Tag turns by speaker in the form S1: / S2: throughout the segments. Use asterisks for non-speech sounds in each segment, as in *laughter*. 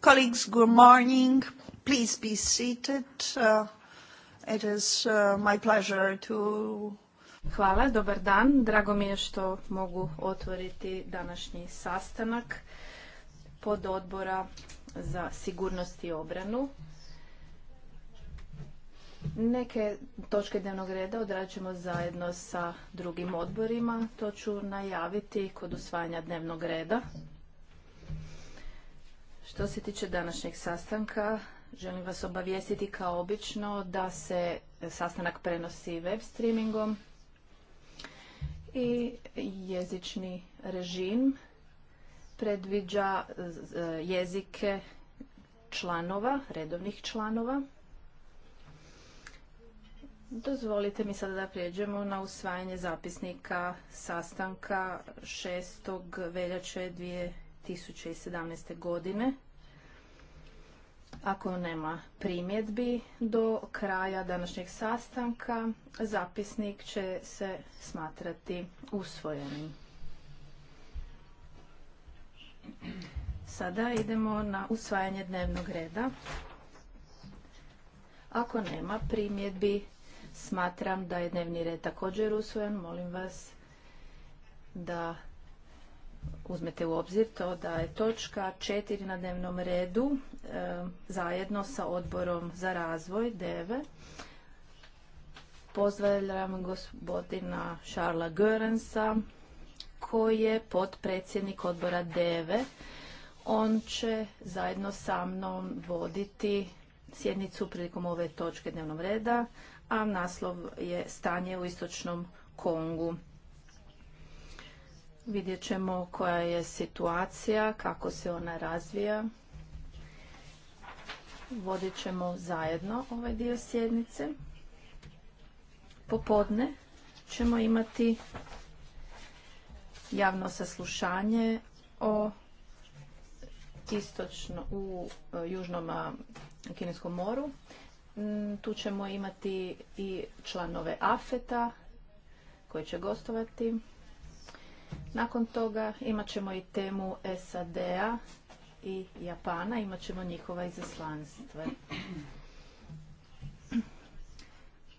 S1: Colleagues, good morning. Please be seated. Uh, it is uh, my pleasure to... Hvala, dobar dan. Drago mi je što mogu otvoriti današnji sastanak pod odbora za sigurnost i obranu. Neke točke dnevnog reda ćemo zajedno sa drugim odborima. To ću najaviti kod usvajanja dnevnog reda. Što se tiče današnjeg sastanka, želim vas obavijestiti kao obično da se sastanak prenosi web streamingom i jezični režim predviđa e, jezike članova, redovnih članova. Dozvolite mi sada da prijeđemo na usvajanje zapisnika sastanka 6. veljače 2020. 2017. godine. Ako nema primjedbi do kraja današnjeg sastanka, zapisnik će se smatrati usvojenim. Sada idemo na usvajanje dnevnog reda. Ako nema primjedbi, smatram da je dnevni red također usvojen. Molim vas da uzmete u obzir to da je točka četiri na dnevnom redu e, zajedno sa odborom za razvoj DEVE. Pozdravljam gospodina Šarla Görensa koji je potpredsjednik odbora DEVE. On će zajedno sa mnom voditi sjednicu prilikom ove točke dnevnog reda, a naslov je Stanje u istočnom Kongu. Vidjet ćemo koja je situacija, kako se ona razvija. Vodit ćemo zajedno ovaj dio sjednice. Popodne ćemo imati javno saslušanje o istočno u e, Južnom Kineskom moru. Mm, tu ćemo imati i članove AFETA koji će gostovati. Nakon toga imat ćemo i temu SAD-a i Japana, imat ćemo njihova izaslanstva.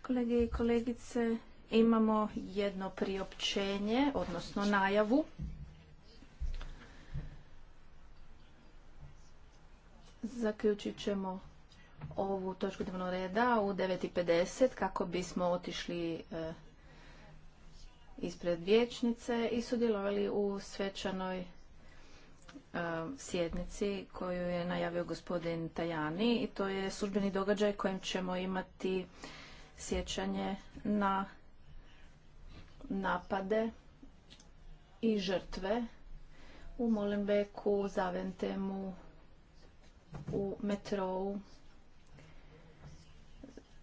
S1: Kolege i kolegice, imamo jedno priopćenje, odnosno najavu. Zaključit ćemo ovu točku dnevnog reda u 9.50 kako bismo otišli e, ispred vječnice i sudjelovali u svečanoj e, sjednici koju je najavio gospodin Tajani i to je službeni događaj kojim ćemo imati sjećanje na napade i žrtve u Molenbeku, Zaventemu, u metrou.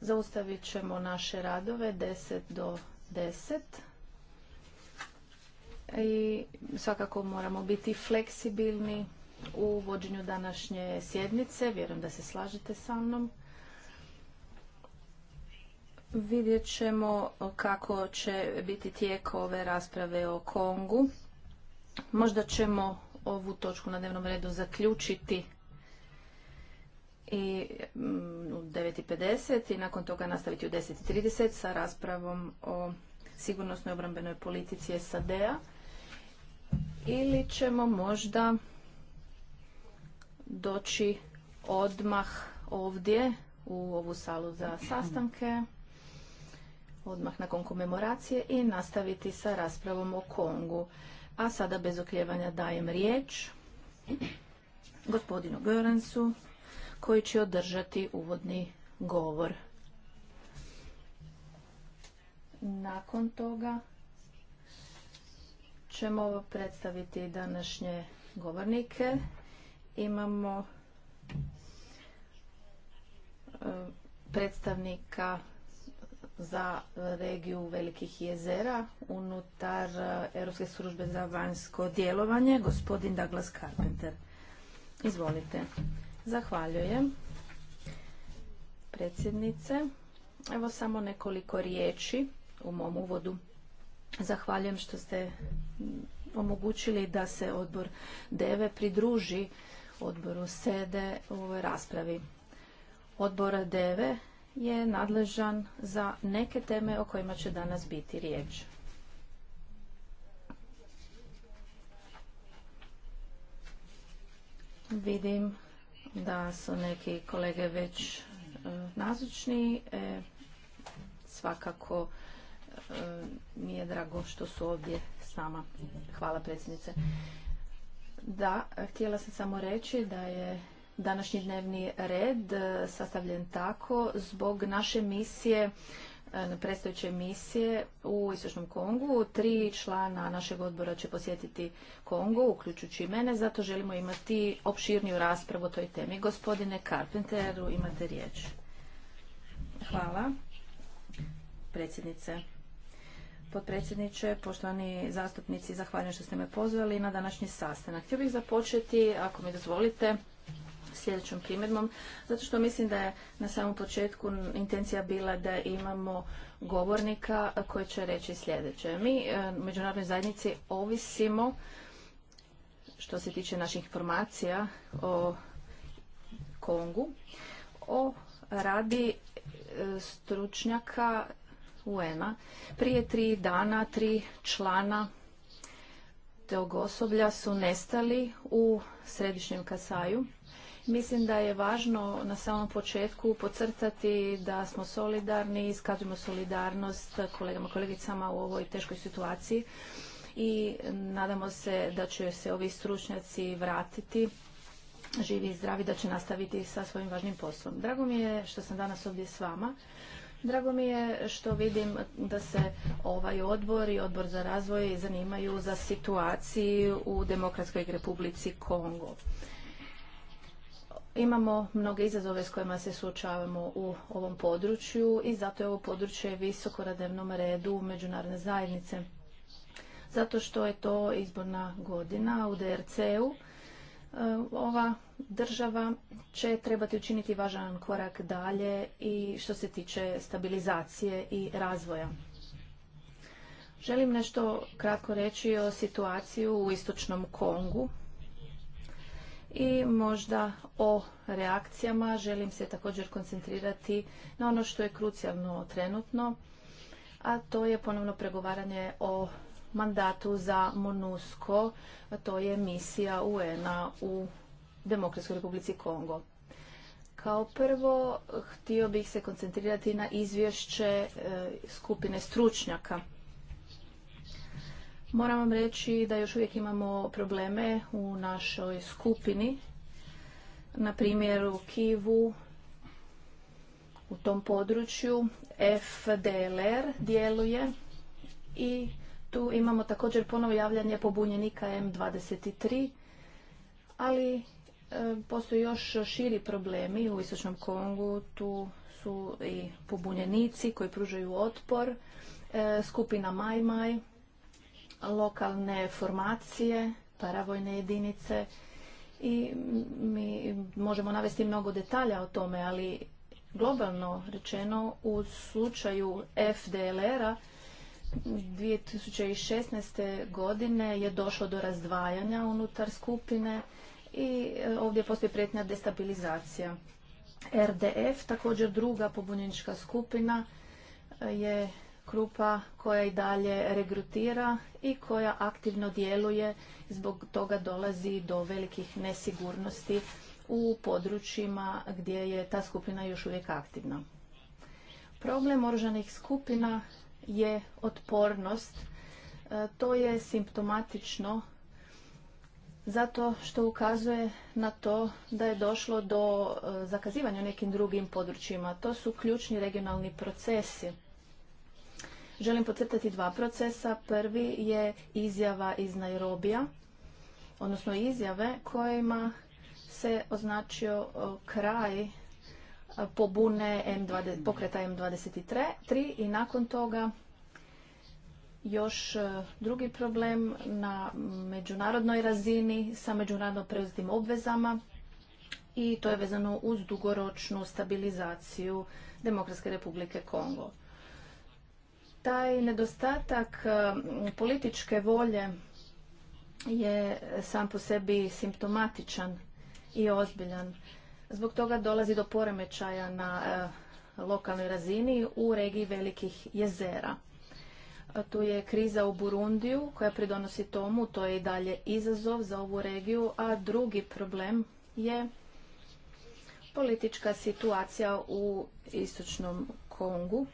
S1: Zaustavit ćemo naše radove 10 do 10 i svakako moramo biti fleksibilni u vođenju današnje sjednice. Vjerujem da se slažete sa mnom. Vidjet ćemo kako će biti tijek ove rasprave o Kongu. Možda ćemo ovu točku na dnevnom redu zaključiti i mm, u 9.50 i nakon toga nastaviti u 10.30 sa raspravom o sigurnosnoj obrambenoj politici SAD-a ili ćemo možda doći odmah ovdje u ovu salu za sastanke odmah nakon komemoracije i nastaviti sa raspravom o Kongu. A sada bez okljevanja dajem riječ gospodinu Göransu koji će održati uvodni govor. Nakon toga ćemo predstaviti današnje govornike. Imamo e, predstavnika za regiju Velikih jezera unutar e, Europske službe za vanjsko djelovanje, gospodin Douglas Carpenter. Izvolite. Zahvaljujem. Predsjednice, evo samo nekoliko riječi u mom uvodu. Zahvaljujem što ste omogućili da se odbor DEVE pridruži odboru SEDE u ovoj raspravi. Odbor DEVE je nadležan za neke teme o kojima će danas biti riječ. Vidim da su neki kolege već eh, nazočni. Eh, svakako E, mi je drago što su ovdje s nama. Hvala predsjednice. Da, htjela sam samo reći da je današnji dnevni red e, sastavljen tako zbog naše misije e, predstojeće misije u Istočnom Kongu. Tri člana našeg odbora će posjetiti Kongu, uključujući i mene, zato želimo imati opširniju raspravu o toj temi. Gospodine Carpenteru, imate riječ. Hvala, predsjednice potpredsjedniče, poštovani zastupnici, zahvaljujem što ste me pozvali na današnji sastanak. Htio bih započeti, ako mi dozvolite, sljedećom primjedbom, zato što mislim da je na samom početku intencija bila da imamo govornika koji će reći sljedeće. Mi u e, međunarodnoj zajednici ovisimo što se tiče naših informacija o Kongu, o radi e, stručnjaka UN-a. Prije tri dana tri člana tog osoblja su nestali u središnjem Kasaju. Mislim da je važno na samom početku pocrtati da smo solidarni, iskazujemo solidarnost kolegama i kolegicama u ovoj teškoj situaciji i nadamo se da će se ovi stručnjaci vratiti živi i zdravi, da će nastaviti sa svojim važnim poslom. Drago mi je što sam danas ovdje s vama. Drago mi je što vidim da se ovaj odbor i odbor za razvoj zanimaju za situaciju u Demokratskoj republici Kongo. Imamo mnoge izazove s kojima se suočavamo u ovom području i zato je ovo područje visoko na dnevnom redu međunarodne zajednice. Zato što je to izborna godina u DRC-u. E, ova država će trebati učiniti važan korak dalje i što se tiče stabilizacije i razvoja. Želim nešto kratko reći o situaciju u istočnom Kongu i možda o reakcijama. Želim se također koncentrirati na ono što je krucijalno trenutno, a to je ponovno pregovaranje o mandatu za MONUSCO, to je misija UN-a u Demokratskoj Republici Kongo. Kao prvo, htio bih se koncentrirati na izvješće e, skupine stručnjaka. Moram vam reći da još uvijek imamo probleme u našoj skupini, na primjer u Kivu, u tom području FDLR djeluje i tu imamo također ponovo javljanje pobunjenika M23, ali Postoji još širi problemi u Istočnom Kongu, tu su i pobunjenici koji pružaju otpor, e, skupina Majmaj, lokalne formacije, paravojne jedinice i mi možemo navesti mnogo detalja o tome, ali globalno rečeno u slučaju FDLR-a 2016. godine je došlo do razdvajanja unutar skupine i e, ovdje postoji prijetnja destabilizacija. RDF, također druga pobunjenička skupina, e, je krupa koja i dalje regrutira i koja aktivno djeluje, zbog toga dolazi do velikih nesigurnosti u područjima gdje je ta skupina još uvijek aktivna. Problem oružanih skupina je otpornost. E, to je simptomatično zato što ukazuje na to da je došlo do e, zakazivanja nekim drugim područjima. To su ključni regionalni procesi. Želim podcrtati dva procesa. Prvi je izjava iz Nairobija, odnosno izjave kojima se označio e, kraj e, pobune M20, pokreta M23 i nakon toga još e, drugi problem na međunarodnoj razini sa međunarodno preuzetim obvezama i to je vezano uz dugoročnu stabilizaciju Demokratske republike Kongo. Taj nedostatak e, političke volje je sam po sebi simptomatičan i ozbiljan. Zbog toga dolazi do poremećaja na e, lokalnoj razini u regiji velikih jezera. Tu je kriza u Burundiju koja pridonosi tomu, to je i dalje izazov za ovu regiju, a drugi problem je politička situacija u istočnom Kongu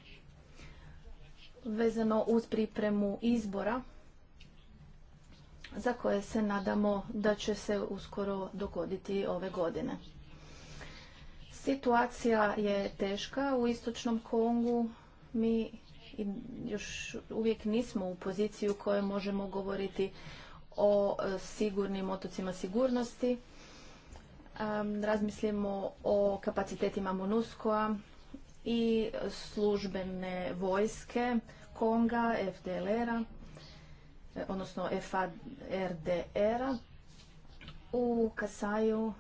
S1: vezano uz pripremu izbora za koje se nadamo da će se uskoro dogoditi ove godine. Situacija je teška u istočnom Kongu. Mi i još uvijek nismo u poziciji u kojoj možemo govoriti o e, sigurnim otocima sigurnosti. Razmislimo o kapacitetima Monuskoa i službene vojske Konga, FDLR-a, e, odnosno FARDR-a. U Kasaju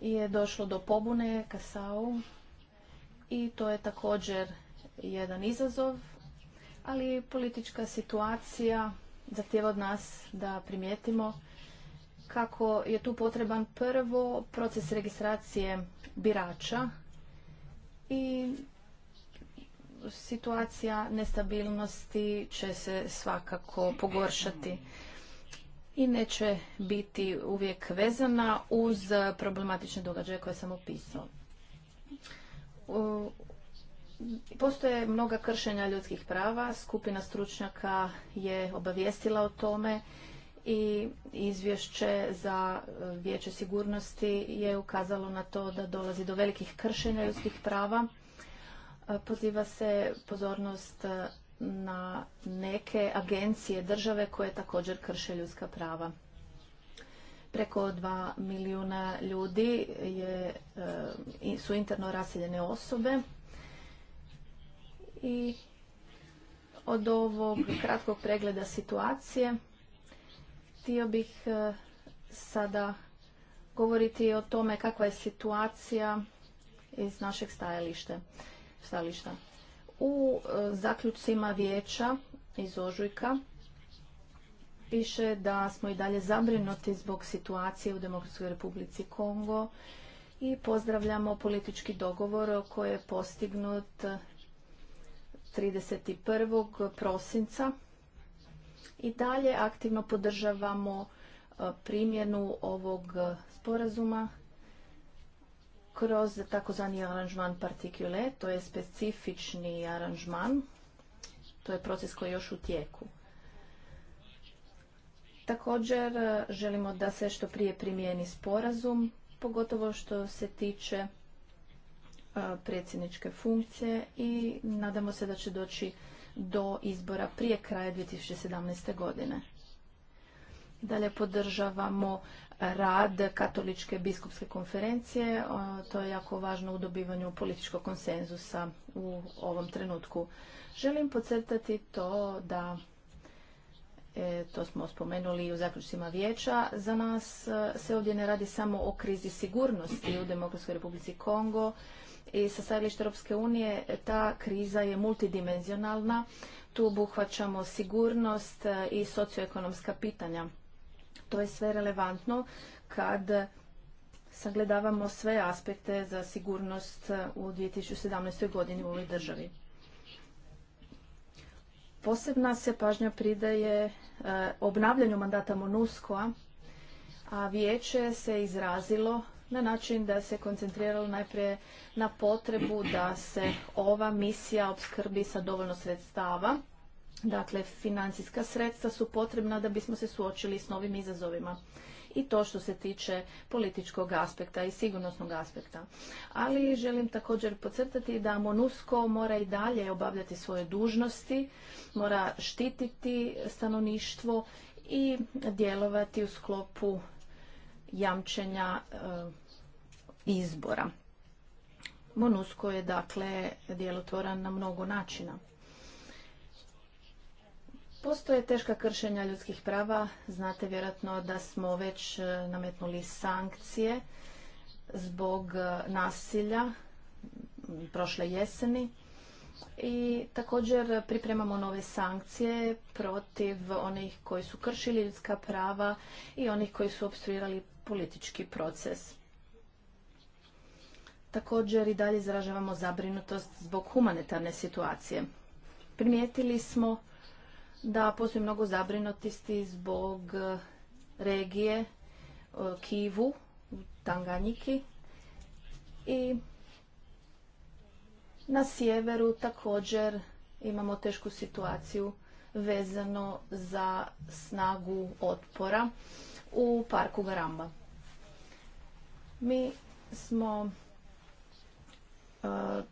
S1: je došlo do pobune Kasau i to je također jedan izazov, ali politička situacija zahtjeva od nas da primijetimo kako je tu potreban prvo proces registracije birača i situacija nestabilnosti će se svakako pogoršati i neće biti uvijek vezana uz problematične događaje koje sam opisao. Postoje mnoga kršenja ljudskih prava, skupina stručnjaka je obavijestila o tome i izvješće za e, vijeće sigurnosti je ukazalo na to da dolazi do velikih kršenja ljudskih prava. E, poziva se pozornost e, na neke agencije države koje također krše ljudska prava. Preko dva milijuna ljudi je, su interno raseljene osobe i od ovog kratkog pregleda situacije htio bih e, sada govoriti o tome kakva je situacija iz našeg stajališta. stajališta. U e, zaključcima vijeća iz Ožujka piše da smo i dalje zabrinuti zbog situacije u Demokratskoj republici Kongo i pozdravljamo politički dogovor koji je postignut 31. prosinca i dalje aktivno podržavamo e, primjenu ovog sporazuma kroz takozvani aranžman partikule, to je specifični aranžman, to je proces koji je još u tijeku. Također e, želimo da se što prije primijeni sporazum, pogotovo što se tiče predsjedničke funkcije i nadamo se da će doći do izbora prije kraja 2017. godine. Dalje podržavamo rad Katoličke biskupske konferencije. To je jako važno u dobivanju političkog konsenzusa u ovom trenutku. Želim podcrtati to da e, to smo spomenuli i u zaključcima vijeća, za nas e, se ovdje ne radi samo o krizi sigurnosti u Demokratskoj republici Kongo, i sa stajališta Europske unije ta kriza je multidimenzionalna. Tu obuhvaćamo sigurnost e, i socioekonomska pitanja. To je sve relevantno kad sagledavamo sve aspekte za sigurnost e, u 2017. godini u ovoj državi. Posebna se pažnja pridaje e, obnavljanju mandata MONUSCO-a, a vijeće se izrazilo na način da se koncentriralo najprije na potrebu da se ova misija opskrbi sa dovoljno sredstava. Dakle, financijska sredstva su potrebna da bismo se suočili s novim izazovima i to što se tiče političkog aspekta i sigurnosnog aspekta. Ali želim također podcrtati da Monusko mora i dalje obavljati svoje dužnosti, mora štititi stanovništvo i djelovati u sklopu jamčenja e, izbora. Monusko je dakle djelotvoran na mnogo načina. Postoje teška kršenja ljudskih prava. Znate vjerojatno da smo već e, nametnuli sankcije zbog e, nasilja prošle jeseni i također pripremamo nove sankcije protiv onih koji su kršili ljudska prava i onih koji su obstruirali politički proces. Također i dalje izražavamo zabrinutost zbog humanitarne situacije. Primijetili smo da postoji mnogo zabrinutosti zbog regije e, Kivu, Tanganjiki i na sjeveru također imamo tešku situaciju vezano za snagu otpora u parku Garamba. Mi smo e,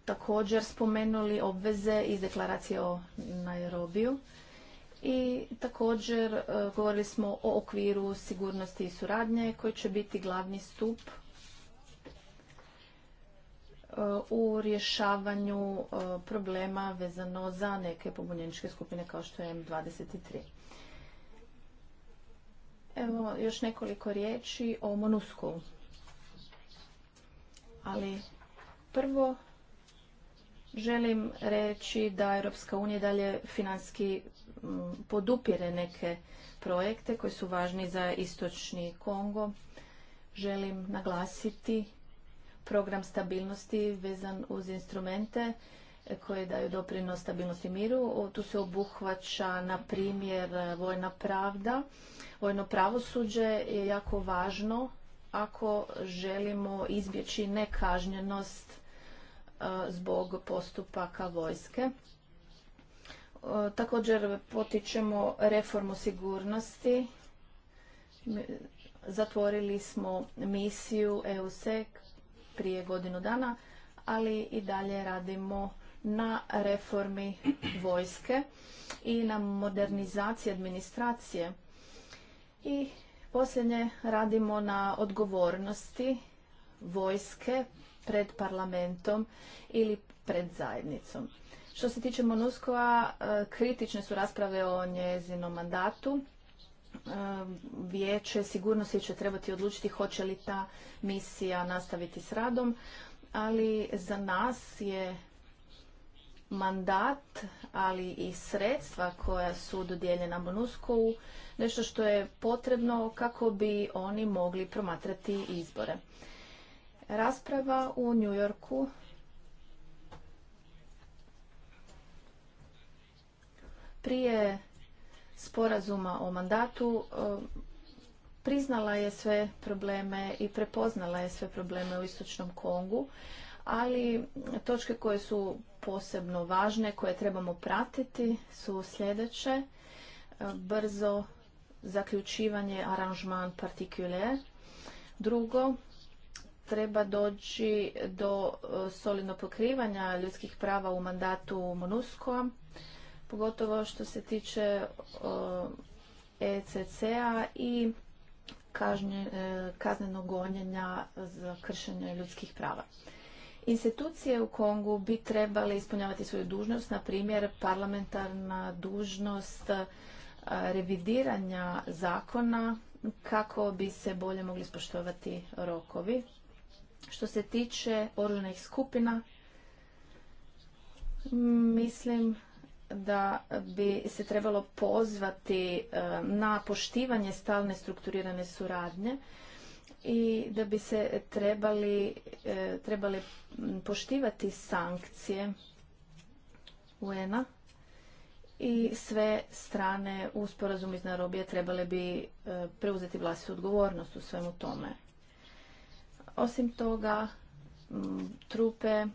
S1: također spomenuli obveze iz deklaracije o Nairobiju i također e, govorili smo o okviru sigurnosti i suradnje koji će biti glavni stup u rješavanju e, problema vezano za neke pobunjeničke skupine kao što je M23. Evo još nekoliko riječi o Monusku. Ali prvo želim reći da Europska unija dalje finanski podupire neke projekte koji su važni za istočni Kongo. Želim naglasiti program stabilnosti vezan uz instrumente koje daju doprinos stabilnosti miru. Tu se obuhvaća, na primjer, vojna pravda. Vojno pravosuđe je jako važno ako želimo izbjeći nekažnjenost e, zbog postupaka vojske. E, također potičemo reformu sigurnosti. Zatvorili smo misiju EUSEC prije godinu dana, ali i dalje radimo na reformi vojske i na modernizaciji administracije. I posljednje radimo na odgovornosti vojske pred parlamentom ili pred zajednicom. Što se tiče Monuskova, e, kritične su rasprave o njezinom mandatu E, vijeće sigurnosti će trebati odlučiti hoće li ta misija nastaviti s radom, ali za nas je mandat, ali i sredstva koja su dodijeljena na u nešto što je potrebno kako bi oni mogli promatrati izbore. Rasprava u New Yorku prije sporazuma o mandatu e, priznala je sve probleme i prepoznala je sve probleme u Istočnom Kongu, ali točke koje su posebno važne, koje trebamo pratiti su sljedeće. E, brzo zaključivanje aranžman partikulier. Drugo, treba doći do e, solidnog pokrivanja ljudskih prava u mandatu monusco pogotovo što se tiče ECC-a i e, kaznenog gonjenja za kršenje ljudskih prava. Institucije u Kongu bi trebale ispunjavati svoju dužnost, na primjer parlamentarna dužnost e, revidiranja zakona kako bi se bolje mogli spoštovati rokovi. Što se tiče oružanih skupina, mislim da bi se trebalo pozvati e, na poštivanje stalne strukturirane suradnje i da bi se trebali, e, trebali poštivati sankcije un i sve strane u sporazumu iz Narobije trebale bi e, preuzeti vlastitu odgovornost u svemu tome. Osim toga, trupe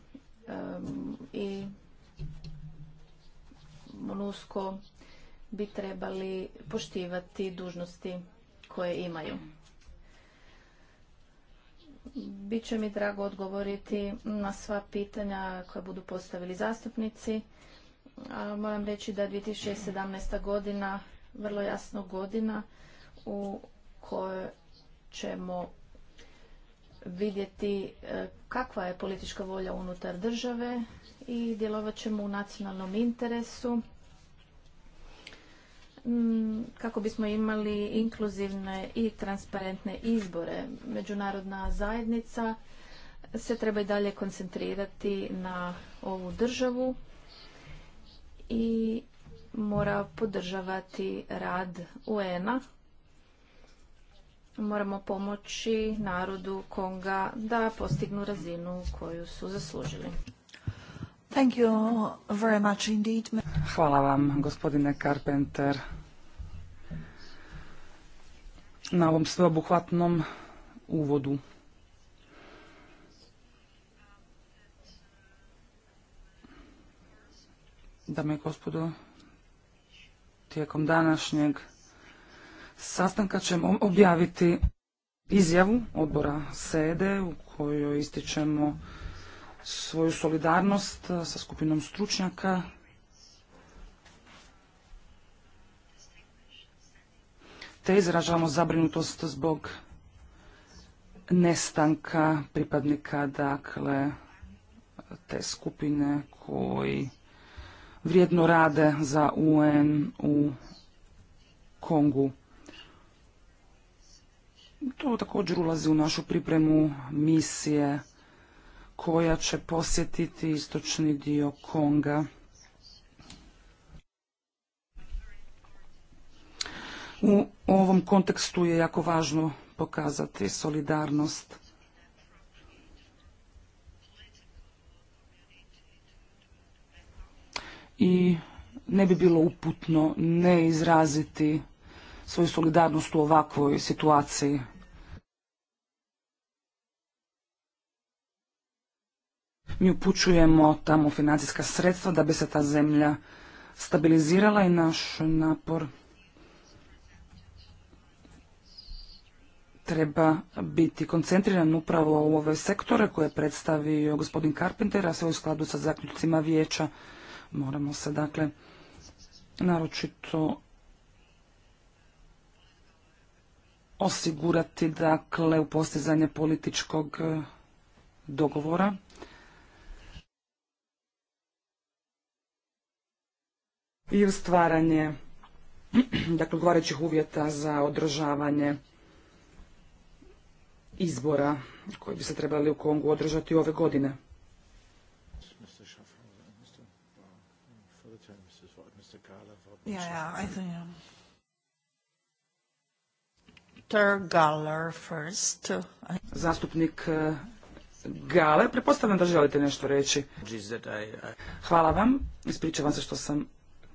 S1: i MONUSCO bi trebali poštivati dužnosti koje imaju. Biće mi drago odgovoriti na sva pitanja koja budu postavili zastupnici. moram reći da je 2017. godina vrlo jasno godina u kojoj ćemo vidjeti e, kakva je politička volja unutar države i djelovat ćemo u nacionalnom interesu mm, kako bismo imali inkluzivne i transparentne izbore. Međunarodna zajednica se treba i dalje koncentrirati na ovu državu i mora podržavati rad UN-a moramo pomoći narodu Konga da postignu razinu koju su zaslužili.
S2: Thank
S3: Hvala vam, gospodine Carpenter, na ovom sveobuhvatnom uvodu. Dame i gospodo, tijekom današnjeg sastanka ćemo objaviti izjavu odbora sede u kojoj ističemo svoju solidarnost sa skupinom stručnjaka te izražavamo zabrinutost zbog nestanka pripadnika dakle te skupine koji vrijedno rade za UN u Kongu. To također ulazi u našu pripremu misije koja će posjetiti istočni dio Konga. U ovom kontekstu je jako važno pokazati solidarnost. I ne bi bilo uputno ne izraziti svoju solidarnost u ovakvoj situaciji. Mi upućujemo tamo financijska sredstva da bi se ta zemlja stabilizirala i naš napor treba biti koncentriran upravo u ove sektore koje je predstavio gospodin Carpenter, a sve u skladu sa zaključcima vijeća. Moramo se dakle naročito osigurati dakle u postizanje političkog e, dogovora. i u stvaranje *clears throat* dakle, govorećih uvjeta za održavanje izbora koji bi se trebali u Kongu održati ove godine.
S1: Ja, Galler first.
S3: Zastupnik e, Gale, prepostavljam da želite nešto reći. Hvala vam. Ispričavam se što sam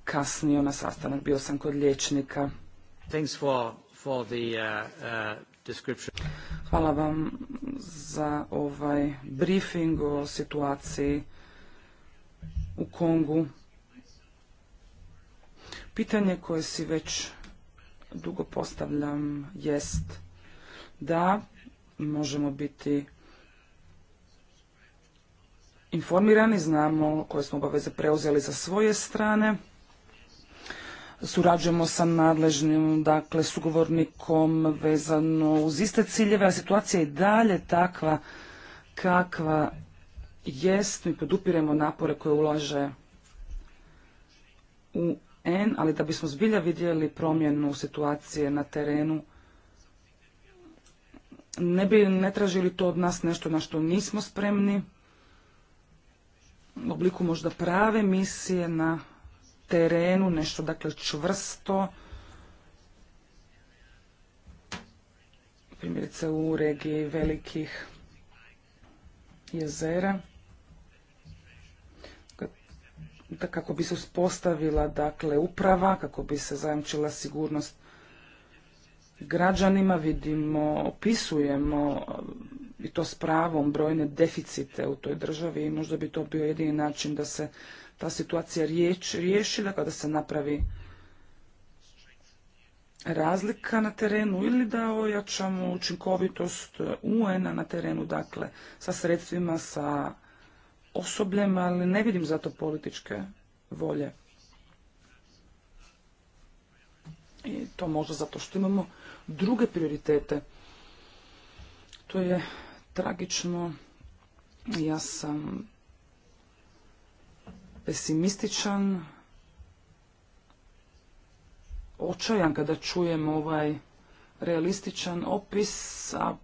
S3: kasnio na sastanak, bio sam kod liječnika.
S1: Uh,
S2: uh,
S3: Hvala vam za ovaj briefing o situaciji u Kongu. Pitanje koje si već dugo postavljam jest da možemo biti informirani, znamo koje smo obaveze preuzeli sa svoje strane. Surađujemo sa nadležnim, dakle, sugovornikom vezano uz iste ciljeve, a situacija je i dalje takva kakva jest. Mi podupiremo napore koje ulaže u UN, ali da bismo zbilja vidjeli promjenu situacije na terenu, ne bi ne tražili to od nas nešto na što nismo spremni, u obliku možda prave misije na terenu, nešto dakle čvrsto, primjerice u regiji velikih jezera kako bi se uspostavila dakle uprava, kako bi se zajamčila sigurnost građanima, vidimo, opisujemo i to s pravom brojne deficite u toj državi i možda bi to bio jedini način da se ta situacija riječ, riješi, kada se napravi razlika na terenu ili da ojačamo učinkovitost UN-a na terenu, dakle sa sredstvima, sa osobljem, ali ne vidim zato političke volje. I to možda zato što imamo druge prioritete. To je tragično. Ja sam pesimističan, očajan kada čujem ovaj realističan opis, a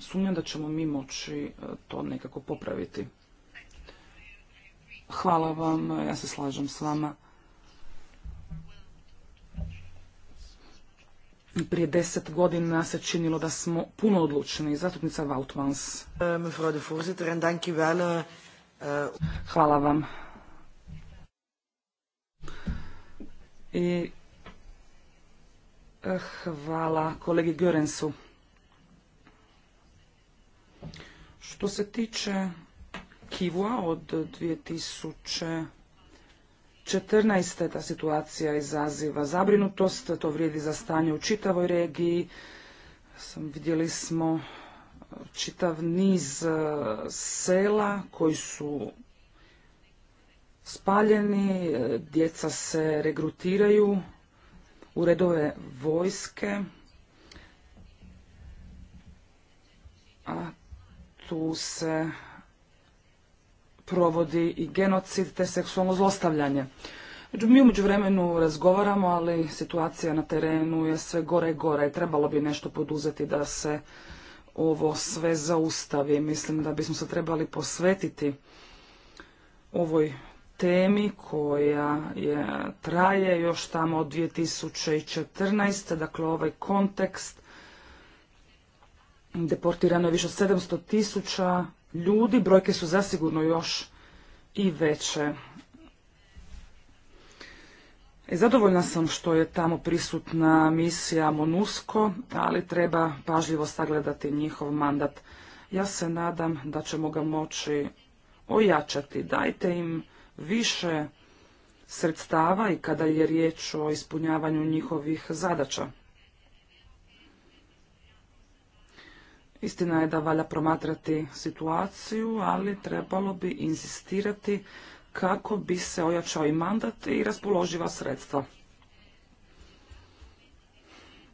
S3: sumnjam da ćemo mi moći e, to nekako popraviti. Hvala vam, ja se slažem s vama. Prije deset godina se činilo da smo puno odlučni. Zastupnica Vautmans. Ehm, eh, eh, hvala vam. I eh, hvala kolegi Görensu. Što se tiče Kivua od 2014. Ta situacija izaziva zabrinutost, to vrijedi za stanje u čitavoj regiji. Vidjeli smo e, čitav niz e, sela koji su spaljeni, e, djeca se regrutiraju u redove vojske, a tu se provodi i genocid te seksualno zlostavljanje. Mi umeđu vremenu razgovaramo, ali situacija na terenu je sve gore i gore. Trebalo bi nešto poduzeti da se ovo sve zaustavi. Mislim da bismo se trebali posvetiti ovoj temi koja je, traje još tamo od 2014. Dakle, ovaj kontekst deportirano je više od 700 tisuća ljudi, brojke su zasigurno još i veće. E, zadovoljna sam što je tamo prisutna misija MONUSCO, ali treba pažljivo sagledati njihov mandat. Ja se nadam da ćemo ga moći ojačati. Dajte im više sredstava i kada je riječ o ispunjavanju njihovih zadaća. Istina je da valja promatrati situaciju, ali trebalo bi insistirati kako bi se ojačao i mandat i raspoloživa sredstva.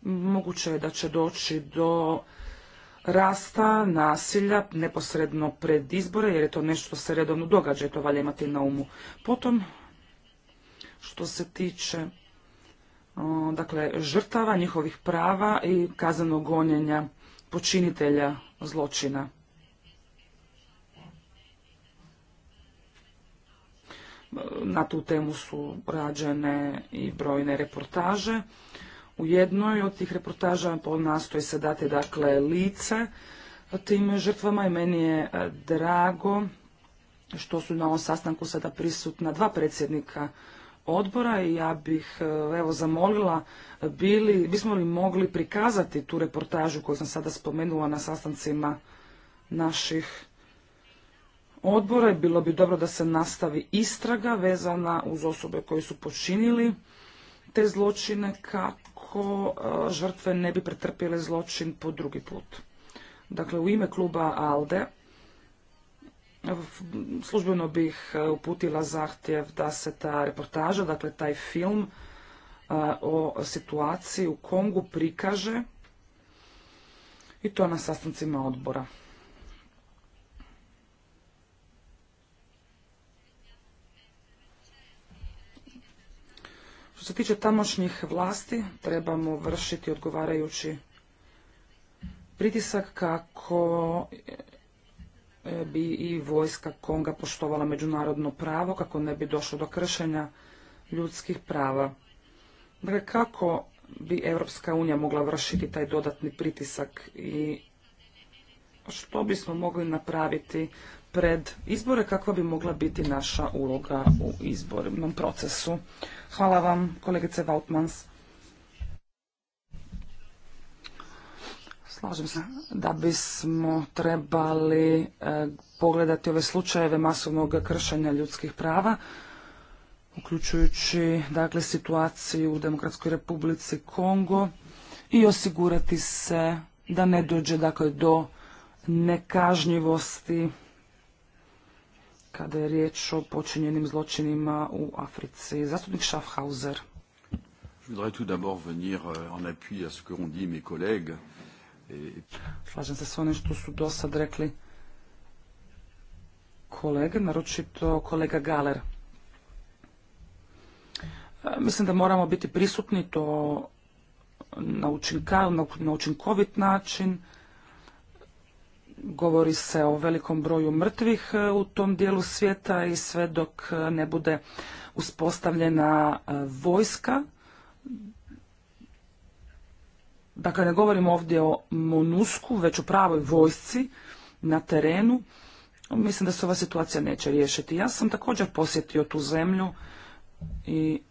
S3: Moguće je da će doći do rasta nasilja neposredno pred izbore, jer je to nešto se redovno događa i to valja imati na umu. Potom, što se tiče dakle, žrtava, njihovih prava i kaznenog gonjenja počinitelja zločina. Na tu temu su rađene i brojne reportaže. U jednoj od tih reportaža nastoji se dati dakle lice tim žrtvama i meni je e, drago što su na ovom sastanku sada prisutna dva predsjednika odbora i ja bih e, evo zamolila bili, bismo li mogli prikazati tu reportažu koju sam sada spomenula na sastancima naših odbora i bilo bi dobro da se nastavi istraga vezana uz osobe koje su počinili te zločine kako e, žrtve ne bi pretrpjele zločin po drugi put. Dakle, u ime kluba ALDE službeno bih e, uputila zahtjev da se ta reportaža, dakle taj film e, o situaciji u Kongu prikaže i to na sastancima odbora. Što se tiče tamošnjih vlasti, trebamo vršiti odgovarajući pritisak kako E, bi i vojska Konga poštovala međunarodno pravo kako ne bi došlo do kršenja ljudskih prava. Dakle, kako bi Europska unija mogla vršiti taj dodatni pritisak i što bismo mogli napraviti pred izbore, kakva bi mogla biti naša uloga u izbornom procesu. Hvala vam, kolegice Vautmans. Slažem se da bismo trebali e, pogledati ove slučajeve masovnog kršenja ljudskih prava, uključujući dakle situaciju u Demokratskoj Republici Kongo i osigurati se da ne dođe dakle do nekažnjivosti kada je riječ o počinjenim zločinima u Africi. Zastupnik Schaffhauser.
S1: Je voudrais tout d'abord venir euh, en appui à ce dit mes collègues
S3: Slažem se s onim što su do sad rekli kolege, naročito kolega Galer. E, mislim da moramo biti prisutni to na, na učinkovit način. Govori se o velikom broju mrtvih e, u tom dijelu svijeta i sve dok e, ne bude uspostavljena vojska, Dakle, ne govorimo ovdje o monusku, već o pravoj vojsci na terenu. Mislim da se ova situacija neće riješiti. Ja sam također posjetio tu zemlju i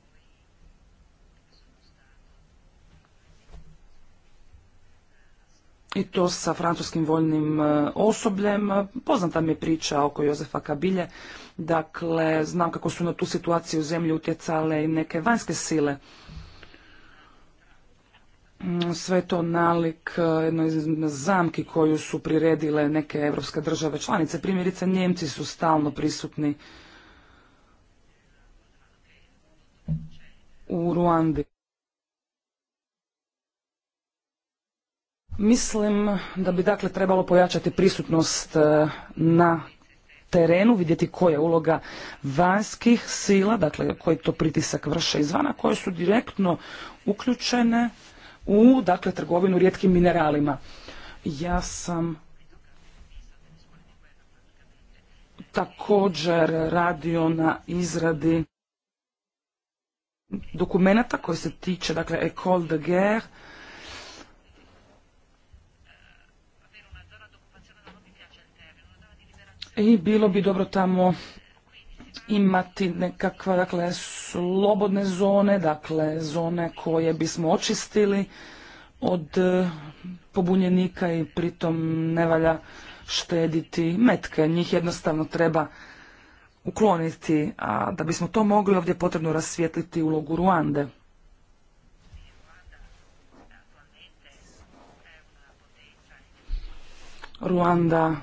S3: i to sa francuskim vojnim e, osobljem. Poznata mi je priča oko Jozefa Kabilje. Dakle, znam kako su na tu situaciju u zemlji utjecale i neke vanjske sile. Mm, sve to nalik e, jednoj zamki koju su priredile neke evropske države članice. Primjerice, Njemci su stalno prisutni u Ruandi. Mislim da bi dakle trebalo pojačati prisutnost e, na terenu, vidjeti koja je uloga vanjskih sila, dakle koji to pritisak vrše izvana, koje su direktno uključene u dakle, trgovinu rijetkim mineralima. Ja sam također radio na izradi dokumenta koji se tiče dakle, Ecole de guerre, i bilo bi dobro tamo imati nekakve dakle, slobodne zone, dakle zone koje bismo očistili od e, pobunjenika i pritom ne valja štediti metke. Njih jednostavno treba ukloniti, a da bismo to mogli ovdje je potrebno rasvijetliti ulogu Ruande. Ruanda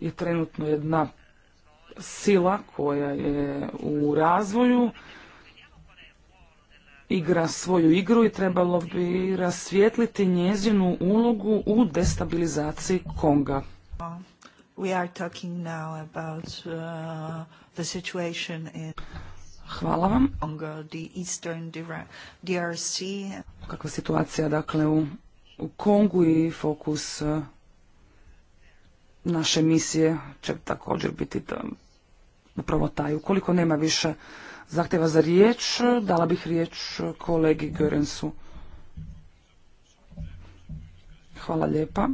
S3: je trenutno jedna sila koja je u razvoju igra svoju igru i trebalo bi rasvijetliti njezinu ulogu u destabilizaciji Konga.
S1: We are talking now about uh, Hvala vam. Kakva the eastern
S3: Kakva situacija dakle u, u Kongu i fokus uh, naše misije će također biti upravo taj. Ukoliko nema više zahtjeva za riječ, dala bih riječ kolegi Görensu. Hvala lijepa.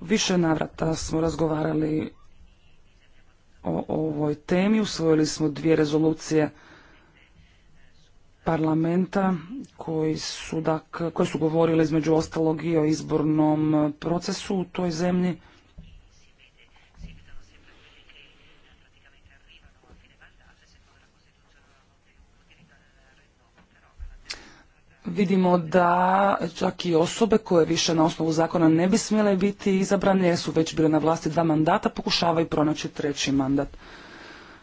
S3: Više navrata smo razgovarali o ovoj temi. Usvojili smo dvije rezolucije parlamenta koji su, dak, koji su govorili između ostalog i o izbornom procesu u toj zemlji. vidimo da čak i osobe koje više na osnovu zakona ne bi smjele biti izabrane jer su već bile na vlasti dva mandata pokušavaju pronaći treći mandat.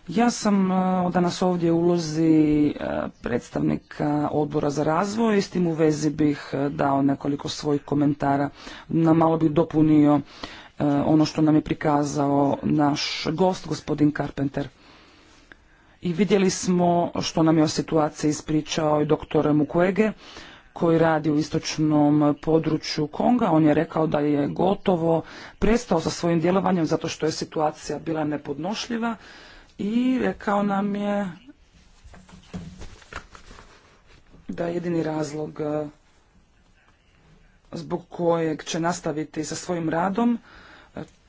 S3: Ja sam e, danas ovdje u ulozi e, predstavnika odbora za razvoj i s tim u vezi bih e, dao nekoliko svojih komentara. Na malo bih dopunio ono što nam je prikazao naš gost, gospodin Carpenter i vidjeli smo što nam je o situaciji ispričao i doktor Mukwege koji radi u istočnom području Konga. On je rekao da je gotovo prestao sa svojim djelovanjem zato što je situacija bila nepodnošljiva i rekao nam je da je jedini razlog eh, zbog kojeg će nastaviti sa svojim radom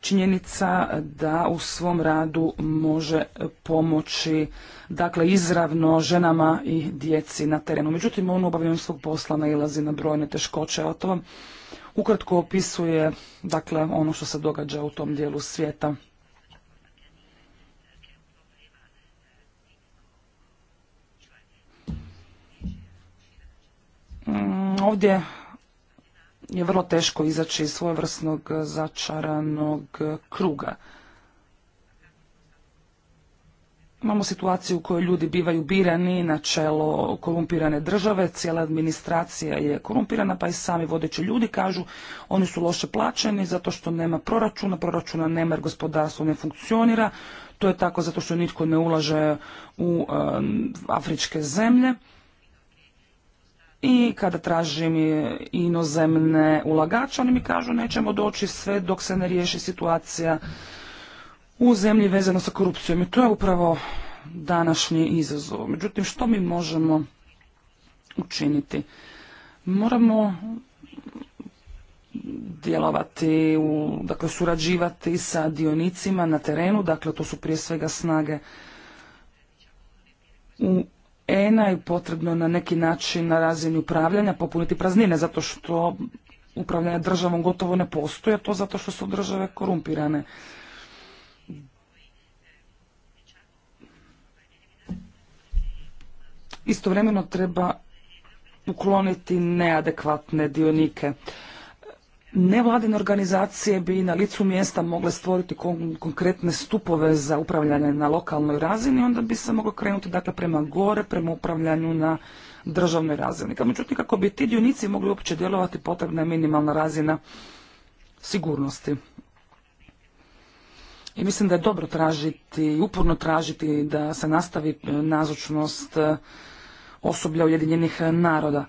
S3: činjenica da u svom radu može pomoći dakle izravno ženama i djeci na terenu. Međutim, on u obavljanju svog posla nailazi na brojne teškoće, a to ukratko opisuje dakle ono što se događa u tom dijelu svijeta. Mm, ovdje je vrlo teško izaći iz svojevrsnog začaranog kruga. Imamo situaciju u kojoj ljudi bivaju birani na čelo korumpirane države, cijela administracija je korumpirana, pa i sami vodeći ljudi kažu oni su loše plaćeni zato što nema proračuna, proračuna nema jer gospodarstvo ne funkcionira, to je tako zato što nitko ne ulaže u afričke zemlje i kada tražim inozemne ulagače, oni mi kažu nećemo doći sve dok se ne riješi situacija u zemlji vezano sa korupcijom. I to je upravo današnji izazov. Međutim, što mi možemo učiniti? Moramo djelovati, dakle surađivati sa dionicima na terenu, dakle to su prije svega snage u ena je potrebno na neki način na razini upravljanja popuniti praznine zato što upravljanje državom gotovo ne postoje, to zato što su države korumpirane. Istovremeno treba ukloniti neadekvatne dionike. Nevladine organizacije bi na licu mjesta mogle stvoriti konkretne stupove za upravljanje na lokalnoj razini, onda bi se moglo krenuti dakle prema gore, prema upravljanju na državnoj razini. Međutim, kako bi ti dionici mogli uopće djelovati, potrebna je minimalna razina sigurnosti. I mislim da je dobro tražiti, uporno tražiti da se nastavi nazočnost osoblja Ujedinjenih naroda.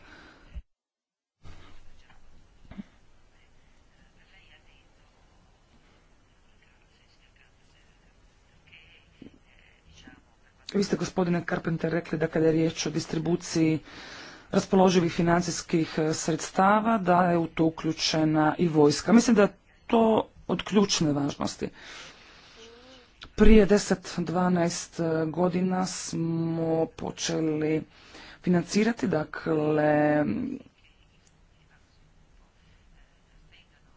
S3: Vi ste gospodine Carpenter rekli da kada je riječ o distribuciji raspoloživih financijskih e, sredstava da je u to uključena i vojska. Mislim da je to od ključne važnosti. Prije 10-12 e, godina smo počeli financirati, dakle,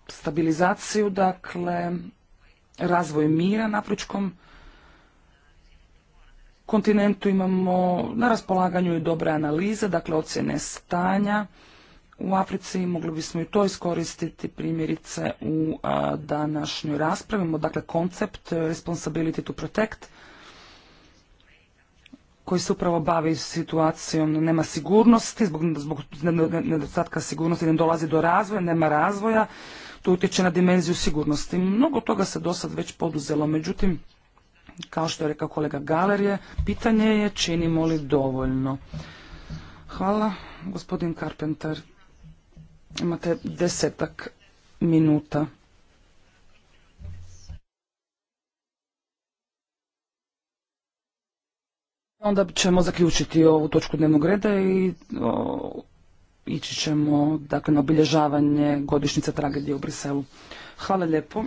S3: stabilizaciju, dakle, razvoj mira na kontinentu imamo na raspolaganju i dobre analize, dakle ocjene stanja u Africi, mogli bismo i to iskoristiti primjerice u današnjoj raspravi, imamo dakle koncept e, Responsibility to Protect, koji se upravo bavi situacijom, nema sigurnosti, zbog, zbog nedostatka sigurnosti ne dolazi do razvoja, nema razvoja, to utječe na dimenziju sigurnosti. Mnogo toga se do sad već poduzelo, međutim, kao što je rekao kolega Galerije, pitanje je činimo li dovoljno. Hvala, gospodin Karpentar. Imate desetak minuta. Onda ćemo zaključiti ovu točku dnevnog reda i ići ćemo dakle, na obilježavanje godišnjice tragedije u Briselu. Hvala lijepo.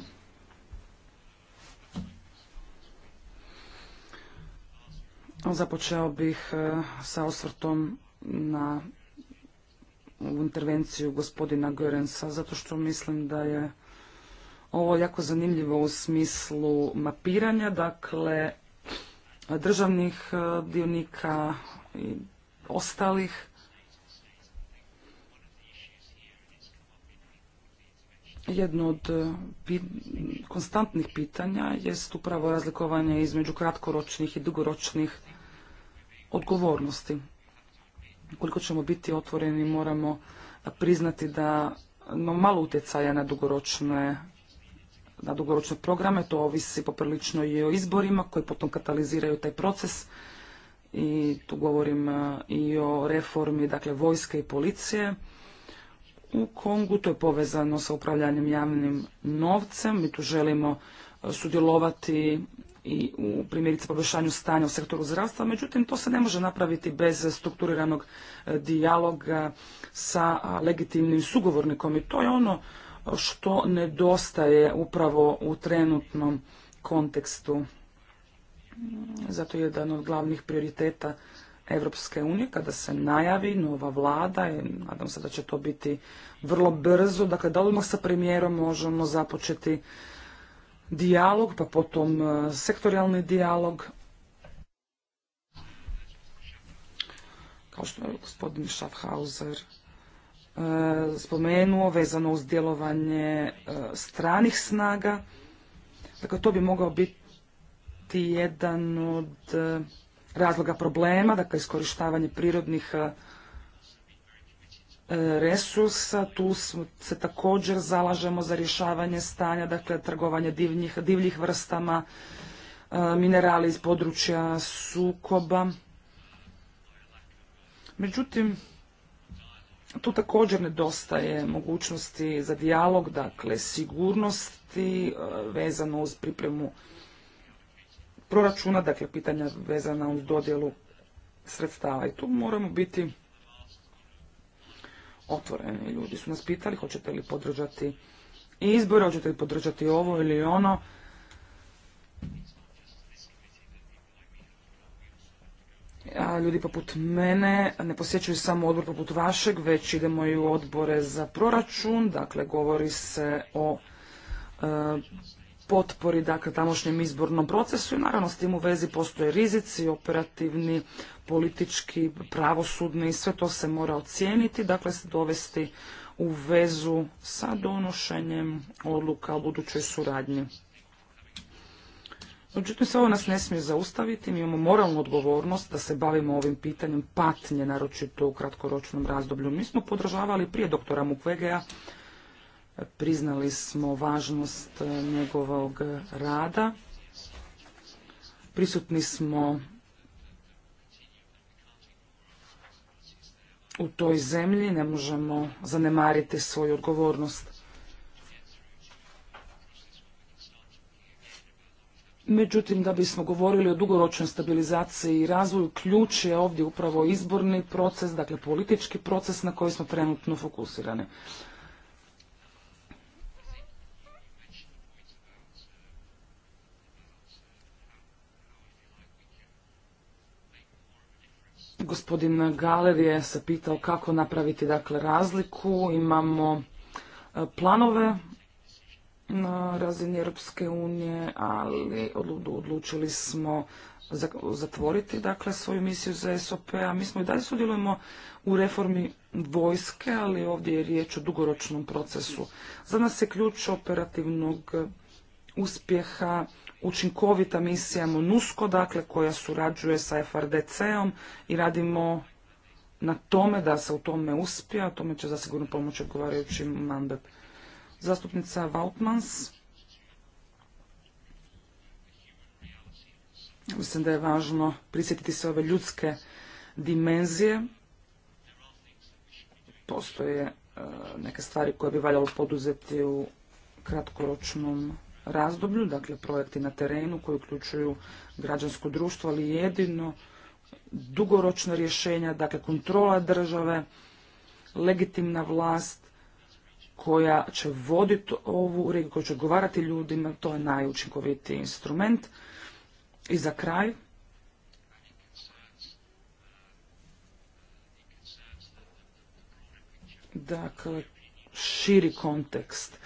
S3: Započeo bih e, sa osvrtom na ovu intervenciju gospodina Görensa, zato što mislim da je ovo jako zanimljivo u smislu mapiranja, dakle, državnih e, dionika i ostalih. Jedno od e, konstantnih pitanja jest upravo razlikovanje između kratkoročnih i dugoročnih odgovornosti. Koliko ćemo biti otvoreni moramo priznati da no, malo utjecaja na dugoročne na dugoročne programe, to ovisi poprilično i o izborima koji potom kataliziraju taj proces i tu govorim e, i o reformi dakle vojske i policije u Kongu, to je povezano sa upravljanjem javnim novcem, mi tu želimo e, sudjelovati i u primjerice poboljšanju stanja u sektoru zdravstva, međutim to se ne može napraviti bez strukturiranog e, dijaloga sa legitimnim sugovornikom i to je ono što nedostaje upravo u trenutnom kontekstu. Mm, zato je jedan od glavnih prioriteta Evropske unije kada se najavi nova vlada i nadam se da će to biti vrlo brzo. Dakle, da odmah sa premijerom možemo započeti dijalog, pa potom e, sektorijalni dijalog. Kao što je gospodin Schaffhauser e, spomenuo, vezano uz djelovanje e, stranih snaga. Dakle, to bi mogao biti jedan od razloga problema, dakle iskorištavanje prirodnih resursa, tu se također zalažemo za rješavanje stanja, dakle trgovanje divnjih, divljih vrstama, e, minerali iz područja sukoba. Međutim, tu također nedostaje mogućnosti za dijalog, dakle sigurnosti e, vezano uz pripremu proračuna, dakle pitanja vezana uz dodjelu sredstava. I tu moramo biti otvoreni. Ljudi su nas pitali hoćete li podržati izbore, hoćete li podržati ovo ili ono. A ljudi poput mene ne posjećaju samo odbor poput vašeg, već idemo i u odbore za proračun, dakle govori se o e, potpori dakle tamošnjem izbornom procesu i naravno s tim u vezi postoje rizici, operativni politički, pravosudni, sve to se mora ocijeniti, dakle se dovesti u vezu sa donošenjem odluka o budućoj suradnji. Međutim, sve ovo nas ne smije zaustaviti, mi imamo moralnu odgovornost da se bavimo ovim pitanjem patnje, naročito u kratkoročnom razdoblju. Mi smo podržavali prije doktora Mukwegea, priznali smo važnost eh, njegovog rada, prisutni smo u toj zemlji, ne možemo zanemariti svoju odgovornost. Međutim, da bismo govorili o dugoročnoj stabilizaciji i razvoju, ključ je ovdje upravo izborni proces, dakle politički proces na koji smo trenutno fokusirani. Gospodin Galer je se pitao kako napraviti dakle razliku. Imamo e, planove na razini Europske unije, ali odlučili smo zatvoriti dakle svoju misiju za SOP, a mi smo i dalje sudjelujemo u reformi vojske, ali ovdje je riječ o dugoročnom procesu. Za nas je ključ operativnog uspjeha učinkovita misija MONUSCO, dakle koja surađuje sa FRDC-om i radimo na tome da se u tome uspije, a tome će zasigurno pomoći odgovarajući mandat. Zastupnica Vautmans. Mislim da je važno prisjetiti se ove ljudske dimenzije. Postoje e, neke stvari koje bi valjalo poduzeti u kratkoročnom razdoblju, dakle projekti na terenu koji uključuju građansko društvo, ali jedino dugoročna rješenja, dakle kontrola države, legitimna vlast koja će voditi ovu regiju, koja će govarati ljudima, to je najučinkovitiji instrument. I za kraj, dakle, širi kontekst.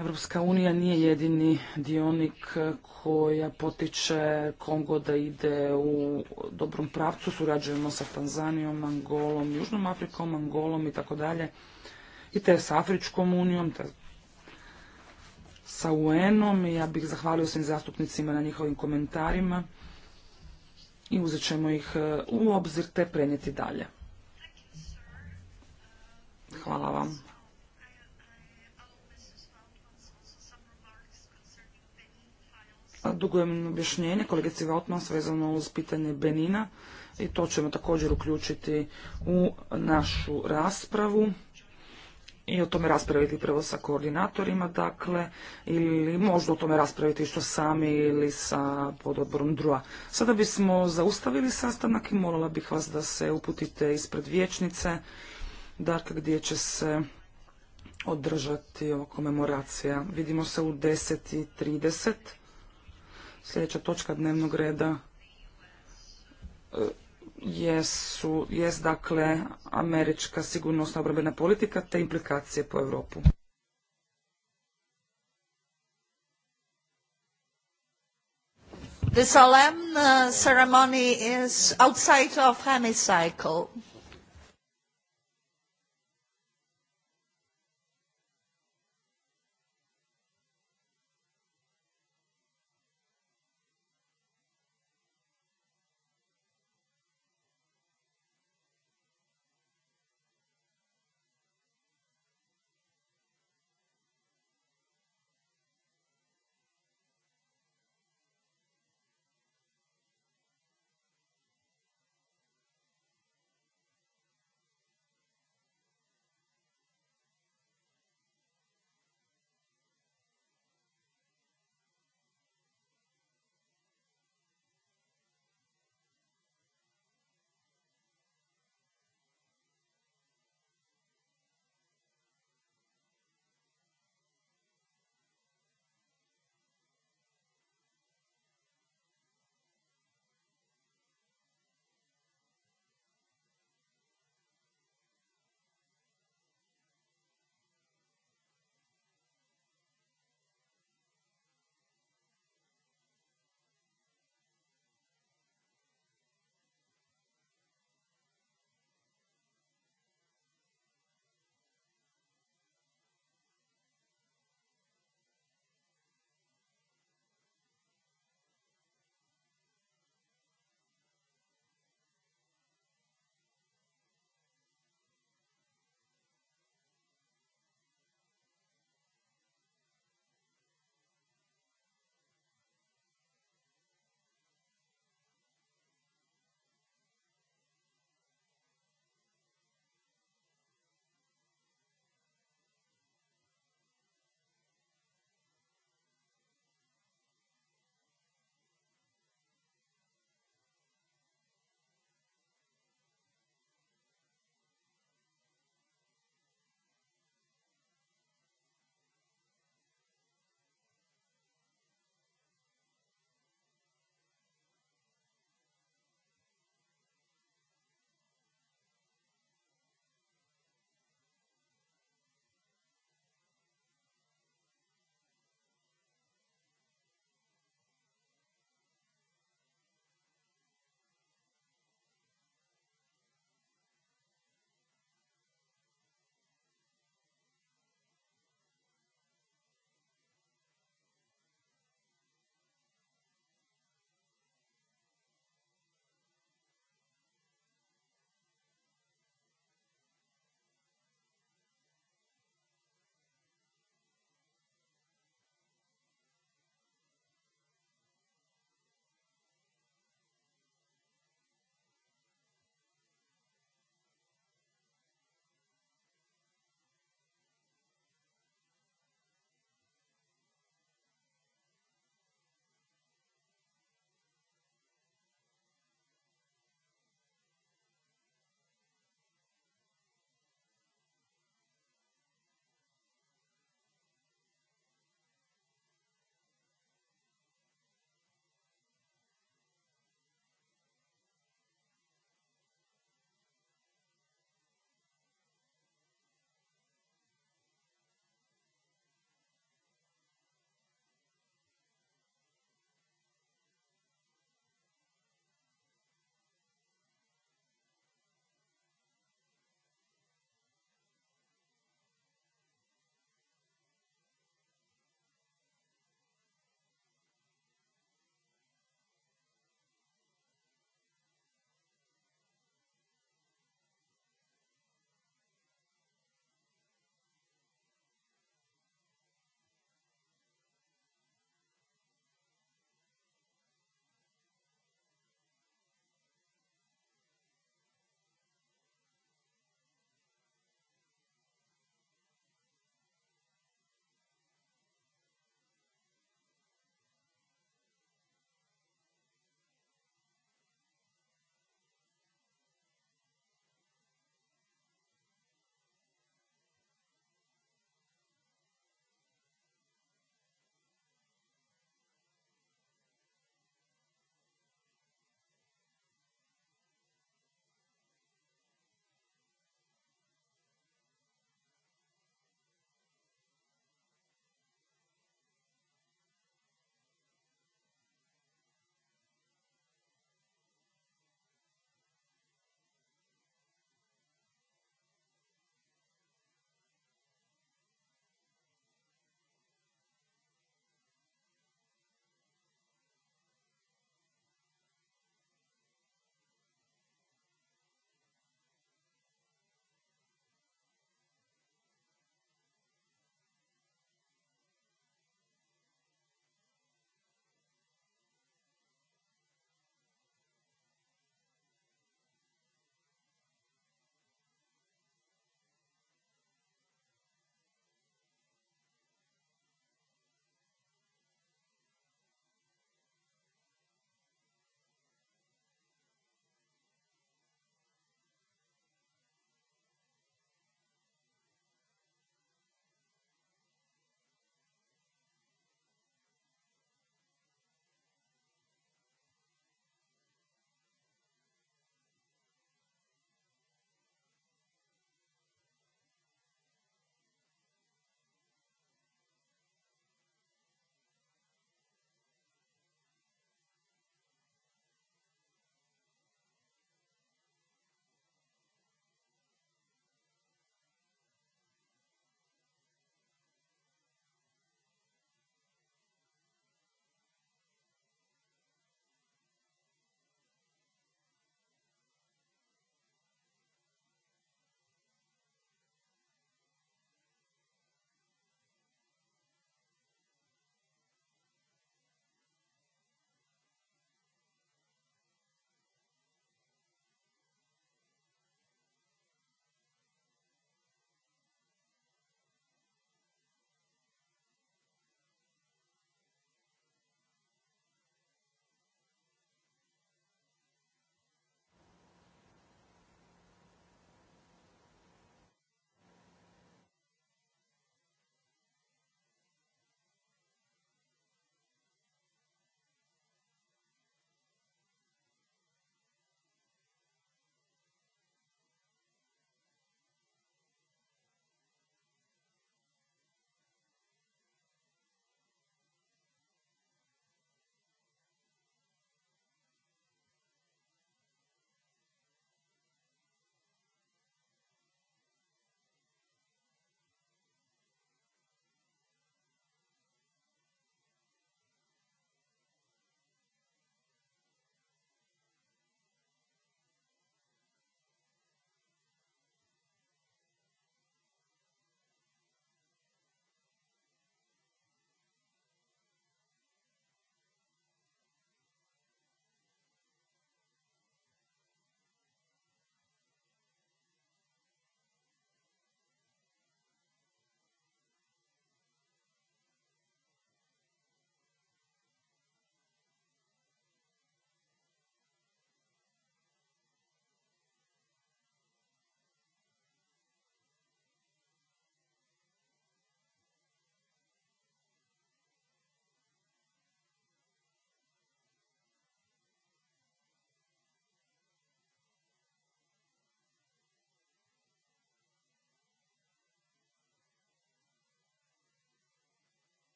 S3: Evropska unija nije jedini dionik koja potiče Kongo da ide u dobrom pravcu, surađujemo sa Tanzanijom, Angolom, Južnom Afrikom, Angolom i tako dalje. I te sa Afričkom unijom, te sa UN-om i ja bih zahvalio svim zastupnicima na njihovim komentarima i uzet ćemo ih e, u obzir te prenijeti dalje. Hvala vam. Dugujem objašnjenje kolegici Valtmans vezano uz pitanje Benina i to ćemo također uključiti u našu raspravu i o tome raspraviti prvo sa koordinatorima, dakle, ili možda o tome raspraviti što sami ili sa pododborom druga. Sada bismo zaustavili sastanak i molila bih vas da se uputite ispred vječnice, dakle, gdje će se održati ova komemoracija. Vidimo se u 10.30. Sljedeća točka dnevnog reda e, jesu, jest dakle američka sigurnosna obrambena politika te implikacije po Europu.
S2: The solemn uh, ceremony is outside of hemicycle.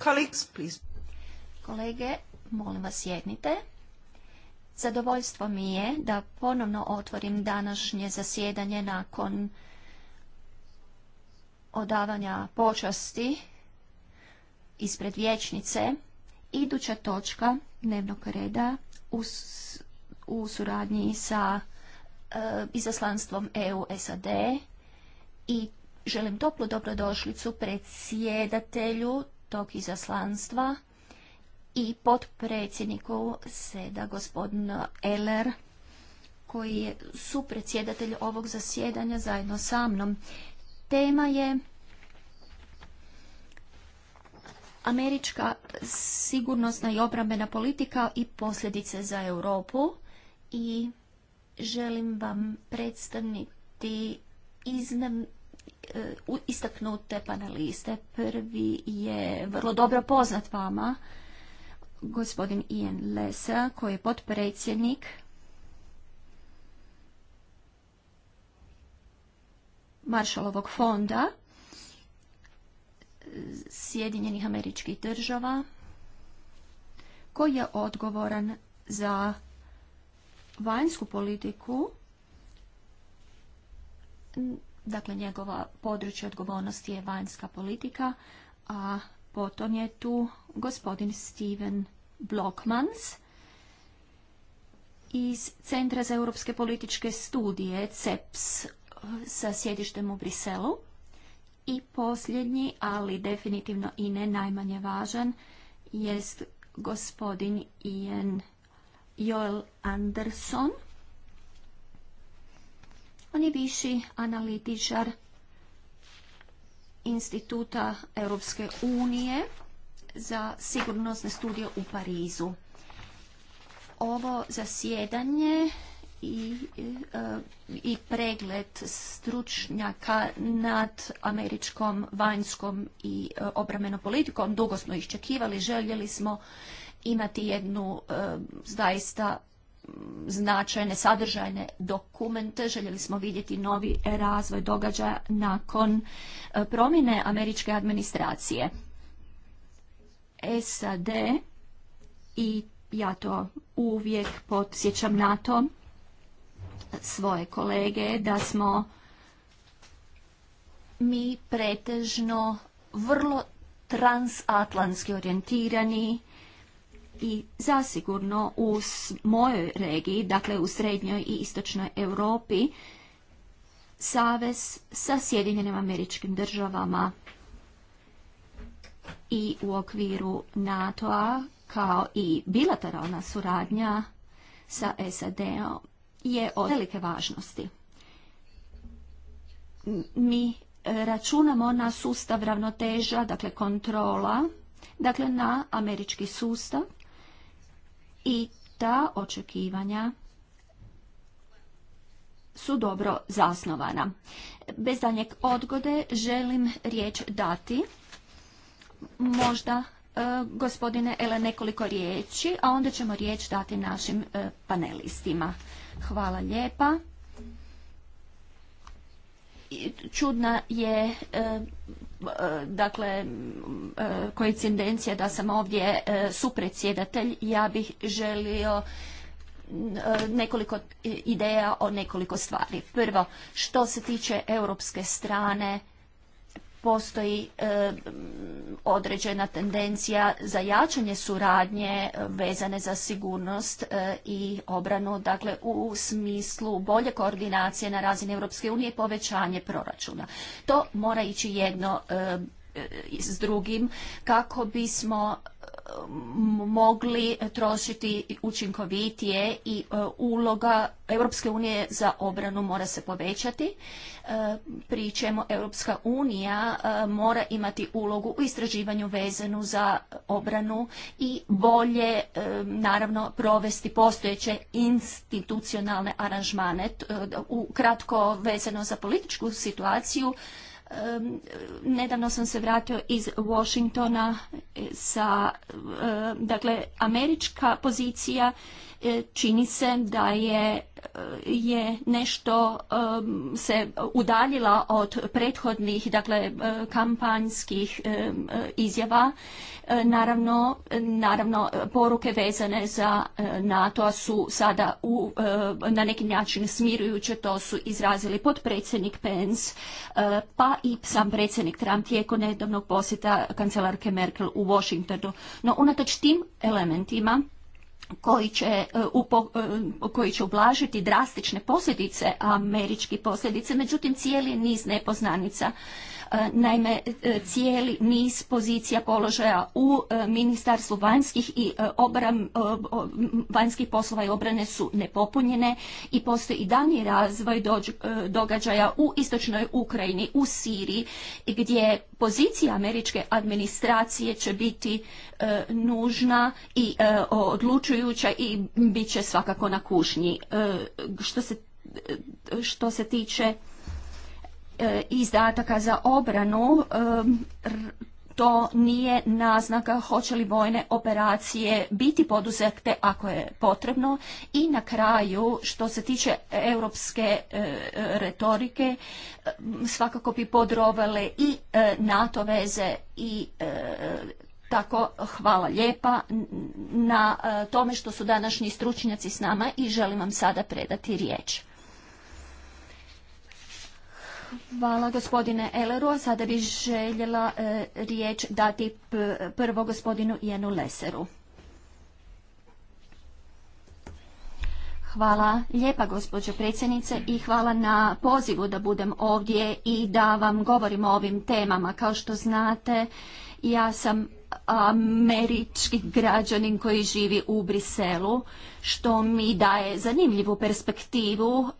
S2: Colleagues, please. Kolege, molim vas sjednite. Zadovoljstvo mi je da ponovno otvorim današnje zasjedanje nakon odavanja počasti ispred vječnice. Iduća točka dnevnog reda u, suradnji sa e, izaslanstvom EU-SAD i želim toplu dobrodošlicu predsjedatelju tog izaslanstva i potpredsjedniku SEDA gospodin Eller koji je supredsjedatelj ovog zasjedanja zajedno sa mnom. Tema je američka sigurnosna i obrambena politika i posljedice za Europu i želim vam predstaviti iznam istaknute paneliste. Prvi je vrlo dobro poznat vama, gospodin Ian Lesa, koji je potpredsjednik Maršalovog fonda Sjedinjenih američkih država, koji je odgovoran za vanjsku politiku Dakle, njegova područja odgovornosti je vanjska politika, a potom je tu gospodin Steven Blokmans iz Centra za europske političke studije CEPS sa sjedištem u Briselu. I posljednji, ali definitivno i ne najmanje važan, jest gospodin Ian Joel Anderson – on je viši analitičar Instituta Europske unije za sigurnosne studije u Parizu. Ovo zasjedanje i, e, i pregled stručnjaka nad američkom vanjskom i e, obrambenom politikom. Dugo smo iščekivali, željeli smo imati jednu e, zaista značajne, sadržajne dokumente. Željeli smo vidjeti novi razvoj događaja nakon e, promjene američke administracije. SAD i ja to uvijek podsjećam na to svoje kolege da smo mi pretežno vrlo transatlantski orijentirani i zasigurno u mojoj regiji, dakle u srednjoj i istočnoj Europi, savez sa Sjedinjenim američkim državama i u okviru NATO-a kao i bilateralna suradnja sa SAD-om je od velike važnosti. Mi računamo na sustav ravnoteža, dakle kontrola, dakle na američki sustav i ta očekivanja su dobro zasnovana. Bez danjeg odgode želim riječ dati možda e, gospodine Ele nekoliko riječi, a onda ćemo riječ dati našim e, panelistima. Hvala lijepa čudna je e, e, dakle e, koincidencija da sam ovdje supredsjedatelj. Ja bih želio nekoliko ideja o nekoliko stvari. Prvo, što se tiče europske strane postoji e, određena tendencija za jačanje suradnje e, vezane za sigurnost e, i obranu, dakle u smislu bolje koordinacije na razini Europske unije i povećanje proračuna. To mora ići jedno s drugim kako bismo mogli trošiti učinkovitije i e, uloga Europske unije za obranu mora se povećati, e, pri čemu Europska unija e, mora imati ulogu u istraživanju vezanu za obranu i bolje naravno provesti postojeće institucionalne aranžmane. Kratko vezano za političku situaciju, nedavno sam se vratio iz Washingtona e, sa, e, dakle, američka pozicija E, čini se da je, e, je nešto se udaljila od prethodnih dakle e, kampanjskih izjava naravno naravno poruke vezane za NATO su sada u, na neki način smirujuće to su izrazili potpredsjednik Pence pa i sam predsjednik Trump tijekom nedavnog posjeta kancelarke Merkel u Washingtonu no unatoč tim elementima koji će, e, e, koji će ublažiti drastične posljedice, američke posljedice, međutim cijeli niz nepoznanica. E, naime, e, cijeli niz pozicija položaja u e, Ministarstvu vanjskih i obram, vanjskih poslova i obrane su nepopunjene i postoji i dalji razvoj događaja u istočnoj Ukrajini, u Siriji, gdje pozicija američke administracije će biti nužna i odlučujuća i bit će svakako na kušnji. se, što se tiče E, izdataka za obranu e, to nije naznaka hoće li vojne operacije biti poduzete ako je potrebno. I na kraju, što se tiče europske e, retorike, svakako bi podrovale i NATO veze i tako hvala lijepa na tome što su današnji stručnjaci s nama i želim vam sada predati riječ. Hvala gospodine Eleru. Sada bih željela e, riječ dati prvo gospodinu Jenu Leseru. Hvala lijepa gospođo predsjednice i hvala na pozivu da budem ovdje i da vam govorim o ovim temama. Kao što znate, ja sam američki građanin koji živi u Briselu, što mi daje zanimljivu perspektivu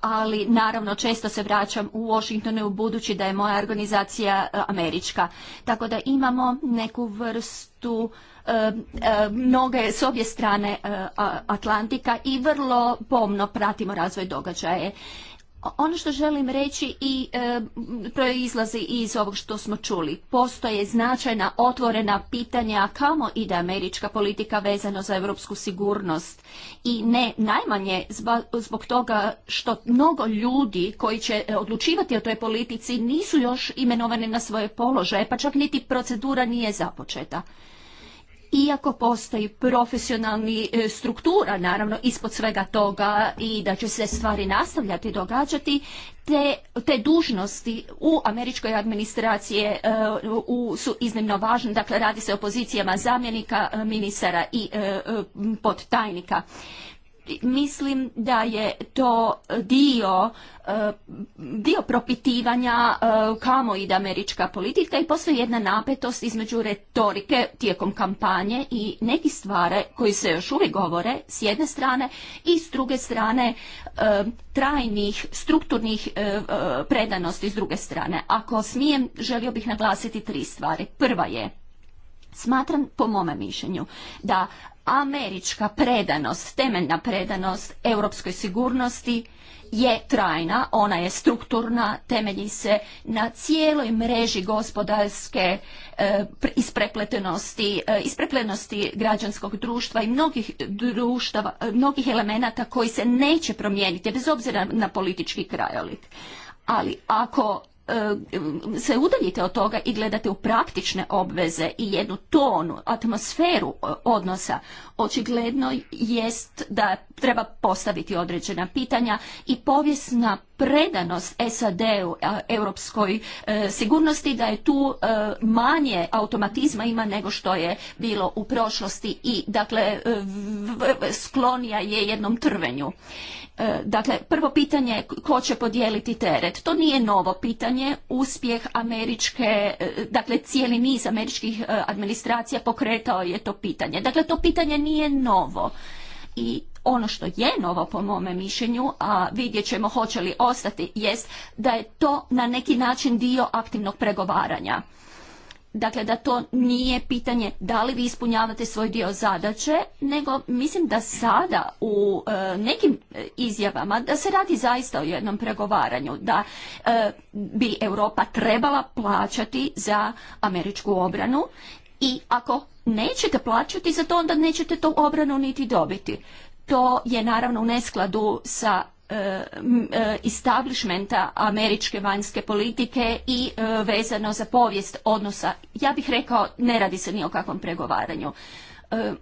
S2: ali naravno često se vraćam u Washingtonu budući da je moja organizacija e, američka. Tako da imamo neku vrstu e, e, mnoge s obje strane Atlantika i vrlo pomno pratimo razvoj događaje ono što želim reći i e, proizlazi iz ovog što smo čuli. Postoje značajna otvorena pitanja kamo ide američka politika vezano za europsku sigurnost i ne najmanje zbog toga što mnogo ljudi koji će e, odlučivati o toj politici nisu još imenovani na svoje položaje, pa čak niti procedura nije započeta iako postoji profesionalni e, struktura naravno ispod svega toga i da će se stvari nastavljati događati te, te dužnosti u američkoj administraciji e, su iznimno važne dakle radi se o pozicijama zamjenika e, ministara i podtajnika mislim da je to dio e, dio propitivanja e, kamo ide američka politika i postoji jedna napetost između retorike tijekom kampanje i neki stvari koji se još uvijek govore s jedne strane i s druge strane e, trajnih strukturnih predanosti s druge strane. Ako smijem, želio bih naglasiti tri stvari. Prva je Smatram, po mome mišljenju, da američka predanost, temeljna predanost europskoj sigurnosti je trajna, ona je strukturna, temelji se na cijeloj mreži gospodarske e, isprepletenosti, e, isprepletenosti građanskog društva i mnogih društava, e, mnogih elemenata koji se neće promijeniti bez obzira na politički krajolik. Ali ako E, se udaljite od toga i gledate u praktične obveze i jednu tonu, atmosferu e, odnosa, očigledno jest da treba postaviti određena pitanja i povijesna predanost SAD-u, europskoj e, sigurnosti, da je tu e, manje automatizma ima nego što je bilo u prošlosti i dakle sklonija je jednom trvenju. E, dakle, prvo pitanje ko će podijeliti teret. To nije novo pitanje. Uspjeh američke, dakle cijeli niz američkih administracija pokretao je to pitanje. Dakle, to pitanje nije novo. I ono što je novo po mome mišljenju, a vidjet ćemo hoće li ostati, jest da je to na neki način dio aktivnog pregovaranja. Dakle, da to nije pitanje da li vi ispunjavate svoj dio zadaće, nego mislim da sada u e, nekim e, izjavama da se radi zaista o jednom pregovaranju, da e, bi Europa trebala plaćati za američku obranu i ako nećete plaćati za to, onda nećete tu obranu niti dobiti. To je naravno u neskladu sa e, e, establishmenta američke vanjske politike i e, vezano za povijest odnosa. Ja bih rekao, ne radi se ni o kakvom pregovaranju.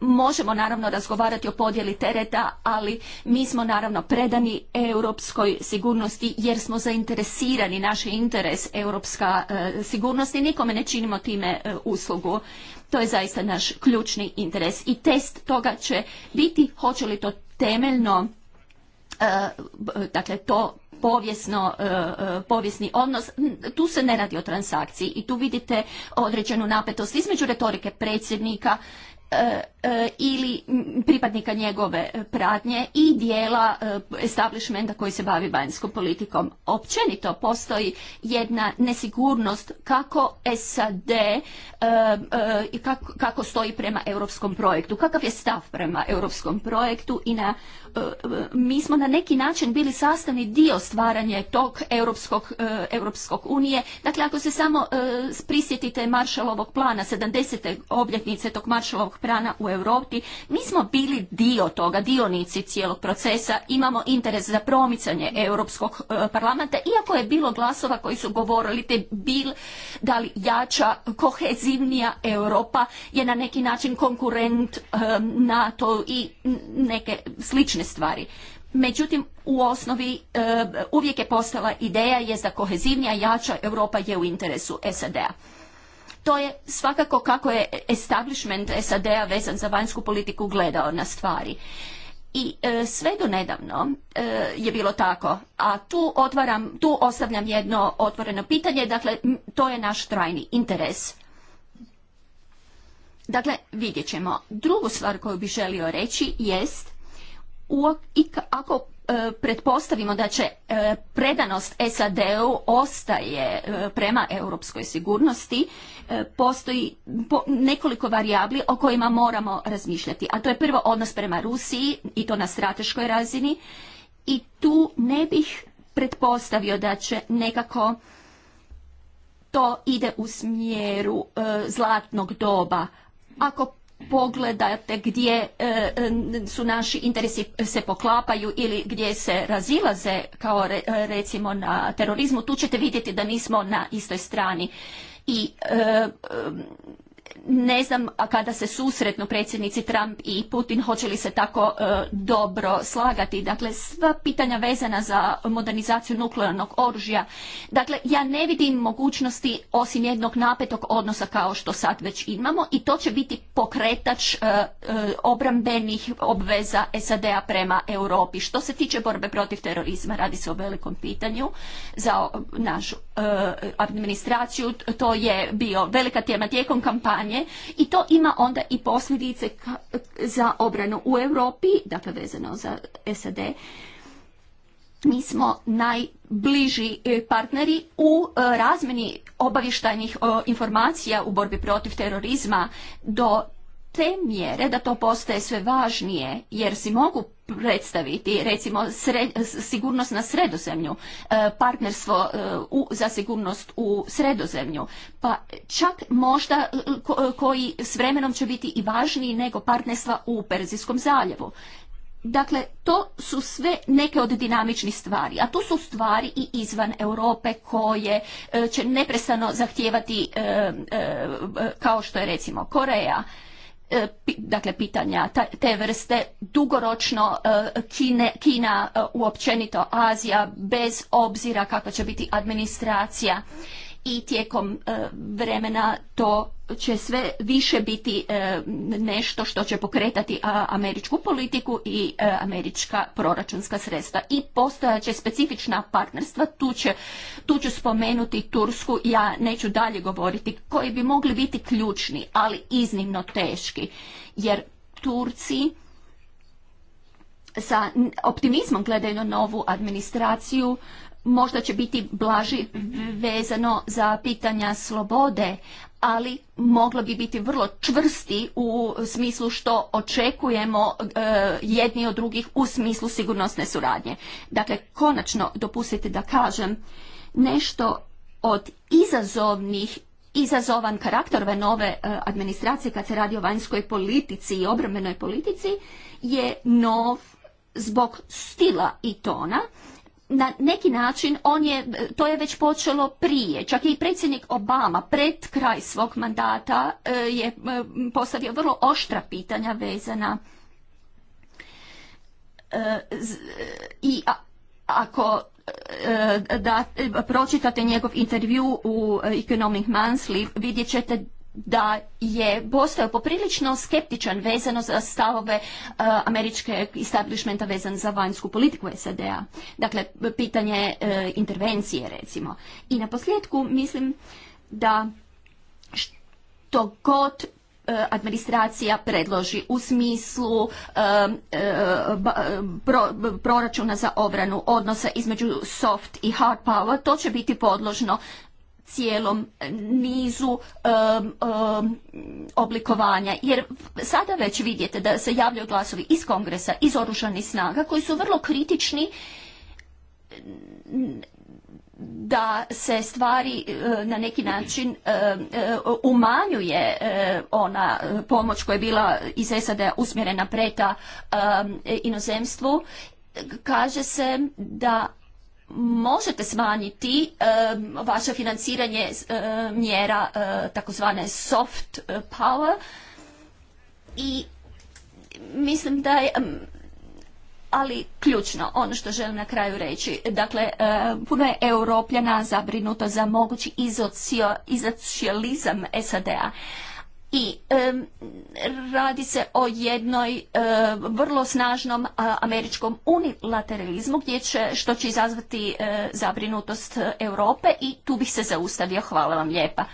S2: Možemo naravno razgovarati o podjeli tereta, ali mi smo naravno predani europskoj sigurnosti jer smo zainteresirani, naš interes europska sigurnost i nikome ne činimo time uslugu. To je zaista naš ključni interes i test toga će biti hoće li to temeljno e, dakle to povijesno, e, e, povijesni odnos. Tu se ne radi o transakciji i tu vidite određenu napetost između retorike predsjednika E, ili pripadnika njegove e, pratnje i dijela e, establishmenta koji se bavi vanjskom politikom. Općenito postoji jedna nesigurnost kako SAD kako stoji prema europskom projektu, kakav je stav prema europskom projektu i na, mi smo na neki način bili sastavni dio stvaranja tog europskog, europskog unije. Dakle, ako se samo prisjetite Maršalovog plana, 70. obljetnice tog maršalovog plana u Europi, mi smo bili dio toga, dionici cijelog procesa, imamo interes za promicanje Europskog e, parlamenta, iako je bilo glasova koji su govorili te bil, da li jača, kohezivnija Europa je na neki način konkurent e, NATO i neke slične stvari. Međutim, u osnovi e, uvijek je postala ideja je da kohezivnija, jača Europa je u interesu SAD-a to je svakako kako je establishment SAD-a vezan za vanjsku politiku gledao na stvari. I e, sve do nedavno e, je bilo tako, a tu otvaram, tu ostavljam jedno otvoreno pitanje, dakle to je naš trajni interes. Dakle, vidjet ćemo. Drugu stvar koju bi želio reći jest, i, ako E, pretpostavimo da će e, predanost SAD-u ostaje e, prema europskoj sigurnosti, postoji nekoliko varijabli o kojima moramo razmišljati. A to je prvo odnos prema Rusiji i to na strateškoj razini i tu ne bih pretpostavio da će nekako to ide u smjeru zlatnog doba. Ako pogledate gdje e, e, su naši interesi se poklapaju ili gdje se razilaze kao e, recimo na terorizmu, tu ćete vidjeti da nismo na istoj strani. I ne znam a kada se susretnu predsjednici Trump i Putin hoće li se tako e, dobro slagati. Dakle, sva pitanja vezana za modernizaciju nuklearnog oružja. Dakle, ja ne vidim mogućnosti osim jednog napetog odnosa kao što sad već imamo i to će biti pokretač e, e, obrambenih obveza SAD-a prema Europi. Što se tiče borbe protiv terorizma, radi se o velikom pitanju za našu administraciju. To je bio velika tema tijekom kampanje stanje i to ima onda i posljedice za obranu u Europi, dakle vezano za SAD. Mi smo najbliži e, partneri u e, razmeni obavještajnih e, informacija u borbi protiv terorizma do te mjere da to postaje sve važnije jer si mogu predstaviti recimo sigurnost na sredozemlju, e, partnerstvo e, u, za sigurnost u sredozemlju, pa čak možda e, koji s vremenom će biti i važniji nego partnerstva u Perzijskom zaljevu. Dakle, to su sve neke od dinamičnih stvari, a tu su stvari i izvan Europe koje će neprestano zahtijevati kao što je recimo Koreja, E, dakle pitanja te vrste dugoročno e, Kina e, uopćenito Azija bez obzira kakva će biti administracija i tijekom e, vremena to će sve više biti e, nešto što će pokretati američku politiku i e, američka proračunska sredstva. I postojaće specifična partnerstva, tu, će, tu ću spomenuti Tursku, ja neću dalje govoriti, koji bi mogli biti ključni, ali iznimno teški, jer Turci sa optimizmom gledaju na novu administraciju, možda će biti blaži vezano za pitanja slobode, ali moglo bi biti vrlo čvrsti u smislu što očekujemo e, jedni od drugih u smislu sigurnosne suradnje. Dakle, konačno dopustite da kažem nešto od izazovnih izazovan karakter ove nove e, administracije kad se radi o vanjskoj politici i obrambenoj politici je nov zbog stila i tona na neki način on je, to je već počelo prije. Čak i predsjednik Obama pred kraj svog mandata e, je e, postavio vrlo oštra pitanja vezana e, i ako da pročitate njegov intervju u Economic Monthly vidjet ćete da je postao poprilično skeptičan vezano za stavove e, američke establishmenta vezan za vanjsku politiku SAD-a. Dakle, pitanje e, intervencije recimo. I na posljedku mislim da što god e, administracija predloži u smislu proračuna za obranu odnosa između soft i hard power, to će biti podložno cijelom nizu oblikovanja. Jer sada već vidite da se javljaju glasovi iz kongresa, iz oružanih snaga koji su vrlo kritični da se stvari e, na neki način e, e, umanjuje ona pomoć koja je bila iz SAD usmjerena preta inozemstvu. Kaže se da možete smanjiti vaše financiranje mjera e, takozvane soft power i mislim da je ali ključno ono što želim na kraju reći dakle e, puno je europljana zabrinuto za mogući izocijalizam SAD-a i radi se o jednoj e, vrlo snažnom američkom unilateralizmu gdje što će izazvati e, zabrinutost Europe i tu bih se zaustavio. Hvala vam lijepa.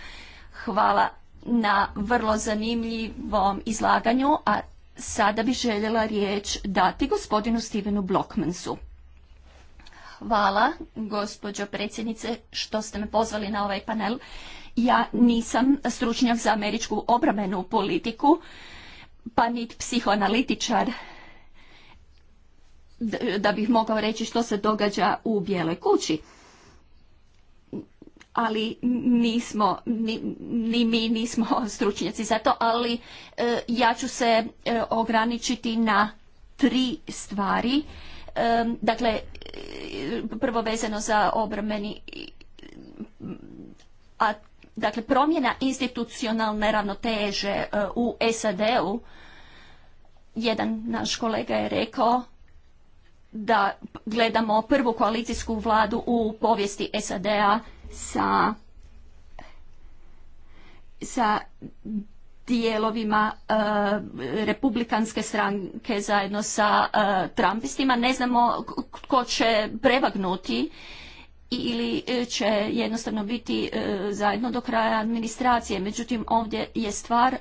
S2: Hvala na vrlo zanimljivom izlaganju, a sada bih željela riječ dati gospodinu Stevenu Blockmansu. Hvala, gospođo predsjednice, što ste me pozvali na ovaj panel. Ja nisam stručnjak za američku obramenu politiku, pa niti psihoanalitičar da bih mogao reći što se događa u bijeloj kući. Ali nismo, ni, mi nismo *laughs* stručnjaci za to, ali e, ja ću se e, ograničiti na tri stvari. E, dakle, prvo vezano za obrameni, a Dakle, promjena institucionalne ravnoteže e, u SAD-u, jedan naš kolega je rekao da gledamo prvu koalicijsku vladu u povijesti SAD-a sa, sa dijelovima e, republikanske stranke zajedno sa e, trumpistima. Ne znamo tko će prevagnuti ili e, će jednostavno biti e, zajedno do kraja administracije. Međutim, ovdje je stvar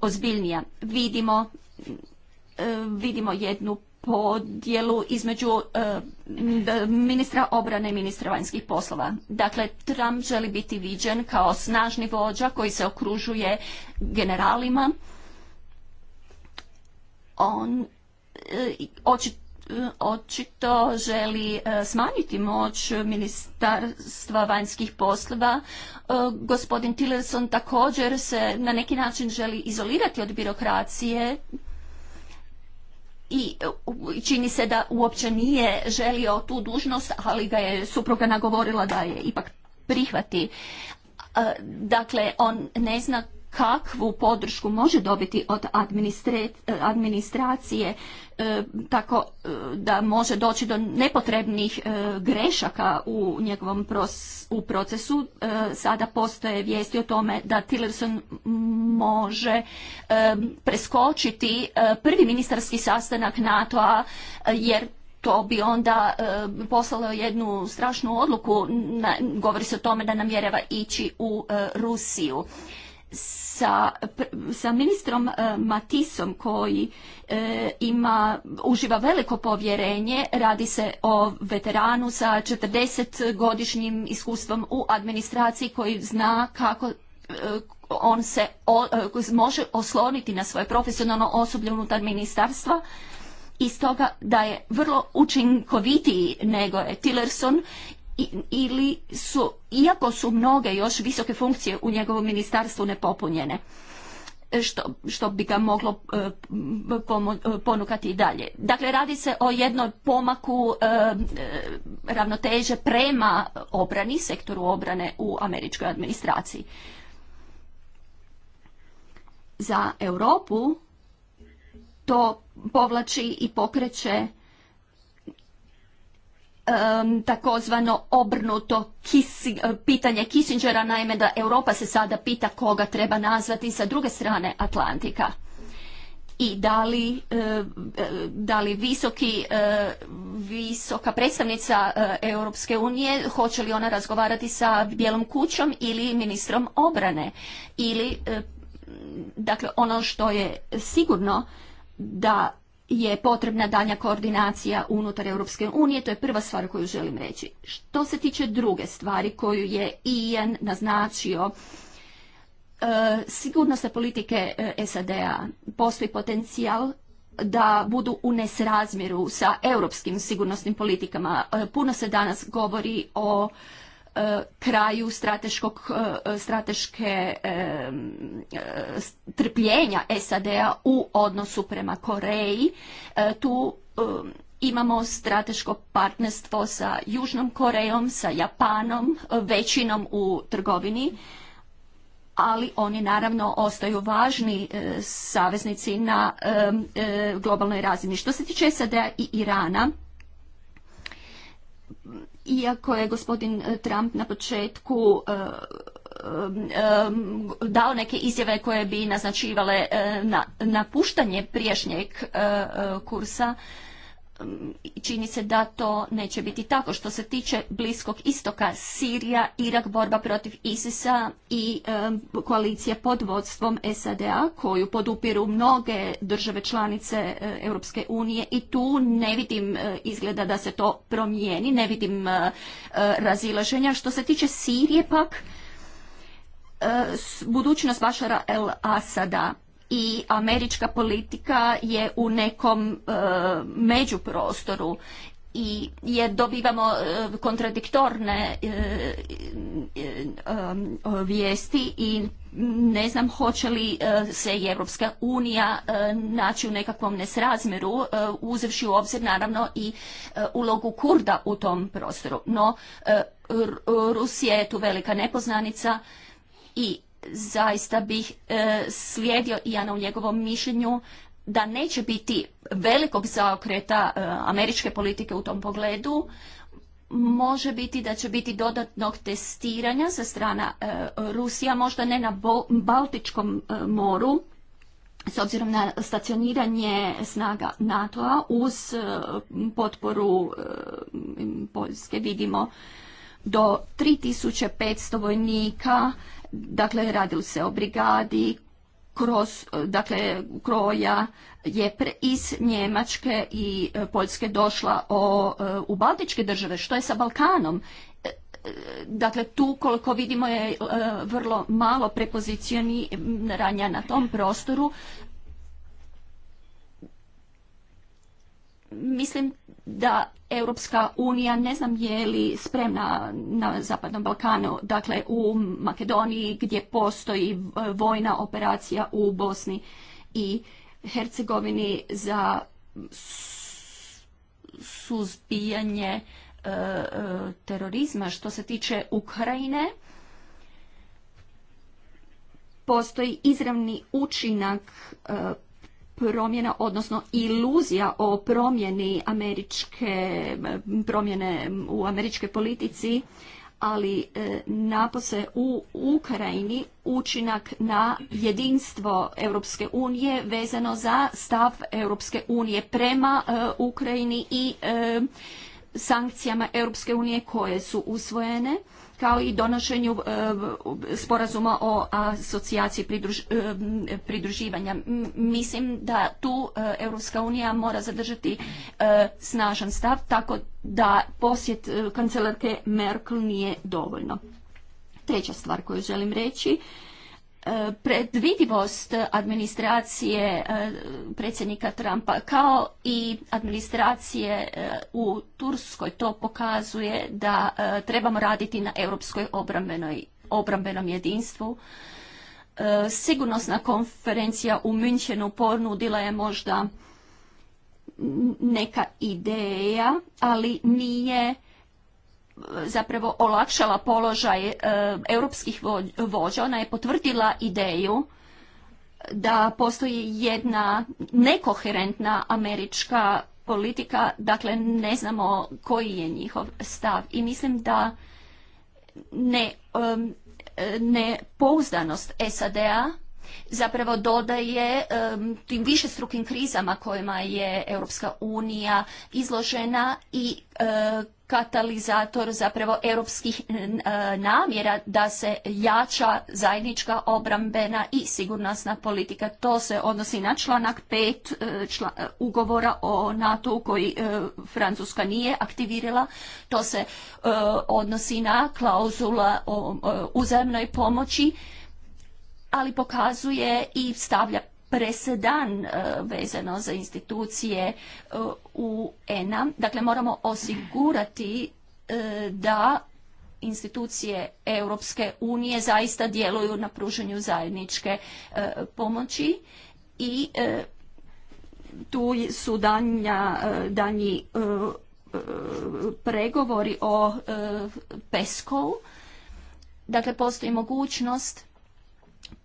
S2: ozbiljnija. Vidimo, e, vidimo jednu podjelu između ministra obrane i ministra vanjskih poslova. Dakle, Trump želi biti viđen kao snažni vođa koji se okružuje generalima. On očito očito želi e, smanjiti moć ministarstva vanjskih poslova. E, gospodin Tillerson također se na neki način želi izolirati od birokracije i čini se da uopće nije želio tu dužnost, ali ga je supruga nagovorila da je ipak prihvati. E, dakle, on ne zna kakvu podršku može dobiti od eh, administracije eh, tako eh, da može doći do nepotrebnih grešaka u njegovom u procesu. Sada postoje vijesti o tome da Tillerson može preskočiti prvi ministarski sastanak NATO-a jer to bi onda poslalo jednu strašnu odluku, govori se o tome da namjerava ići u Rusiju. Rusiju sa, sa ministrom e, Matisom koji e, ima, uživa veliko povjerenje, radi se o veteranu sa 40 godišnjim iskustvom u administraciji koji zna kako e, on se može osloniti na svoje profesionalno osoblje unutar ministarstva i stoga da je vrlo učinkovitiji nego je Tillerson ili su, iako su mnoge još visoke funkcije u njegovom ministarstvu nepopunjene. E, što, što bi ga moglo e, e, ponukati i dalje. Dakle, radi se o jednoj pomaku ravnoteže prema obrani, sektoru obrane u američkoj administraciji. Za Europu to povlači i pokreće takozvano obrnuto eh, pitanje Kissingera, naime da Europa se sada pita koga treba nazvati sa druge strane Atlantika i da li, eh, eh, da li visoki, visoka predstavnica Europske unije, hoće li ona razgovarati sa Bijelom kućom ili ministrom obrane ili dakle ono što je sigurno da je potrebna daljnja koordinacija unutar Europske unije, to je prva stvar koju želim reći. Što se tiče druge stvari koju je Ian naznačio, e, sigurnosne politike e, SAD-a postoji potencijal da budu u nesrazmjeru sa europskim sigurnosnim politikama. E, puno se danas govori o E, kraju strateškog, e, strateške e, trpljenja SAD-a u odnosu prema Koreji. Tu imamo strateško partnerstvo sa Južnom Korejom, sa Japanom, većinom u trgovini, ali oni naravno ostaju važni saveznici na globalnoj razini. Što se tiče SAD-a i Irana, iako je gospodin e, Trump na početku e, e, dao neke izjave koje bi naznačivale napuštanje prijašnjeg kursa čini se da to neće biti tako. Što se tiče Bliskog istoka, Sirija, Irak, borba protiv ISIS-a i koalicije koalicija pod vodstvom SAD-a koju podupiru mnoge države članice EU Europske unije i tu ne vidim e, izgleda da se to promijeni, ne vidim e, e, razilaženja. Što se tiče Sirije pak, budućnost Bašara el-Asada i američka politika je u nekom e, međuprostoru i jer dobivamo e, kontradiktorne e, vijesti i ne znam hoće li se i Europska unija naći u nekakvom nesrazmjeru uzevši u obzir naravno i ulogu Kurda u tom prostoru. No Rusija je tu velika nepoznanica i zaista bih e, slijedio i ja na njegovom mišljenju da neće biti velikog zaokreta e, američke politike u tom pogledu. Može biti da će biti dodatnog testiranja sa strana e, Rusija, možda ne na Baltičkom moru, s obzirom na stacioniranje snaga NATO-a uz potporu Poljske vidimo do 3500 vojnika Dakle, radilo se o brigadi kroz, dakle, kroja je iz Njemačke i e, Poljske došla o, e, u Baltičke države. Što je sa Balkanom? E, dakle, tu koliko vidimo je vrlo malo ranja na tom prostoru. Mislim da Europska unija ne znam je li spremna na Zapadnom Balkanu, dakle u Makedoniji gdje postoji vojna operacija u Bosni i Hercegovini za suzbijanje e, e, terorizma. Što se tiče Ukrajine, postoji izravni učinak e, promjena, odnosno iluzija o promjeni američke, promjene u američkoj politici, ali e, napose u Ukrajini učinak na jedinstvo Europske unije vezano za stav Europske unije prema e, Ukrajini i e, sankcijama Europske unije koje su usvojene kao i donošenju e, sporazuma o asocijaciji e, pridruživanja. Mislim da tu e, Europska unija mora zadržati snažan stav tako da posjet kancelarke Merkel nije dovoljno. Treća stvar koju želim reći E, predvidivost administracije e, predsjednika Trumpa kao i administracije e, u Turskoj to pokazuje da trebamo raditi na europskoj obrambenoj, obrambenom jedinstvu. Sigurnosna konferencija u Münchenu ponudila je možda neka ideja, ali nije zapravo olakšala položaj e, europskih vođa. Ona je potvrdila ideju da postoji jedna nekoherentna američka politika, dakle ne znamo koji je njihov stav i mislim da ne, e, nepouzdanost SAD-a zapravo dodaje tim strukim krizama kojima je Europska unija izložena i e, katalizator zapravo europskih e, namjera da se jača zajednička obrambena i sigurnosna politika. To se odnosi na članak 5 e, ugovora o NATO koji Francuska nije aktivirala. To se odnosi na klauzula o, o uzajemnoj pomoći ali pokazuje i stavlja presedan e, vezano za institucije e, u ENA. Dakle, moramo osigurati e, da institucije Europske unije zaista djeluju na pruženju zajedničke pomoći i tu su danji pregovori o PESCO-u. Dakle, postoji mogućnost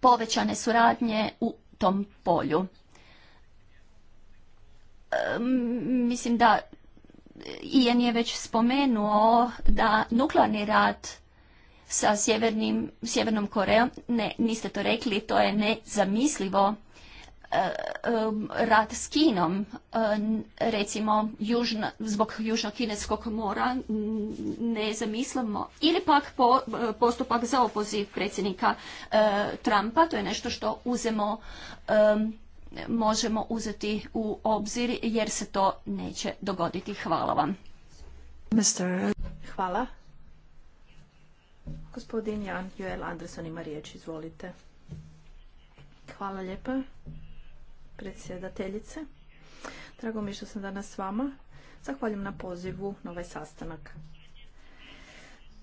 S2: povećane suradnje u tom polju. E, mislim da Ian je već spomenuo da nuklearni rat sa Sjevernom Korejom, ne, niste to rekli, to je nezamislivo Eh, eh, rad s Kinom, eh, recimo zbog Južno-Kineskog mora ne zamislimo, ili pak postupak za opoziv predsjednika Trumpa, to je nešto što uzemo, možemo uzeti u obzir jer se to neće dogoditi. Hvala vam.
S1: Hvala. Gospodin Jan Joel Anderson ima riječ, izvolite. Hvala lijepa predsjedateljice. Drago mi je što sam danas s vama. Zahvaljujem na pozivu na ovaj sastanak.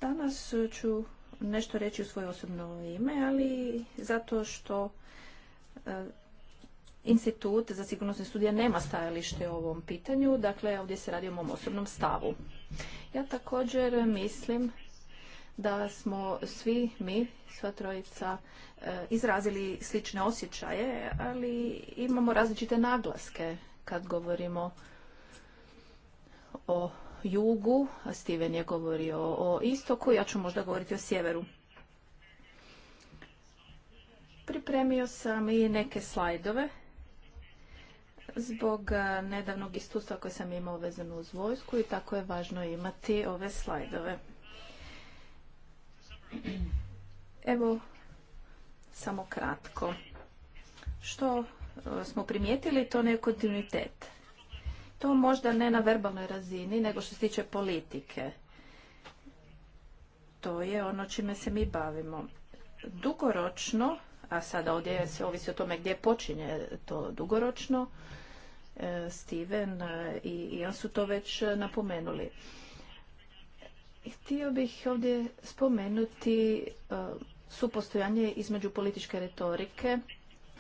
S1: Danas ću nešto reći u svoje osobno ime, ali zato što e, Institut za sigurnosne studije nema stajalište u ovom pitanju, dakle ovdje se radi o mom osobnom stavu. Ja također mislim da smo svi mi, sva trojica, Eh, izrazili slične osjećaje, ali imamo različite naglaske kad govorimo o jugu, a Steven je govorio o istoku, ja ću možda govoriti o sjeveru. Pripremio sam i neke slajdove zbog eh, nedavnog istustva koje sam imao vezano uz vojsku i tako je važno imati ove slajdove. Evo, samo kratko. Što e, smo primijetili, to ne je kontinuitet. To možda ne na verbalnoj razini, nego što se tiče politike. To je ono čime se mi bavimo. Dugoročno, a sada ovdje se ovisi o tome gdje počinje to dugoročno, e, Steven e, i Jan su to već napomenuli. Htio bih ovdje spomenuti supostojanje između političke retorike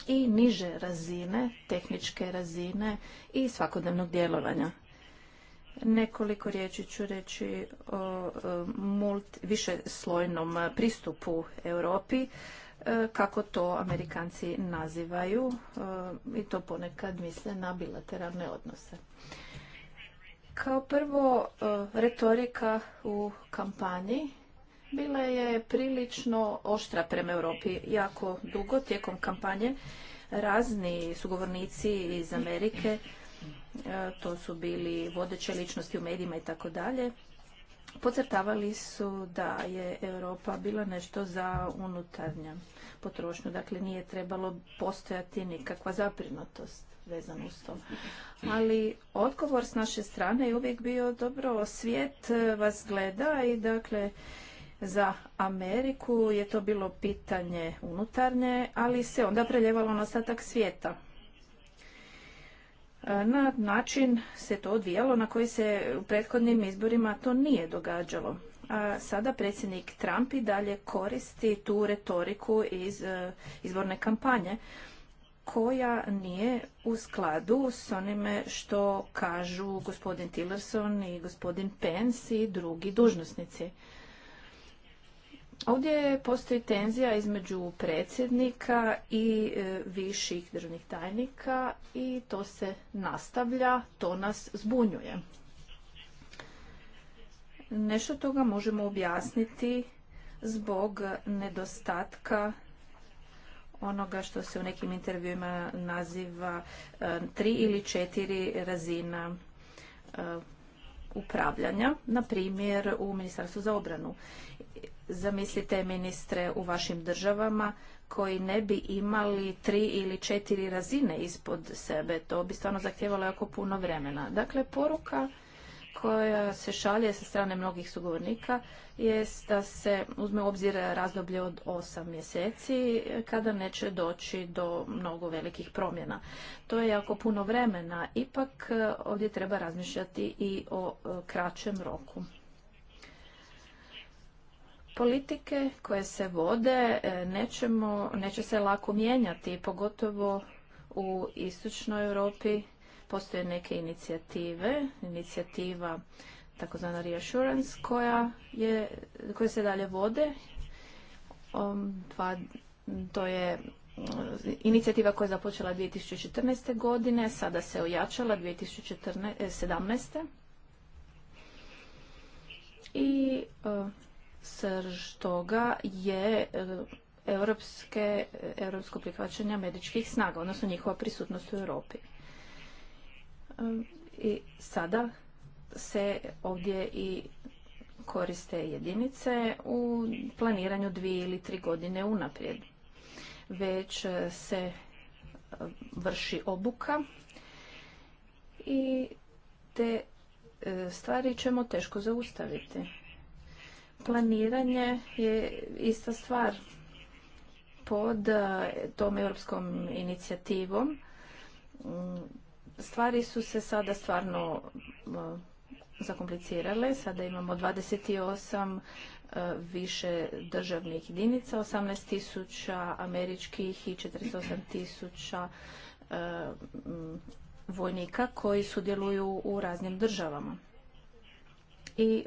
S1: i niže razine, tehničke razine i svakodnevnog djelovanja. Nekoliko riječi ću reći o e, multi, višeslojnom pristupu Europi, e, kako to Amerikanci nazivaju e, i to ponekad misle na bilateralne odnose. Kao prvo, retorika u kampanji bila je prilično oštra prema Europi jako dugo tijekom kampanje. Razni sugovornici iz Amerike, e, to su bili vodeće ličnosti u medijima i tako dalje, Pocrtavali su da je Europa bila nešto za unutarnja potrošnju, dakle nije trebalo postojati nikakva zaprinutost vezano uz to. Ali odgovor s naše strane je uvijek bio dobro, svijet e, vas gleda i dakle za Ameriku je to bilo pitanje unutarnje, ali se onda preljevalo na ostatak svijeta. E, na način se to odvijalo na koji se u prethodnim izborima to nije događalo. A sada predsjednik Trump i dalje koristi tu retoriku iz e, izborne kampanje koja nije u skladu s onime što kažu gospodin Tillerson i gospodin Pence i drugi dužnosnici. Ovdje postoji tenzija između predsjednika i e, viših državnih tajnika i to se nastavlja, to nas zbunjuje. Nešto toga možemo objasniti zbog nedostatka onoga što se u nekim intervjuima naziva e, tri ili četiri razina e, upravljanja, na primjer u Ministarstvu za obranu. Zamislite ministre u vašim državama koji ne bi imali tri ili četiri razine ispod sebe. To bi stvarno zahtjevalo jako puno vremena. Dakle, poruka koja se šalje sa strane mnogih sugovornika je da se uzme u obzir razdoblje od osam mjeseci kada neće doći do mnogo velikih promjena. To je jako puno vremena, ipak e, ovdje treba razmišljati i o e, kraćem roku. Politike koje se vode e, nećemo, neće se lako mijenjati, pogotovo u istočnoj Europi Postoje neke inicijative, inicijativa takozvana reassurance koja, je, koje se dalje vode. Um, to je mm, inicijativa koja je započela 2014. godine, sada se ojačala 2017. I uh, srž toga je europske, europsko prihvaćanje američkih snaga, odnosno njihova prisutnost u Europi. I sada se ovdje i koriste jedinice u planiranju dvije ili tri godine unaprijed. Već se e, vrši obuka i te e, stvari ćemo teško zaustaviti. Planiranje je ista stvar pod e, tom europskom inicijativom Stvari su se sada stvarno uh, zakomplicirale. Sada imamo 28 uh, više državnih jedinica, 18 tisuća američkih i 48 tisuća uh, mm, vojnika koji sudjeluju u raznim državama. I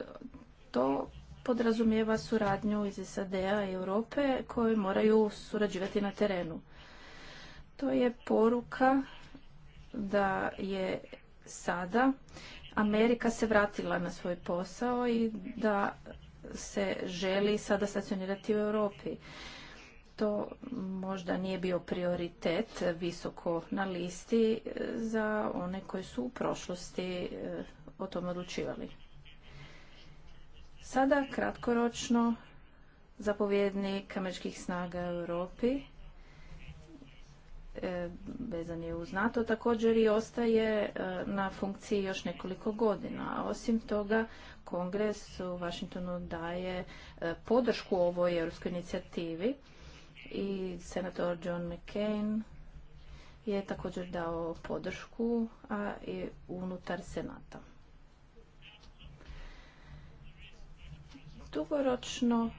S1: to podrazumijeva suradnju iz SAD-a i Europe koji moraju surađivati na terenu. To je poruka da je sada Amerika se vratila na svoj posao i da se želi sada stacionirati u Europi. To možda nije bio prioritet visoko na listi e, za one koji su u prošlosti e, o tom odlučivali. Sada kratkoročno zapovjednik američkih snaga u Europi E, vezan je uz NATO, također i ostaje e, na funkciji još nekoliko godina. Osim toga, Kongres u Washingtonu daje e, podršku ovoj europskoj inicijativi i senator John McCain je također dao podršku a i unutar Senata. Dugoročno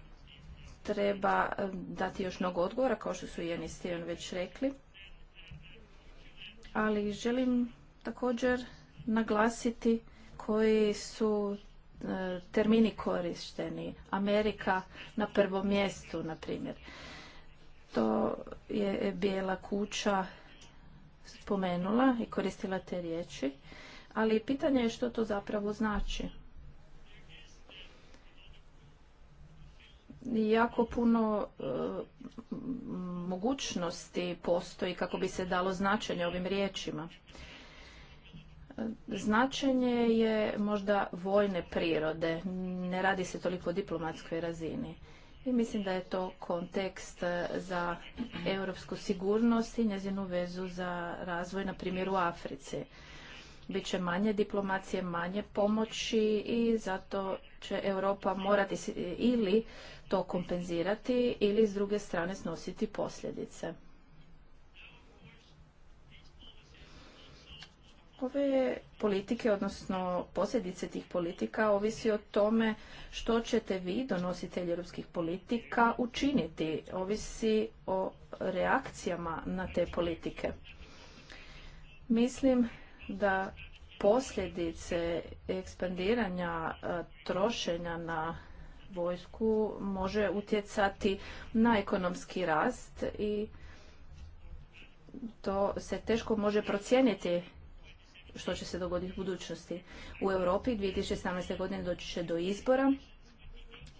S1: treba dati još mnogo odgovora, kao što su i Jan već rekli ali želim također naglasiti koji su e, termini korišteni. Amerika na prvom mjestu, na primjer. To je Bijela kuća spomenula i koristila te riječi, ali pitanje je što to zapravo znači. jako puno e, mogućnosti postoji kako bi se dalo značenje ovim riječima. E, značenje je možda vojne prirode, ne radi se toliko o diplomatskoj razini. I mislim da je to kontekst e, za europsku sigurnost i njezinu vezu za razvoj, na primjer u Africi bit će manje diplomacije, manje pomoći i zato će Europa morati ili to kompenzirati ili s druge strane snositi posljedice. Ove politike, odnosno posljedice tih politika, ovisi o tome što ćete vi, donositelji europskih politika, učiniti. Ovisi o reakcijama na te politike. Mislim da posljedice ekspandiranja e, trošenja na vojsku može utjecati na ekonomski rast i to se teško može procijeniti što će se dogoditi u budućnosti. U Europi 2017. godine doći će do izbora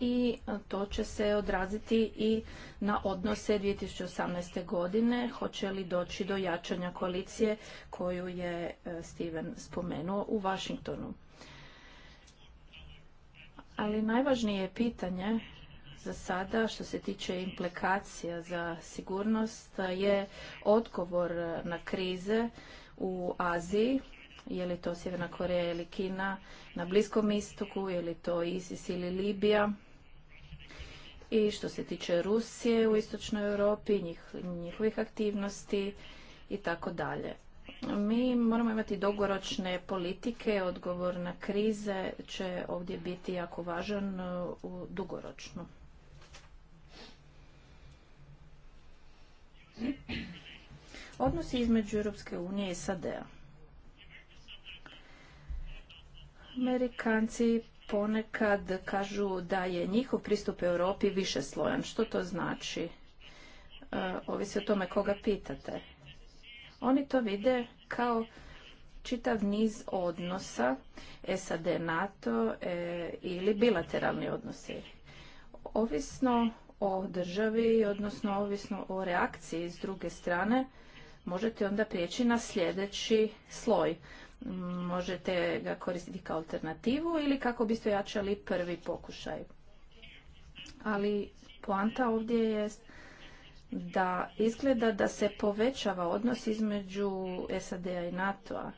S1: i e, to će se odraziti i na odnose 2018. godine. Hoće li doći do jačanja koalicije koju je e, Steven spomenuo u Washingtonu? Ali najvažnije pitanje za sada što se tiče implikacija za sigurnost je odgovor e, na krize u Aziji, je li to Sjeverna Koreja ili Kina, na Bliskom istoku, je li to ISIS ili Libija i što se tiče Rusije u istočnoj Europi, njih, njihovih aktivnosti i tako dalje. Mi moramo imati dugoročne politike, odgovor na krize će ovdje biti jako važan uh, u dugoročno. Odnosi između Europske unije i SAD-a. Amerikanci ponekad kažu da je njihov pristup Europi više slojan. Što to znači? E, ovisi o tome koga pitate. Oni to vide kao čitav niz odnosa SAD, NATO e, ili bilateralni odnosi. Ovisno o državi, odnosno ovisno o reakciji s druge strane, možete onda prijeći na sljedeći sloj. Možete ga koristiti kao alternativu ili kako biste jačali prvi pokušaj. Ali poanta ovdje je da izgleda da se povećava odnos između SAD-a i NATO-a.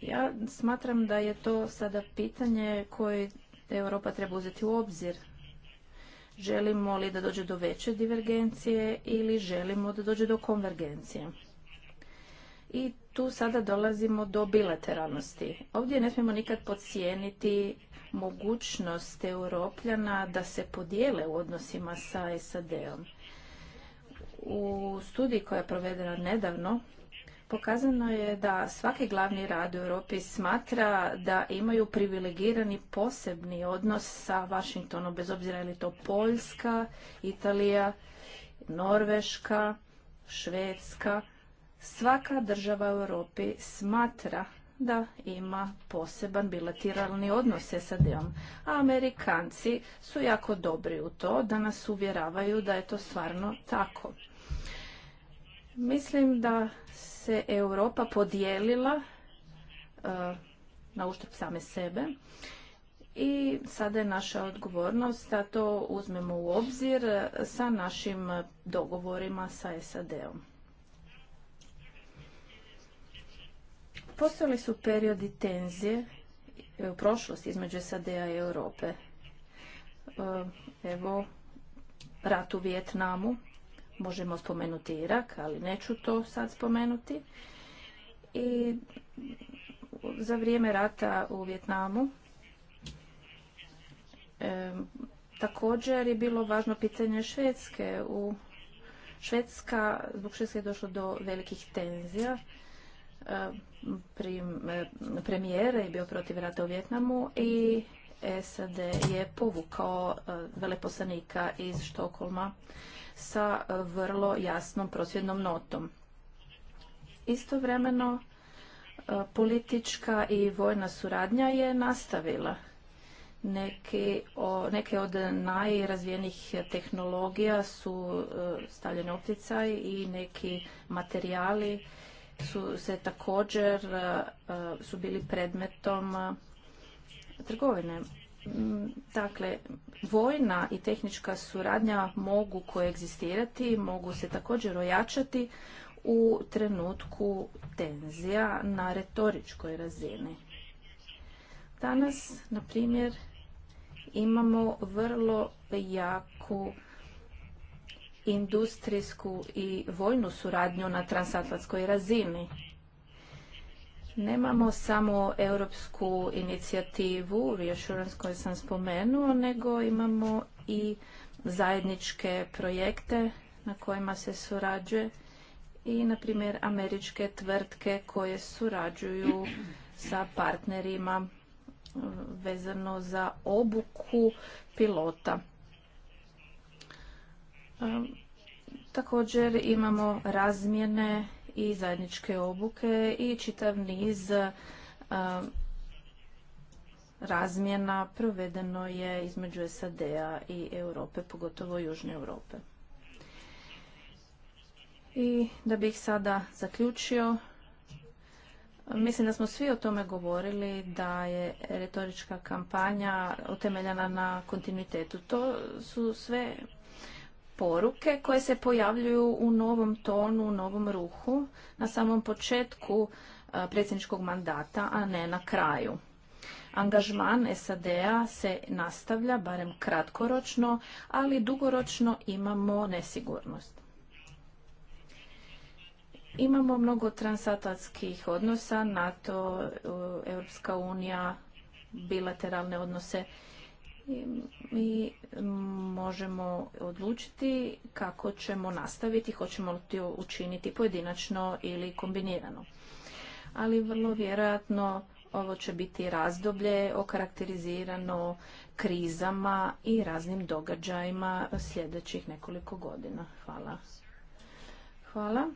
S1: ja smatram da je to sada pitanje koje Europa treba uzeti u obzir. Želimo li da dođe do veće divergencije ili želimo da dođe do konvergencije? I tu sada dolazimo do bilateralnosti. Ovdje ne smijemo nikad podcijeniti mogućnost europljana da se podijele u odnosima sa SAD-om. U studiji koja je provedena nedavno, pokazano je da svaki glavni rad u Europi smatra da imaju privilegirani posebni odnos sa Washingtonom, bez obzira je li to Poljska, Italija, Norveška, Švedska, Svaka država u Europi smatra da ima poseban bilateralni odnos s SAD-om. A Amerikanci su jako dobri u to da nas uvjeravaju da je to stvarno tako. Mislim da se Europa podijelila e, na uštrb same sebe i sada je naša odgovornost da to uzmemo u obzir sa našim dogovorima sa SAD-om. Postojali su periodi tenzije e, u prošlosti između SAD-a i Europe. E, evo, rat u Vijetnamu, možemo spomenuti Irak, ali neću to sad spomenuti. I za vrijeme rata u Vjetnamu e, također je bilo važno pitanje Švedske. U Švedska, zbog Švedske je došlo do velikih tenzija. E, premijere i bio protiv rata u Vjetnamu i SAD je povukao e, veleposlanika iz Štokolma sa e, vrlo jasnom prosvjednom notom. Istovremeno politička i vojna suradnja je nastavila. o, neke od najrazvijenijih tehnologija su stavljene opticaj i neki materijali su se također e, e, su bili predmetom e, trgovine. Dakle, vojna i tehnička suradnja mogu koegzistirati, mogu se također ojačati u trenutku tenzija na retoričkoj razini. Danas, na primjer, imamo vrlo jaku industrijsku i vojnu suradnju na transatlantskoj razini. Nemamo samo europsku inicijativu, reassurance koju sam spomenuo, nego imamo i zajedničke projekte na kojima se surađuje i, na primjer, američke tvrtke koje surađuju sa partnerima vezano za obuku pilota. Također imamo razmjene i zajedničke obuke i čitav niz razmjena provedeno je između SAD-a i Europe, pogotovo Južne Europe. I da bih sada zaključio, mislim da smo svi o tome govorili da je retorička kampanja utemeljena na kontinuitetu. To su sve poruke koje se pojavljuju u novom tonu, u novom ruhu na samom početku predsjedničkog mandata, a ne na kraju. Angažman SAD-a se nastavlja, barem kratkoročno, ali dugoročno imamo nesigurnost. Imamo mnogo transatlantskih odnosa, NATO, Europska unija, bilateralne odnose mi možemo odlučiti kako ćemo nastaviti, hoćemo li to učiniti pojedinačno ili kombinirano. Ali vrlo vjerojatno ovo će biti razdoblje okarakterizirano krizama i raznim događajima sljedećih nekoliko godina. Hvala. Hvala.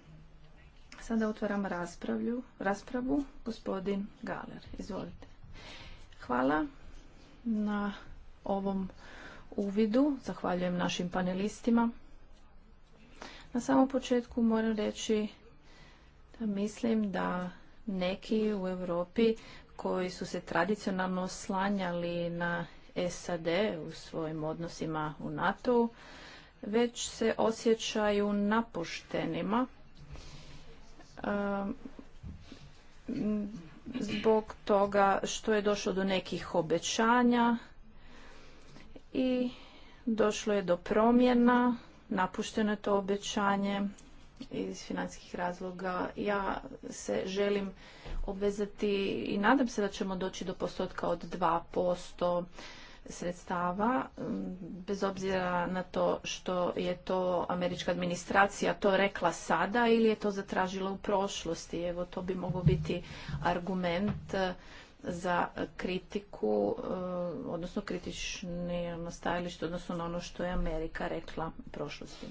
S1: Sada otvaram raspravu. Gospodin Galer, izvolite. Hvala na ovom uvidu. Zahvaljujem našim panelistima. Na samom početku moram reći da mislim da neki u Europi koji su se tradicionalno slanjali na SAD u svojim odnosima u nato već se osjećaju napuštenima um, zbog toga što je došlo do nekih obećanja i došlo je do promjena, napušteno je to obećanje iz financijskih razloga. Ja se želim obvezati i nadam se da ćemo doći do postotka od 2% sredstava, bez obzira na to što je to američka administracija to rekla sada ili je to zatražila u prošlosti. Evo, to bi mogao biti argument za kritiku, eh, odnosno kritični ono, stajalište, odnosno na ono što je Amerika rekla u prošlosti.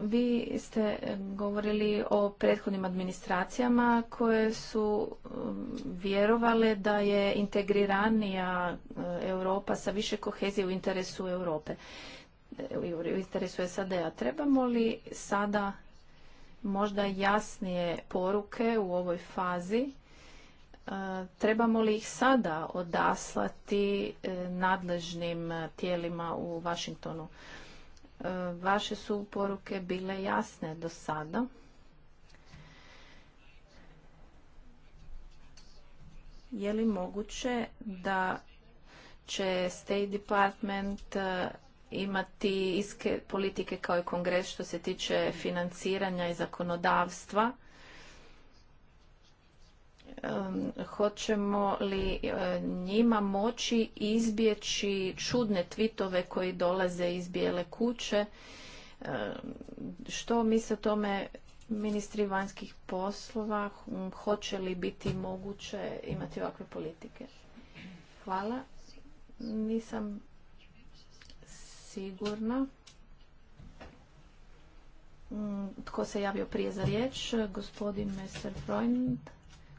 S1: Vi ste eh, govorili o prethodnim administracijama koje su eh, vjerovale da je integriranija Europa sa više kohezije u interesu Europe, u interesu SAD-a. Trebamo li sada možda jasnije poruke u ovoj fazi. E, trebamo li ih sada odaslati e, nadležnim tijelima u Vašingtonu? E, vaše su poruke bile jasne do sada. Je li moguće da će State Department imati iske politike kao i kongres što se tiče financiranja i zakonodavstva. Hoćemo li e, njima moći izbjeći čudne tvitove koji dolaze iz bijele kuće? Što misle o tome ministri vanjskih poslova? Hm, hoće li biti moguće imati ovakve politike? Hvala. Nisam sigurna. Mm, tko se javio prije za riječ? Gospodin Messerfreund,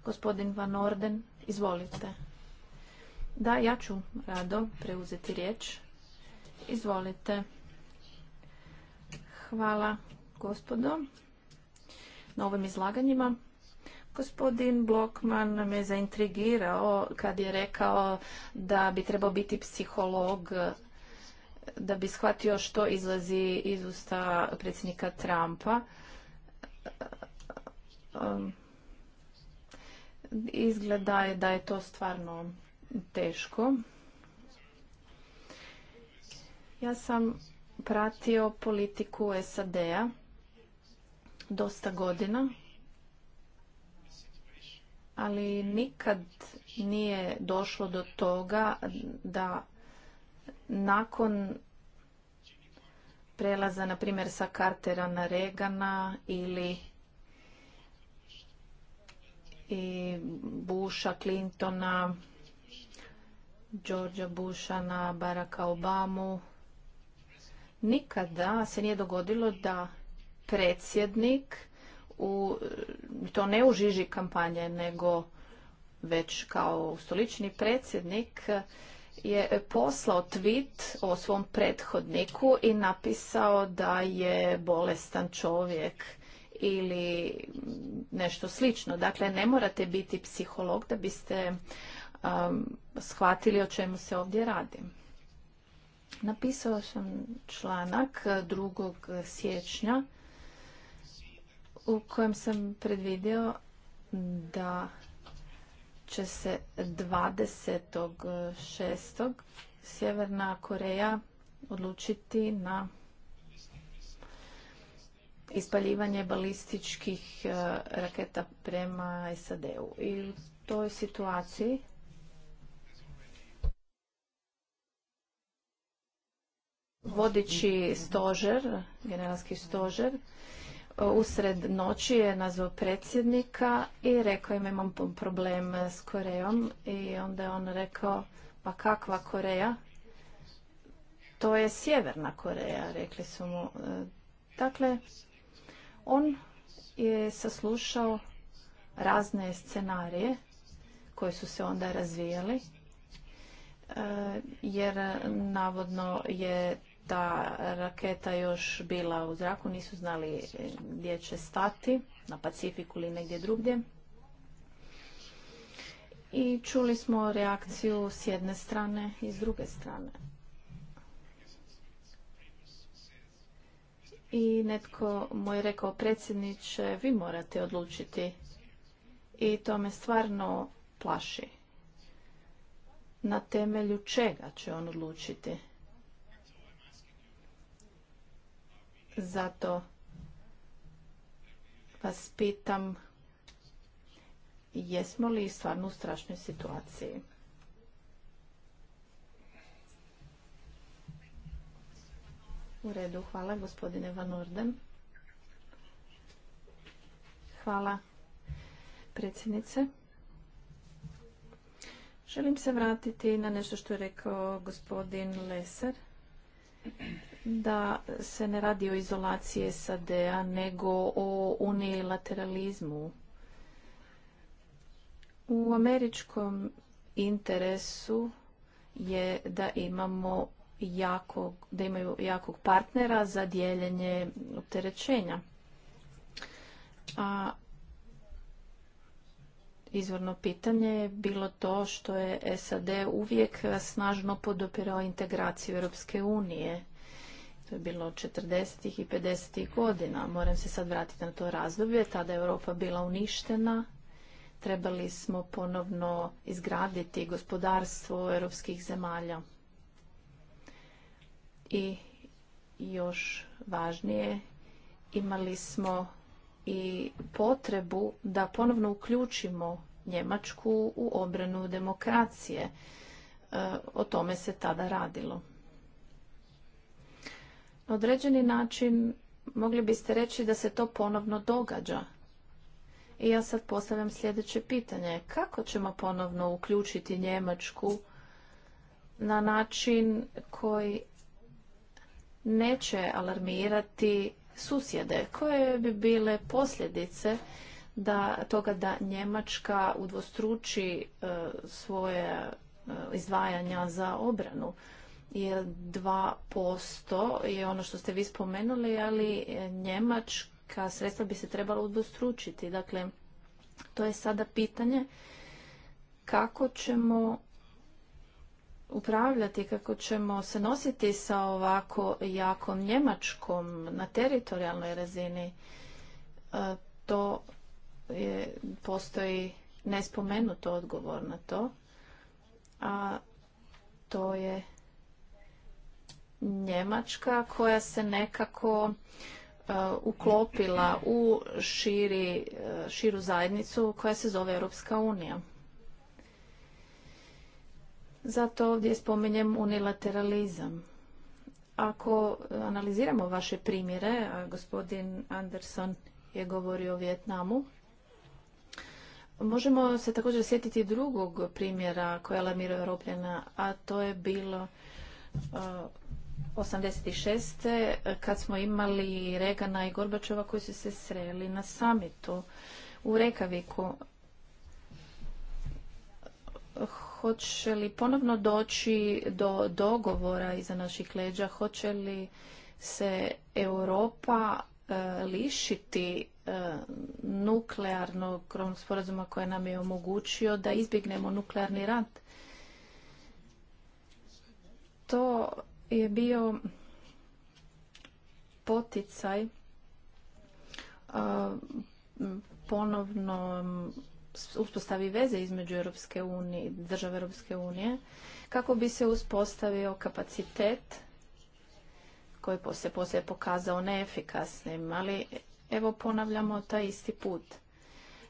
S1: gospodin Van Orden, izvolite. Da, ja ću rado preuzeti riječ. Izvolite. Hvala gospodo na ovim izlaganjima. Gospodin Blokman me zaintrigirao kad je rekao da bi trebao biti psiholog da bi shvatio što izlazi iz usta predsjednika Trumpa. Um, izgleda je da je to stvarno teško. Ja sam pratio politiku SAD-a dosta godina, ali nikad nije došlo do toga da nakon prelaza, na primjer, sa Cartera na Regana ili i Busha, Clintona, Georgia Busha na Baracka Obamu. Nikada se nije dogodilo da predsjednik u, to ne u žiži kampanje, nego već kao stolični predsjednik je poslao tweet o svom prethodniku i napisao da je bolestan čovjek ili nešto slično. Dakle, ne morate biti psiholog da biste um, shvatili o čemu se ovdje radi. Napisao sam članak 2. siječnja u kojem sam predvidio da će se 26. Sjeverna Koreja odlučiti na ispaljivanje balističkih e, raketa prema SAD-u. I u toj situaciji vodeći stožer, generalski stožer, usred noći je nazvao predsjednika i rekao im imam problem s Korejom i onda je on rekao pa kakva Koreja? To je Sjeverna Koreja, rekli su mu. E, dakle, on je saslušao razne scenarije koje su se onda razvijali e, jer navodno je ta raketa još bila u zraku, nisu znali eh, gdje će stati, na Pacifiku ili negdje drugdje. I čuli smo reakciju s jedne strane i s druge strane. I netko mu je rekao, predsjedniče, vi morate odlučiti. I to me stvarno plaši. Na temelju čega će on odlučiti? Zato vas pitam jesmo li stvarno u strašnoj situaciji. U redu, hvala gospodine Van Orden. Hvala predsjednice. Želim se vratiti na nešto što je rekao gospodin Leser da se ne radi o izolaciji SAD-a, nego o unilateralizmu. U američkom interesu je da imamo jakog, da imaju jakog partnera za dijeljenje opterećenja. A izvorno pitanje je bilo to što je SAD uvijek snažno podopirao integraciju Europske unije to je bilo 40. i 50. godina. Moram se sad vratiti na to razdoblje. Tada je Europa bila uništena. Trebali smo ponovno izgraditi gospodarstvo europskih zemalja. I još važnije, imali smo i potrebu da ponovno uključimo Njemačku u obranu demokracije. E, o tome se tada radilo određeni način mogli biste reći da se to ponovno događa. I ja sad postavljam sljedeće pitanje. Kako ćemo ponovno uključiti Njemačku na način koji neće alarmirati susjede? Koje bi bile posljedice da toga da Njemačka udvostruči e, svoje e, izdvajanja za obranu? jer 2% je ono što ste vi spomenuli, ali e, njemačka sredstva bi se trebala udvostručiti. Dakle, to je sada pitanje kako ćemo upravljati, kako ćemo se nositi sa ovako jakom Njemačkom na teritorijalnoj razini. E, to je, postoji nespomenuto odgovor na to, a to je Njemačka koja se nekako e, uklopila u širi, e, širu zajednicu koja se zove Europska unija. Zato ovdje spominjem unilateralizam. Ako analiziramo vaše primjere, a gospodin Anderson je govorio o Vjetnamu, možemo se također sjetiti drugog primjera koja je alarmirao Europljena, a to je bilo e, 86. kad smo imali Regana i Gorbačova koji su se sreli na samitu u Rekaviku. Hoće li ponovno doći do dogovora iza naših leđa? Hoće li se Europa e, lišiti e, nuklearnog sporazuma koje nam je omogućio da izbjegnemo nuklearni rat? To je bio poticaj ponovno uspostavi veze između Europske unije, države Europske unije, kako bi se uspostavio kapacitet koji se poslije pokazao neefikasnim, ali evo ponavljamo taj isti put.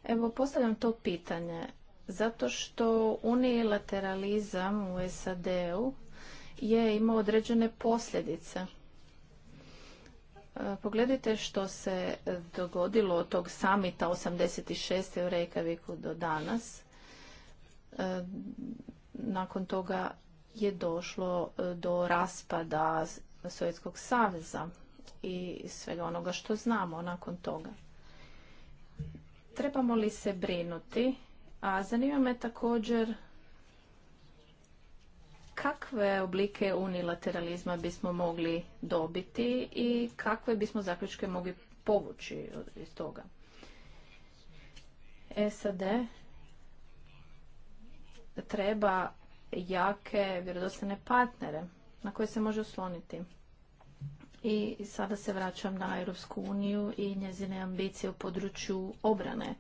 S1: Evo postavljam to pitanje zato što unilateralizam u SAD-u je imao određene posljedice. E, pogledajte što se dogodilo od tog samita 86. u Reykjaviku do danas. E, nakon toga je došlo e, do raspada Sovjetskog saveza i svega onoga što znamo nakon toga. Trebamo li se brinuti? A zanima me također kakve oblike unilateralizma bismo mogli dobiti i kakve bismo zaključke mogli povući iz toga. SAD treba jake vjerodostojne partnere na koje se može osloniti. I sada se vraćam na Europsku uniju i njezine ambicije u području obrane.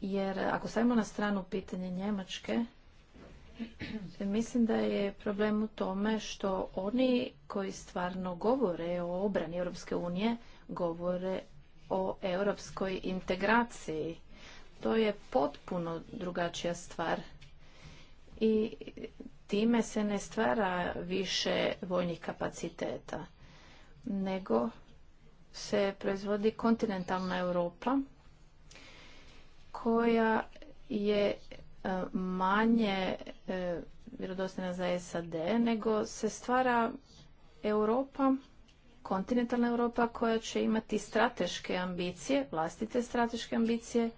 S1: Jer ako stavimo na stranu pitanje Njemačke, Mislim da je problem u tome što oni koji stvarno govore o obrani Europske unije govore o europskoj integraciji. To je potpuno drugačija stvar. I time se ne stvara više vojnih kapaciteta, nego se proizvodi kontinentalna Europa koja je E, manje e, vjerodostina za SAD, nego se stvara Europa, kontinentalna Europa koja će imati strateške ambicije, vlastite strateške ambicije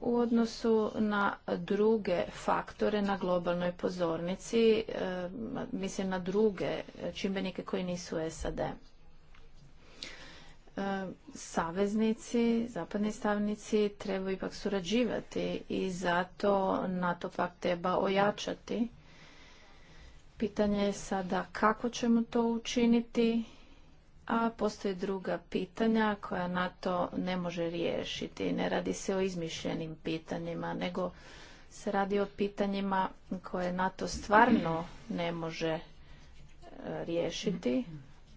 S1: u odnosu na druge faktore na globalnoj pozornici, e, mislim na druge čimbenike koji nisu SAD. E, saveznici, zapadni stavnici trebaju ipak surađivati i zato NATO pak treba ojačati. Pitanje je sada kako ćemo to učiniti, a postoje druga pitanja koja NATO ne može riješiti. Ne radi se o izmišljenim pitanjima, nego se radi o pitanjima koje NATO stvarno ne može e, riješiti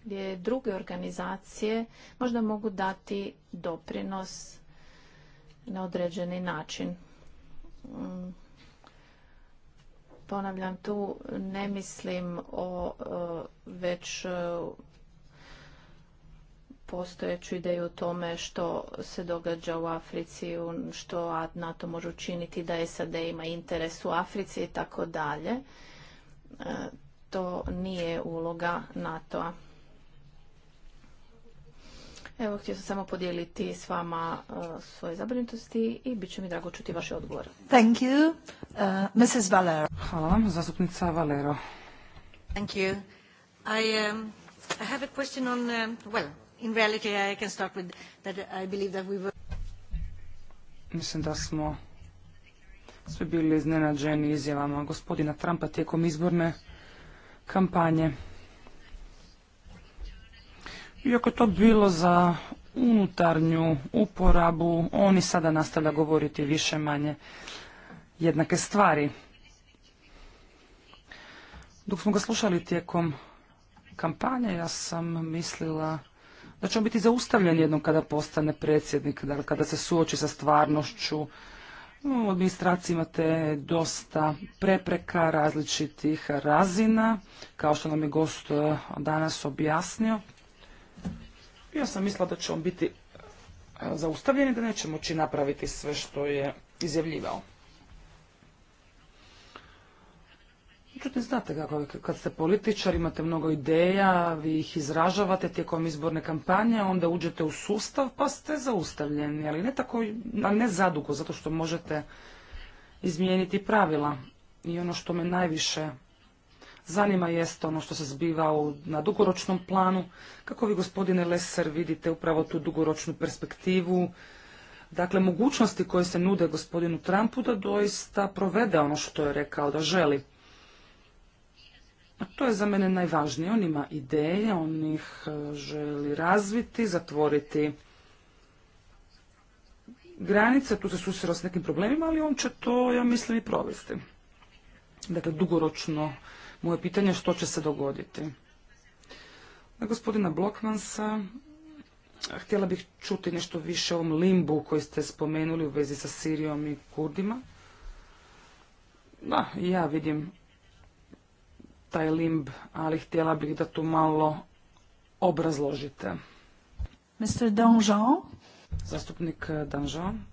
S1: gdje druge organizacije možda mogu dati doprinos na određeni način. Mm. Ponavljam, tu ne mislim o e, već e, postojeću ideju o tome što se događa u Africi, što NATO može učiniti, da SAD ima interes u Africi i tako dalje. E, to nije uloga NATO-a. Evo, htio sam samo podijeliti s vama e, svoje zabrinutosti i bit će mi drago čuti vaše odgovore.
S3: Thank you. Uh, Mrs. Valero. Hvala vam, zastupnica Valero.
S1: Thank you. I, um, I have a question on, um, well, in reality I can start with that I believe that we were...
S3: Mislim da smo svi bili iznenađeni izjavama gospodina Trumpa tijekom izborne kampanje. Iako to bilo za unutarnju uporabu, oni sada nastavlja govoriti više manje jednake stvari. Dok smo ga slušali tijekom kampanje, ja sam mislila da će on biti zaustavljen jednom kada postane predsjednik, dakle kada se suoči sa stvarnošću. U administraciji imate dosta prepreka različitih razina, kao što nam je gost danas objasnio. Ja sam mislila da će on biti e, zaustavljen i da neće moći napraviti sve što je izjavljivao. Međutim, znate kako, kad ste političar, imate mnogo ideja, vi ih izražavate tijekom izborne kampanje, onda uđete u sustav pa ste zaustavljeni, ali ne tako, a ne zadugo, zato što možete izmijeniti pravila. I ono što me najviše zanima jest ono što se zbiva na dugoročnom planu. Kako vi, gospodine Leser, vidite upravo tu dugoročnu perspektivu, dakle, mogućnosti koje se nude gospodinu Trumpu da doista provede ono što je rekao da želi. A to je za mene najvažnije. On ima ideje, on ih e, želi razviti, zatvoriti granice. Tu se susreo s nekim problemima, ali on će to, ja mislim, i provesti. Dakle, dugoročno moje pitanje što će se dogoditi. Na gospodina Blokmansa htjela bih čuti nešto više o ovom limbu koji ste spomenuli u vezi sa Sirijom i Kurdima. Da, ja vidim taj limb, ali htjela bih da tu malo obrazložite.
S1: Mr. Danjean.
S3: Zastupnik Danjean.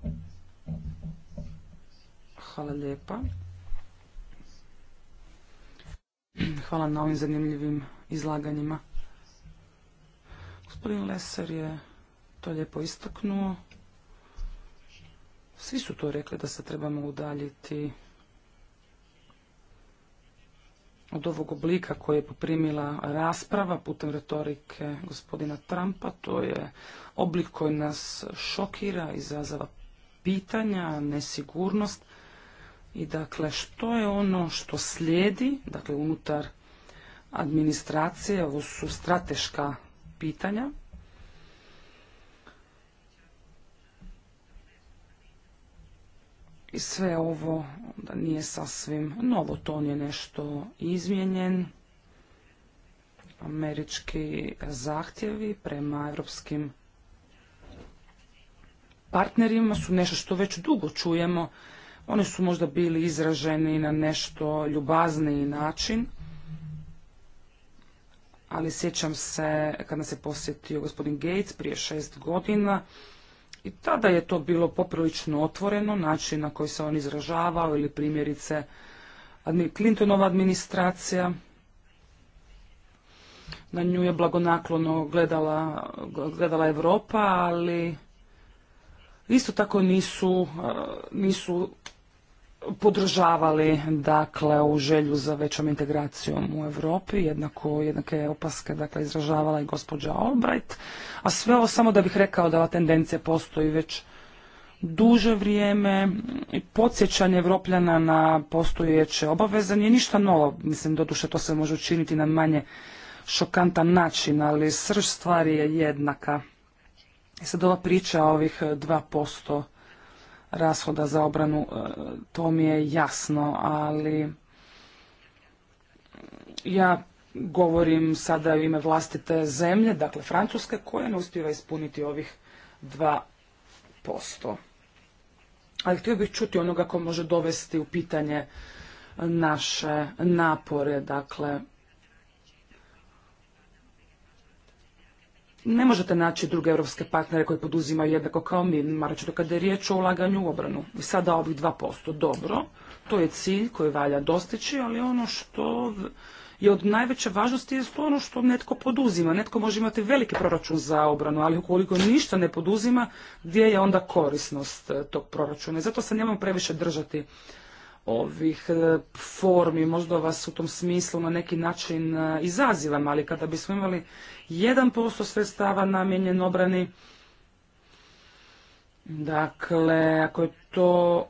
S3: Hvala lijepa. Hvala na ovim zanimljivim izlaganjima. Gospodin Leser je to lijepo istaknuo. Svi su to rekli da se trebamo udaljiti od ovog oblika koji je poprimila rasprava putem retorike gospodina Trumpa. To je oblik koji nas šokira, izazava pitanja, nesigurnost. I dakle, što je ono što slijedi, dakle, unutar administracije, ovo su strateška pitanja. I sve ovo onda nije sasvim novo, to je nešto izmijenjen. Američki zahtjevi prema evropskim partnerima su nešto što već dugo čujemo oni su možda bili izraženi na nešto ljubazniji način, ali sjećam se kad nas je posjetio gospodin Gates prije šest godina i tada je to bilo poprilično otvoreno, način na koji se on izražavao ili primjerice Clintonova administracija. Na nju je blagonaklono gledala, gledala Europa, ali isto tako nisu, nisu podržavali dakle u želju za većom integracijom u Europi, jednako jednake opaske dakle izražavala i gospođa Albright, a sve ovo samo da bih rekao da ova tendencija postoji već duže vrijeme i podsjećanje Evropljana na postojeće obaveze nije ništa novo, mislim doduše to se može učiniti na manje šokantan način, ali srž stvari je jednaka. I sad ova priča ovih 2% e, rashoda za obranu, e, to mi je jasno, ali ja govorim sada u ime vlastite zemlje, dakle Francuske, koja ne uspjeva ispuniti ovih 2%. Ali htio bih čuti onoga ko može dovesti u pitanje naše napore, dakle ne možete naći druge europske partnere koji poduzimaju jednako kao mi, naročito kada je riječ o ulaganju u obranu. I sada ovih 2%, dobro, to je cilj koji valja dostići, ali ono što je od najveće važnosti je to ono što netko poduzima. Netko može imati veliki proračun za obranu, ali ukoliko ništa ne poduzima, gdje je onda korisnost eh, tog proračuna? I zato se nemamo previše držati ovih e, formi, možda vas u tom smislu na neki način e, izazivam, ali kada bismo imali 1% sredstava namijenjen obrani, dakle, ako je to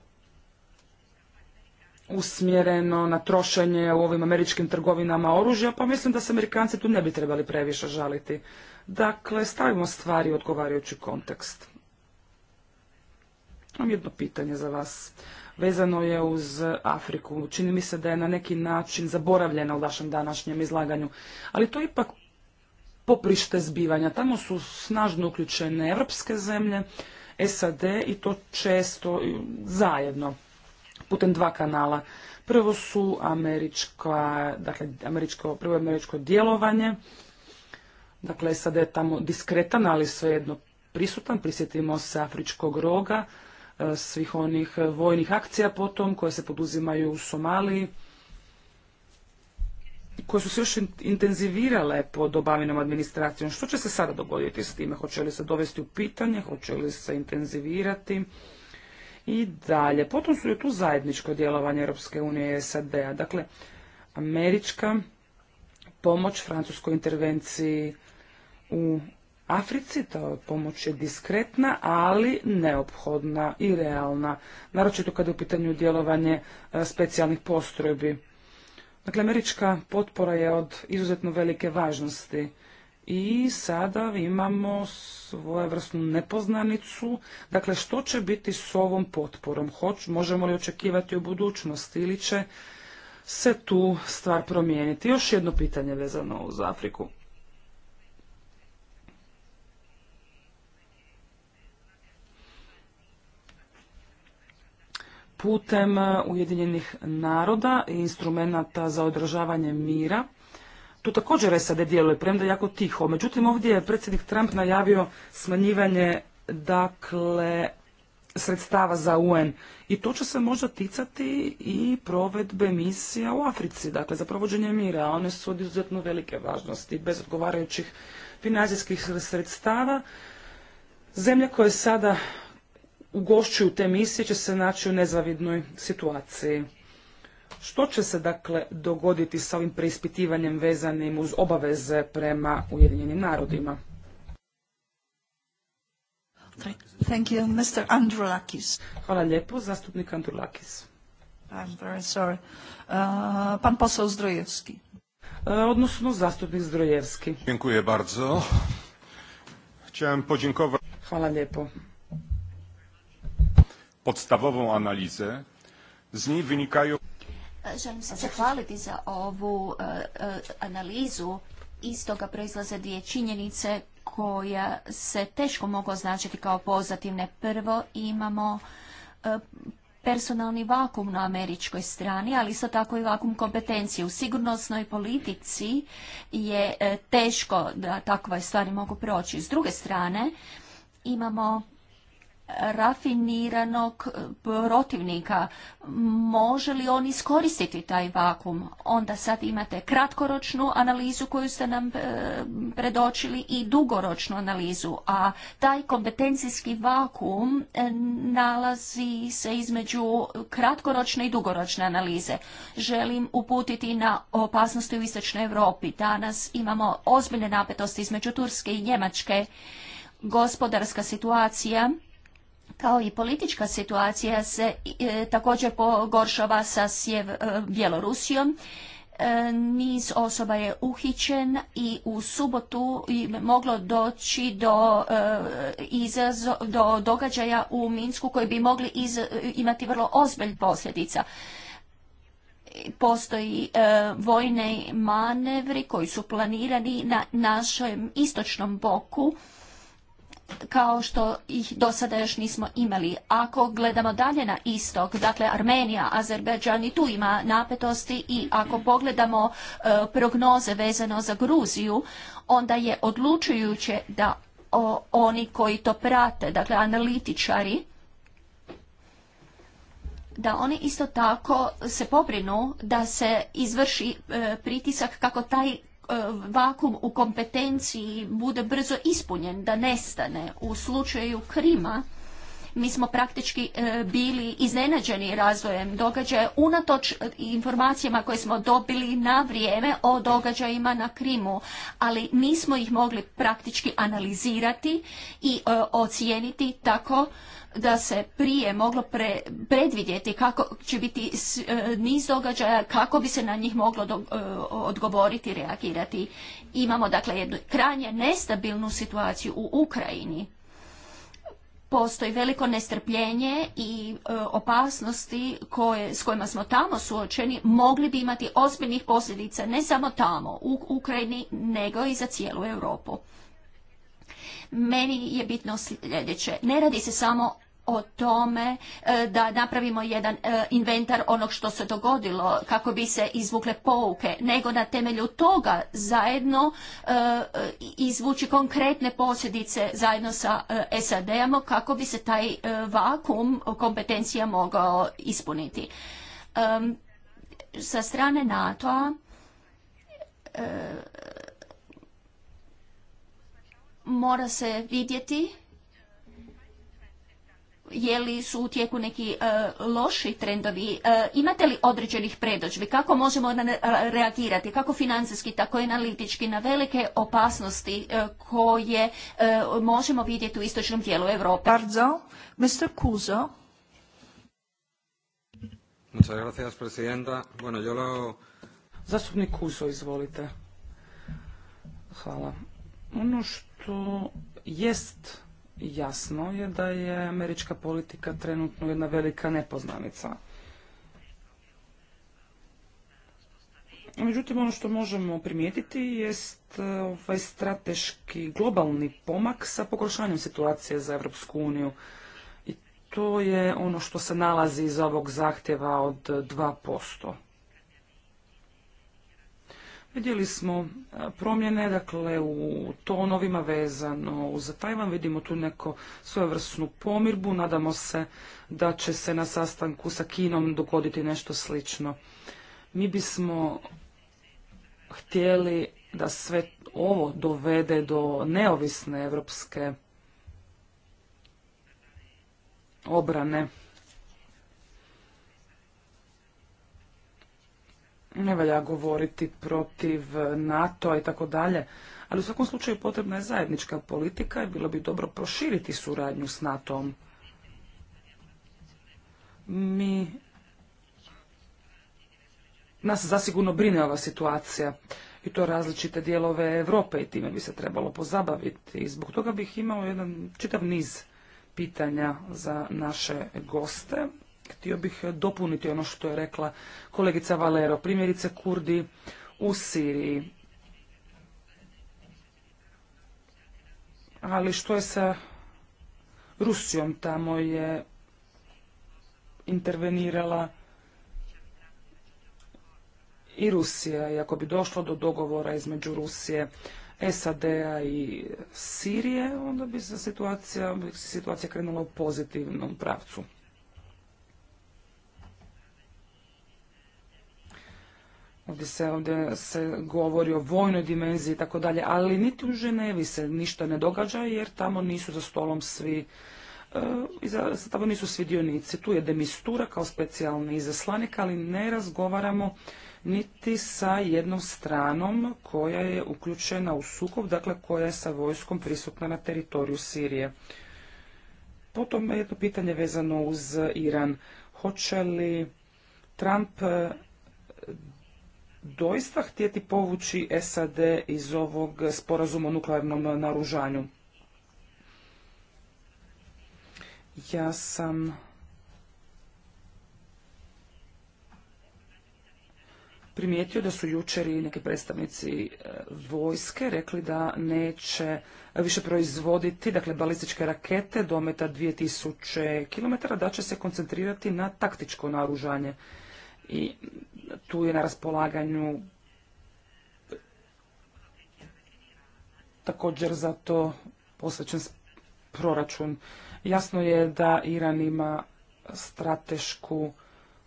S3: usmjereno na trošenje u ovim američkim trgovinama oružja, pa mislim da se Amerikanci tu ne bi trebali previše žaliti. Dakle, stavimo stvari u odgovarajući kontekst. Imam jedno pitanje za vas vezano je uz Afriku. Čini mi se da je na neki način zaboravljena u vašem današnjem izlaganju. Ali to ipak poprište zbivanja. Tamo su snažno uključene evropske zemlje, SAD i to često zajedno putem dva kanala. Prvo su američka, dakle, američko, prvo američko djelovanje, dakle SAD je tamo diskretan, ali svejedno prisutan, prisjetimo se afričkog roga, E, svih onih vojnih akcija potom koje se poduzimaju u Somaliji koje su se još intenzivirale pod obavinom administracijom. Što će se sada dogoditi s time? Hoće li se dovesti u pitanje? Hoće li se intenzivirati? I dalje. Potom su je tu zajedničko djelovanje Europske unije i SAD-a. Dakle, američka pomoć francuskoj intervenciji u Africi, ta pomoć je diskretna, ali neophodna i realna, naročito kada je u pitanju djelovanje e, specijalnih postrojbi. Dakle, američka potpora je od izuzetno velike važnosti i sada imamo svojevrsnu nepoznanicu. Dakle, što će biti s ovom potporom? Hoć, možemo li očekivati u budućnosti ili će se tu stvar promijeniti? Još jedno pitanje vezano uz Afriku. putem e, Ujedinjenih naroda i instrumenta za održavanje mira. Tu također SAD djeluje, premda jako tiho. Međutim, ovdje je predsjednik Trump najavio smanjivanje dakle sredstava za UN. I to će se možda ticati i provedbe misija u Africi, dakle za provođenje mira. One su od izuzetno velike važnosti. Bez odgovarajućih financijskih sredstava, zemlja koje sada ugošćuju te misije će se naći u nezavidnoj situaciji. Što će se dakle dogoditi sa ovim preispitivanjem vezanim uz obaveze prema Ujedinjenim narodima? Thank you, Mr. Andrulakis. Hvala lijepo, zastupnik Andrulakis. I'm very sorry. Uh, pan posao Zdrojevski. Uh, odnosno zastupnik Zdrojevski. Dziękuję bardzo. Chciałem podziękować. Hvala lijepo podstawową analize Z niej wynikają...
S2: Želim se zahvaliti za ovu e, e, analizu. Iz toga proizlaze dvije činjenice koja se teško mogu označiti kao pozitivne. Prvo imamo e, personalni vakum na američkoj strani, ali isto tako i vakum kompetencije. U sigurnosnoj politici je teško da takve stvari mogu proći. S druge strane, imamo rafiniranog protivnika. Može li on iskoristiti taj vakum? Onda sad imate kratkoročnu analizu koju ste nam e, predočili i dugoročnu analizu, a taj kompetencijski vakum e, nalazi se između kratkoročne i dugoročne analize. Želim uputiti na opasnosti u Istočnoj Europi. Danas imamo ozbiljne napetosti između Turske i Njemačke. Gospodarska situacija kao i politička situacija se e, također pogoršava sa e, Bjelorusijom. E, niz osoba je uhićen i u subotu je moglo doći do, do događaja u Minsku koji bi mogli imati vrlo ozbilj posljedica. Postoji vojne manevri koji su planirani na našem istočnom boku kao što ih do sada još nismo imali. Ako gledamo dalje na istok, dakle Armenija, Azerbeđan i tu ima napetosti i ako pogledamo e, prognoze vezano za Gruziju, onda je odlučujuće da oni koji to prate, dakle analitičari, da oni isto tako se pobrinu da se izvrši e, pritisak kako taj E, vakum u kompetenciji bude brzo ispunjen, da nestane. U slučaju Krima mi smo praktički e, bili iznenađeni razvojem događaja unatoč informacijama koje smo dobili na vrijeme o događajima na Krimu, ali nismo ih mogli praktički analizirati i e, ocijeniti tako da se prije moglo predvidjeti kako će biti e, niz događaja, kako bi se na njih moglo odgovoriti e, odgovoriti, reagirati. Imamo dakle jednu krajnje nestabilnu situaciju u Ukrajini. Postoji veliko nestrpljenje i e, opasnosti koje, s kojima smo tamo suočeni mogli bi imati ozbiljnih posljedica ne samo tamo u Ukrajini nego i za cijelu Europu. Meni je bitno sljedeće. Ne radi se samo o tome e, da napravimo jedan e, inventar onog što se dogodilo kako bi se izvukle pouke, nego na temelju toga zajedno e, izvući konkretne posljedice zajedno sa SAD-om kako bi se taj vakum kompetencija mogao ispuniti. Sa strane NATO-a mora se vidjeti je li su u tijeku neki e, loši trendovi, e, imate li određenih predođbi, kako možemo reagirati, kako financijski, tako i analitički, na velike opasnosti e, koje možemo vidjeti u istočnom dijelu Europe. Pardon, Mr. Kuzo.
S3: Muchas gracias, presidenta. Bueno, yo lo... Zastupnik Kuzo, izvolite. Hvala. Ono što što jest jasno je da je američka politika trenutno jedna velika nepoznanica. Međutim, ono što možemo primijetiti jest e, ovaj strateški globalni pomak sa pogoršanjem situacije za Europsku uniju. I to je ono što se nalazi iz ovog zahtjeva od 2%. Vidjeli smo e, promjene, dakle, u tonovima vezano uz Tajvan. Vidimo tu neko svojevrsnu pomirbu. Nadamo se da će se na sastanku sa Kinom dogoditi nešto slično. Mi bismo htjeli da sve ovo dovede do neovisne evropske obrane. ne valja govoriti protiv nato i tako dalje, ali u svakom slučaju potrebna je zajednička politika i bilo bi dobro proširiti suradnju s NATO-om. Mi nas zasigurno brine ova situacija i to različite dijelove Europe i time bi se trebalo pozabaviti. I zbog toga bih imao jedan čitav niz pitanja za naše goste. Htio bih e, dopuniti ono što je rekla kolegica Valero. Primjerice Kurdi u Siriji. Ali što je sa Rusijom? Tamo je intervenirala i Rusija. I ako bi došlo do dogovora između Rusije, SAD-a i Sirije, onda bi se situacija, situacija krenula u pozitivnom pravcu. Ovdje se, ovdje se govori o vojnoj dimenziji i tako dalje, ali niti u Ženevi se ništa ne događa jer tamo nisu za stolom svi e, tamo nisu svi dionici. Tu je demistura kao specijalni izaslanik, ali ne razgovaramo niti sa jednom stranom koja je uključena u sukob, dakle koja je sa vojskom prisutna na teritoriju Sirije. Potom jedno pitanje vezano uz Iran. Hoće li Trump doista htjeti povući SAD iz ovog sporazuma o nuklearnom naružanju. Ja sam primijetio da su jučer i neki predstavnici e, vojske rekli da neće više proizvoditi dakle balističke rakete do meta 2000 km, da će se koncentrirati na taktičko naružanje i tu je na raspolaganju također za to posvećen proračun. Jasno je da Iran ima stratešku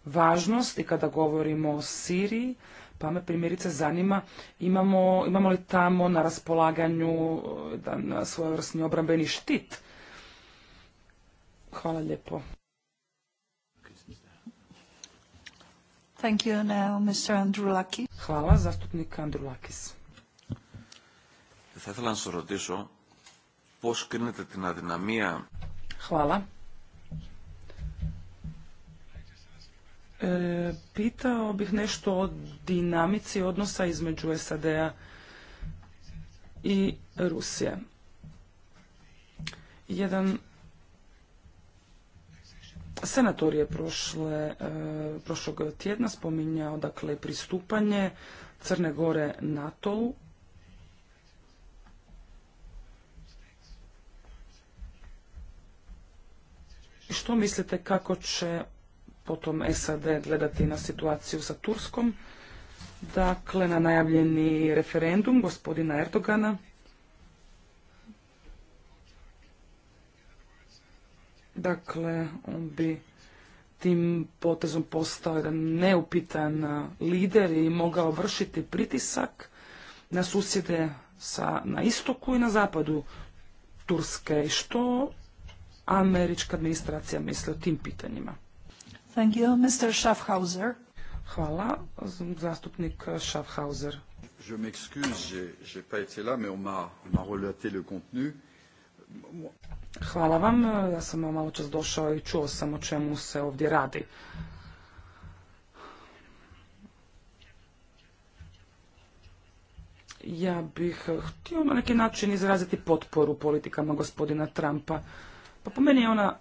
S3: važnost i kada govorimo o Siriji, pa me primjerice zanima imamo, imamo li tamo na raspolaganju eh, svojevrsni obrambeni štit. Hvala lijepo. Thank you now, uh, Mr. Andrulakis. Hvala, zastupnik Andrulakis. Θα ήθελα να σας ρωτήσω πώς κρίνετε την αδυναμία... Hvala. E, pitao bih nešto o dinamici odnosa između SAD-a i Rusije. Jedan Senator je prošle, e, prošlog tjedna spominjao dakle pristupanje Crne Gore NATO-u. Što mislite kako će potom SAD gledati na situaciju sa Turskom? Dakle, na najavljeni referendum gospodina Erdogana. Dakle, on bi tim potezom postao jedan neupitan lider i mogao vršiti pritisak na susjede sa, na istoku i na zapadu Turske. I što američka administracija misli o tim pitanjima? Thank you, Mr. Schaffhauser. Hvala, zastupnik Schaffhauser.
S1: Je m'excuse, j'ai pas été là, mais on m'a relaté le contenu.
S3: Hvala vam. Ja sam malo čas došao i čuo sam o čemu se ovdje radi. Ja bih htio na neki način izraziti potporu politikama gospodina Trumpa. Pa po meni je ona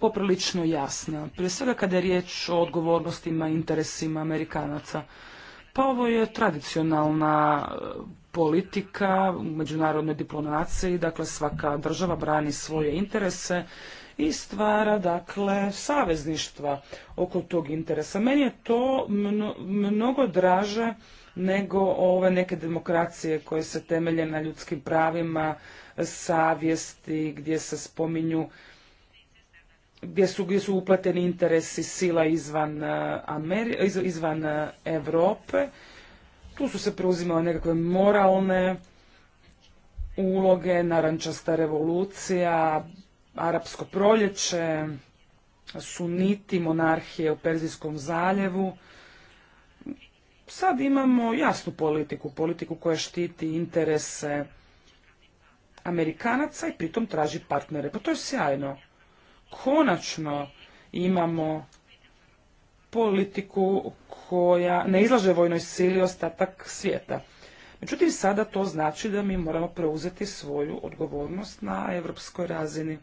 S3: poprilično jasna. Prije svega kada je riječ o odgovornostima i interesima Amerikanaca. Pa ovo je tradicionalna e, politika međunarodne međunarodnoj diplomaciji, dakle svaka država brani svoje interese i stvara dakle savezništva oko tog interesa. Meni je to mnogo draže nego ove neke demokracije koje se temelje na ljudskim pravima, e, savjesti, gdje se spominju gdje su, gdje su uplateni interesi sila izvan, e, Ameri izvan e, Europe. Tu su se preuzimale nekakve moralne uloge, narančasta revolucija, arapsko proljeće, suniti monarhije u Perzijskom zaljevu. Sad imamo jasnu politiku, politiku koja štiti interese Amerikanaca i pritom traži partnere. Pa to je sjajno konačno imamo politiku koja ne izlaže vojnoj sili ostatak svijeta. Međutim, sada to znači da mi moramo preuzeti svoju odgovornost na europskoj razini.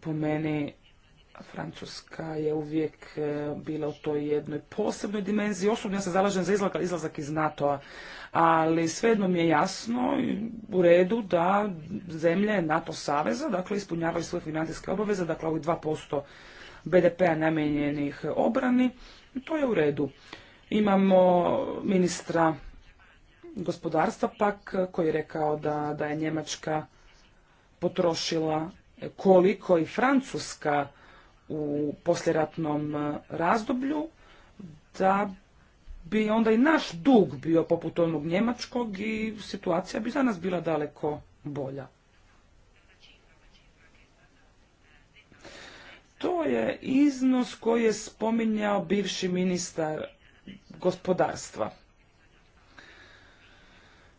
S3: Po meni Francuska je uvijek e, bila u toj jednoj posebnoj dimenziji. Osobno ja se zalažem za izlazak iz NATO-a, ali svejedno mi je jasno u redu da zemlje NATO saveza, dakle, ispunjavaju svoje financijske obaveze, dakle, ovih 2% BDP-a namijenjenih obrani, to je u redu. Imamo ministra gospodarstva pak koji je rekao da, da je Njemačka potrošila koliko i Francuska u posljeratnom e, razdoblju, da bi onda i naš dug bio poput onog njemačkog i situacija bi za nas bila daleko bolja. To je iznos koji je spominjao bivši ministar gospodarstva.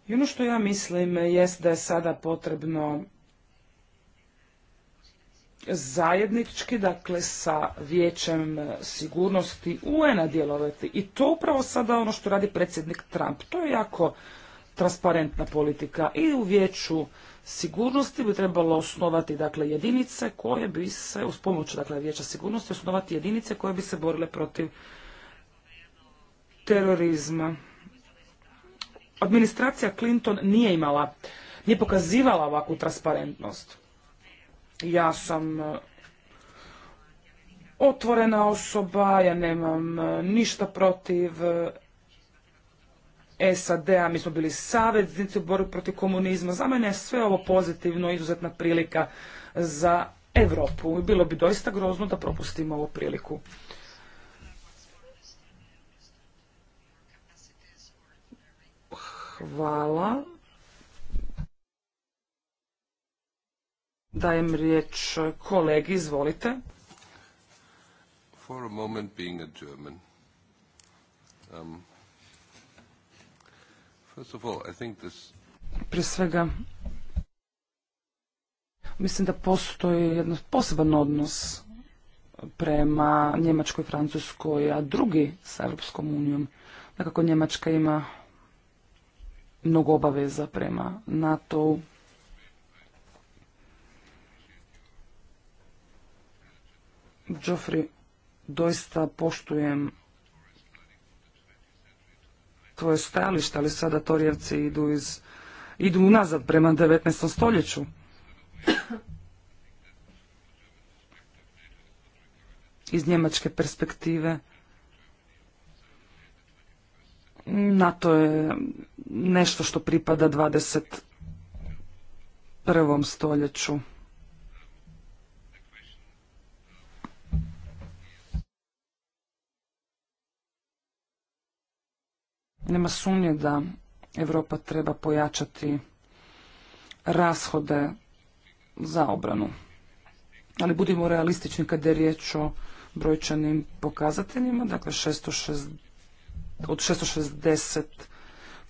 S3: I ono što ja mislim jest da je sada potrebno zajednički, dakle sa vijećem sigurnosti UN-a djelovati. I to upravo sada ono što radi predsjednik Trump. To je jako transparentna politika i u vijeću sigurnosti bi trebalo osnovati dakle jedinice koje bi se uz pomoć dakle vijeća sigurnosti osnovati jedinice koje bi se borile protiv terorizma. Administracija Clinton nije imala, nije pokazivala ovakvu transparentnost. Ja sam e, otvorena osoba, ja nemam e, ništa protiv e, SAD-a, mi smo bili saveznici u borbi protiv komunizma. Za mene je sve ovo pozitivno, izuzetna prilika za Europu. Bilo bi doista grozno da propustimo ovu priliku. Hvala. Dajem riječ kolegi, izvolite.
S1: For a moment being a German. Um, first of all, I think
S2: this...
S3: Prije svega, mislim da postoji jedan poseban odnos prema Njemačkoj i Francuskoj, a drugi sa Europskom unijom. Nekako Njemačka ima mnogo obaveza prema NATO-u, Džofri, doista poštujem tvoje stajalište, ali sada Torijevci idu iz idu unazad prema 19. stoljeću. Iz njemačke perspektive NATO je nešto što pripada 21. stoljeću. Nema sumnje da Europa treba pojačati rashode za obranu. Ali budimo realistični kada je riječ o brojčanim pokazateljima, dakle od 660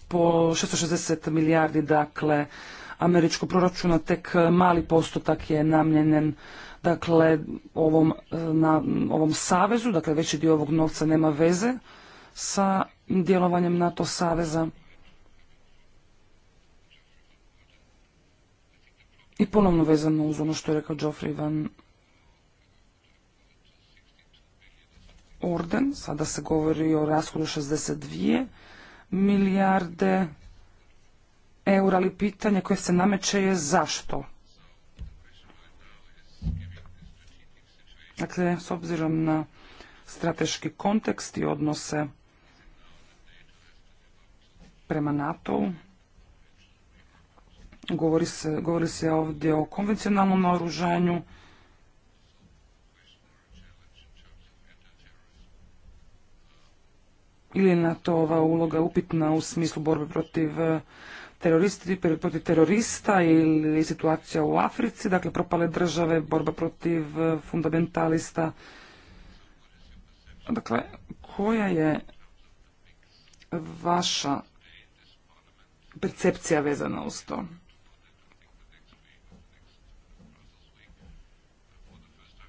S3: po 660 milijardi dakle američkog proračuna tek mali postotak je namljenjen dakle ovom, na, ovom savezu, dakle veći dio ovog novca nema veze sa djelovanjem NATO saveza. I ponovno vezano uz ono što je rekao Geoffrey Van Orden, sada se govori o rashodu 62 milijarde eura, ali pitanje koje se nameće je zašto? Dakle, s obzirom na strateški kontekst i odnose prema NATO-u. Govori se, ovdje o konvencionalnom naoružanju. Ili na to ova uloga upitna u smislu borbe protiv eh, teroristi, protiv terorista ili situacija u Africi, dakle propale države, borba protiv eh, fundamentalista. Dakle, koja je vaša percepcija vezana uz to.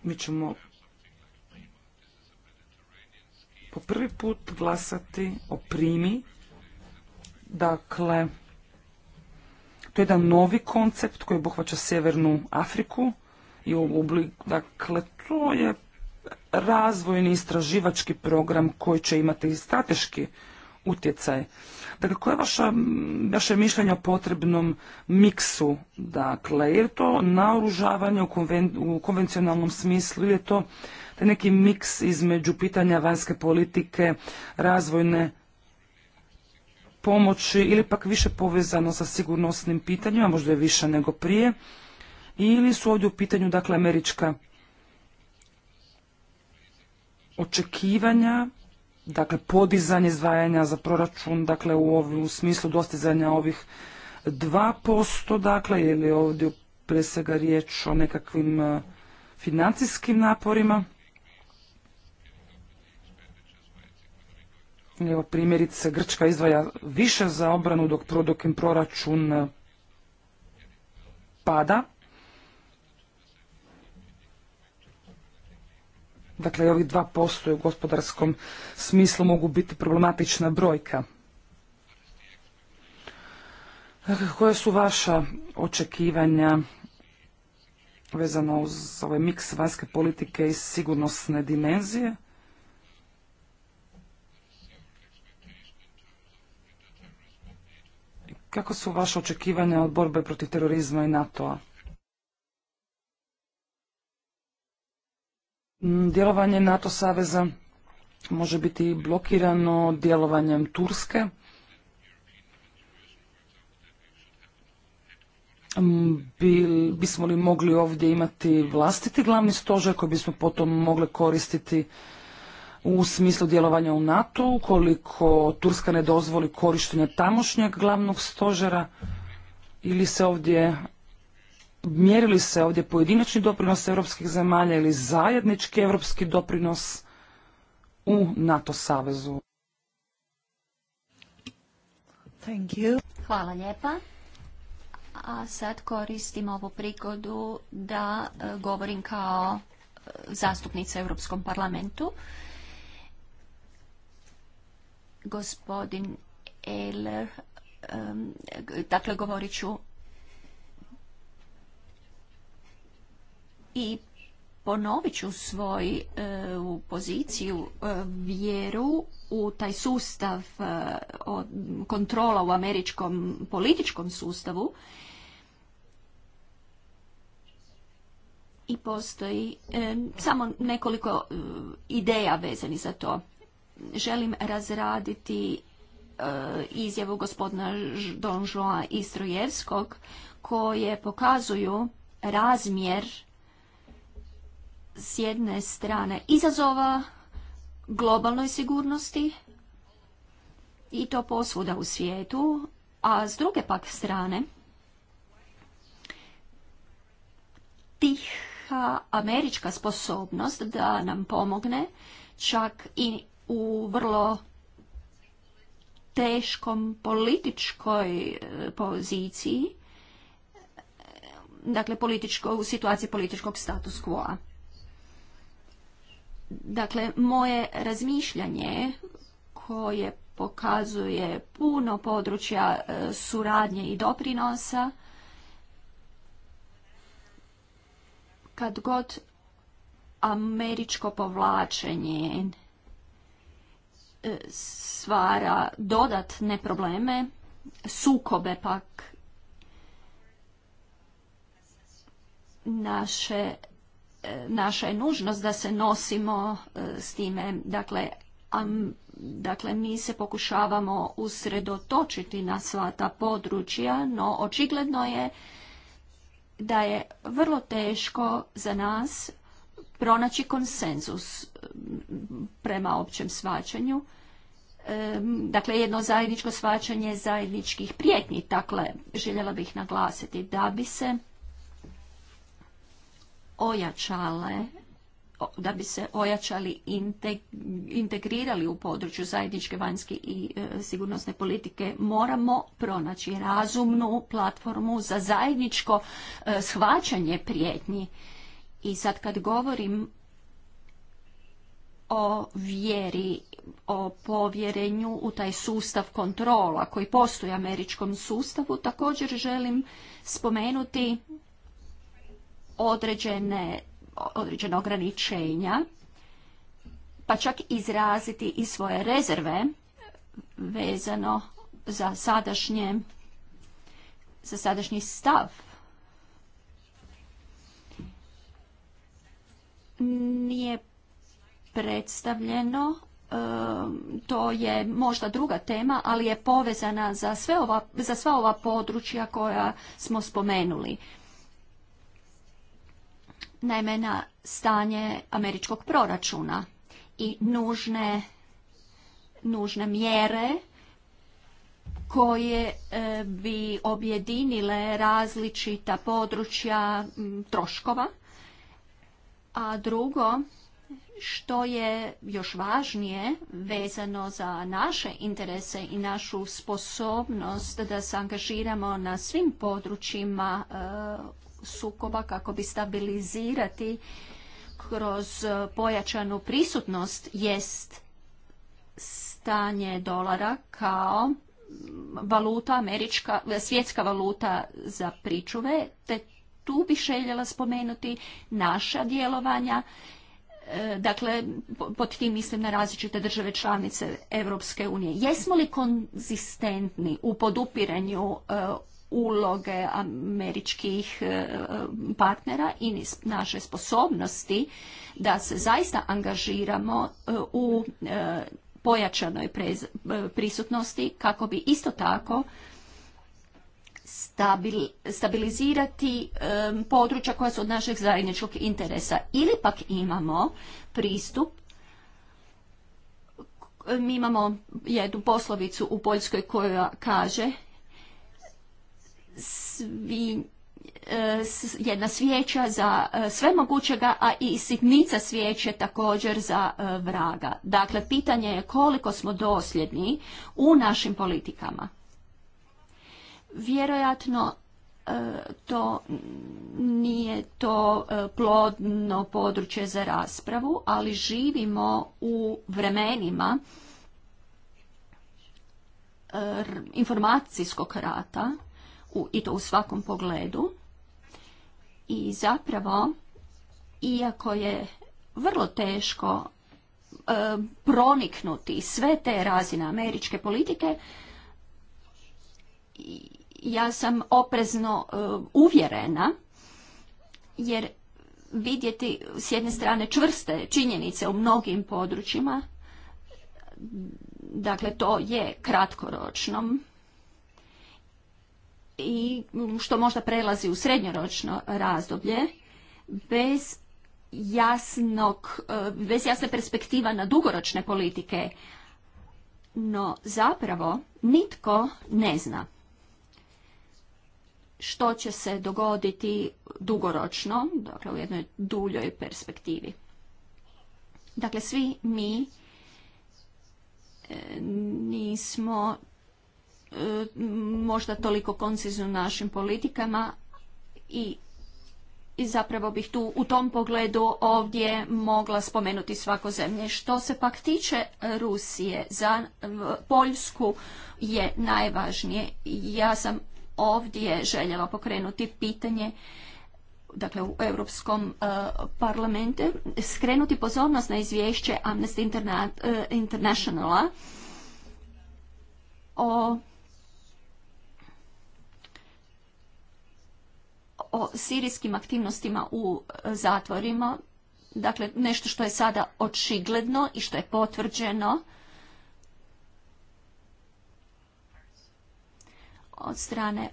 S3: Mi ćemo po prvi put glasati o primi. Dakle, to je jedan novi koncept koji obuhvaća Sjevernu Afriku i u dakle, to je razvojni istraživački program koji će imati strateški utjecaj. Dakle, koje je vaša, vaše mišljenje o potrebnom miksu? Dakle, je to naoružavanje u, konvencionalnom smislu, je to taj neki miks između pitanja vanjske politike, razvojne pomoći ili pak više povezano sa sigurnosnim pitanjima, možda je više nego prije, ili su ovdje u pitanju dakle američka očekivanja dakle podizanje izdvajanja za proračun dakle u, smislu dostizanja ovih 2% dakle li ovdje pre svega riječ o nekakvim e, financijskim naporima. Evo primjerice Grčka izdvaja više za obranu dok prodokim proračun e, pada. Dakle, i ovih 2% u gospodarskom smislu mogu biti problematična brojka. Dakle, koje su vaša očekivanja vezano uz ovaj miks vanjske politike i sigurnosne dimenzije? Kako su vaša očekivanja od borbe protiv terorizma i NATO-a? Mm, djelovanje NATO saveza može biti blokirano djelovanjem Turske. Mm, bismo li mogli ovdje imati vlastiti glavni stožer koji bismo potom mogli koristiti u smislu djelovanja u NATO, ukoliko Turska ne dozvoli korištenje tamošnjeg glavnog stožera ili se ovdje mjerili se ovdje pojedinačni doprinos europskih zemalja ili zajednički europski doprinos u NATO savezu.
S2: Thank you. Hvala lijepa. A sad koristim ovu prigodu da e, govorim kao e, zastupnica Europskom parlamentu. Gospodin Ehler, dakle govorit ću i ponovit ću svoju e, poziciju e, vjeru u taj sustav e, kontrola u američkom političkom sustavu i postoji samo nekoliko ideja vezani za to. Želim razraditi izjavu gospodina Don Joa Istrojevskog koje pokazuju razmjer s jedne strane izazova globalnoj sigurnosti i to posvuda u svijetu, a s druge pak strane tiha američka sposobnost da nam pomogne čak i u vrlo teškom političkoj e, poziciji, e, dakle političko, u situaciji političkog status quo-a. Dakle, moje razmišljanje koje pokazuje puno područja e, suradnje i doprinosa, kad god američko povlačenje svara e, stvara dodatne probleme, sukobe pak naše E, naša je nužnost da se nosimo e, s time. Dakle, dakle, mi se pokušavamo usredotočiti na sva ta područja, no očigledno je da je vrlo teško za nas pronaći konsenzus e, prema općem svačanju. dakle, jedno zajedničko svačanje zajedničkih prijetnji. Dakle, željela bih naglasiti da bi se ojačale da bi se ojačali integrirali u području zajedničke vanjske i e, sigurnosne politike, moramo pronaći razumnu platformu za zajedničko e, shvaćanje prijetnji. I sad kad govorim o vjeri, o povjerenju u taj sustav kontrola koji postoji u američkom sustavu, također želim spomenuti određene, određene ograničenja, pa čak izraziti i svoje rezerve vezano za sadašnje za sadašnji stav. Nije predstavljeno, um, to je možda druga tema, ali je povezana za, sve ova, za sva ova područja koja smo spomenuli naime na stanje američkog proračuna i nužne, nužne mjere koje e, bi objedinile različita područja troškova. A drugo, što je još važnije vezano za naše interese i našu sposobnost da se angažiramo na svim područjima e, sukoba kako bi stabilizirati kroz pojačanu prisutnost jest stanje dolara kao valuta, američka, svjetska valuta za pričuve, te tu bi željela spomenuti naša djelovanja, e, dakle pod tim mislim na različite države članice Europske unije. Jesmo li konzistentni u podupiranju e, uloge američkih e, partnera i naše sposobnosti da se zaista angažiramo e, u e, pojačanoj prisutnosti kako bi isto tako stabilizirati područja koja su od našeg zajedničkog interesa ili pak imamo pristup mi imamo jednu poslovicu u Poljskoj koja kaže svi e, jedna svijeća za e, sve mogućega, a i sitnica svijeće također za e, vraga. Dakle, pitanje je koliko smo dosljedni u našim politikama. Vjerojatno to nije to plodno područje za raspravu, ali živimo u vremenima informacijskog rata u, i to u svakom pogledu. I zapravo, iako je vrlo teško e, proniknuti sve te razine američke politike, ja sam oprezno e, uvjerena, jer vidjeti s jedne strane čvrste činjenice u mnogim područjima, dakle to je kratkoročnom i što možda prelazi u srednjoročno razdoblje bez jasnog, e, bez jasne perspektiva na dugoročne politike. No zapravo nitko ne zna što će se dogoditi dugoročno, dakle u jednoj duljoj perspektivi. Dakle, svi mi e, nismo možda toliko koncizno našim politikama i zapravo bih tu u tom pogledu ovdje mogla spomenuti svako zemlje. Što se pak tiče Rusije, za Poljsku je najvažnije. Ja sam ovdje željela pokrenuti pitanje dakle u Europskom e, parlamentu, skrenuti pozornost na izvješće Amnesty e, Internationala o o sirijskim aktivnostima u e, zatvorima, dakle nešto što je sada očigledno i što je potvrđeno od strane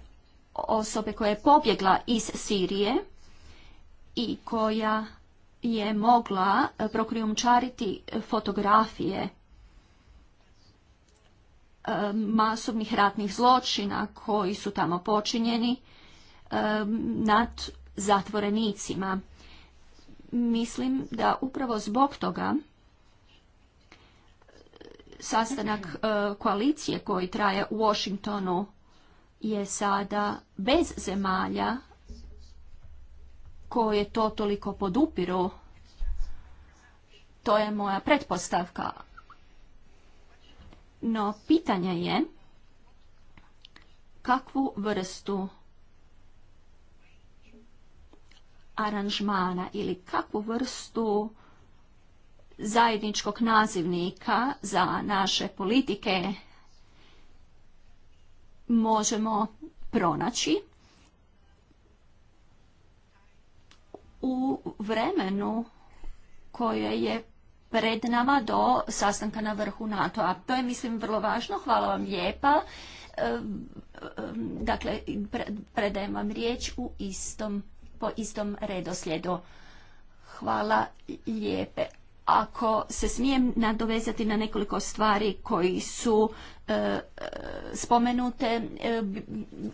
S2: osobe koja je pobjegla iz Sirije i koja je mogla e, prokrijumčariti fotografije e, masovnih ratnih zločina koji su tamo počinjeni nad zatvorenicima. Mislim da upravo zbog toga sastanak eh, koalicije koji traje u Washingtonu je sada bez zemalja koje to toliko podupiru. To je moja pretpostavka. No, pitanje je kakvu vrstu aranžmana ili kakvu vrstu zajedničkog nazivnika za naše politike možemo pronaći u vremenu koje je pred nama do sastanka na vrhu NATO-a. To je, mislim, vrlo važno. Hvala vam lijepa. Ehm, ehm, dakle, predajem vam riječ u istom po istom redoslijedu. Hvala lijepe. Ako se smijem nadovezati na nekoliko stvari koji su e, e, spomenute, e,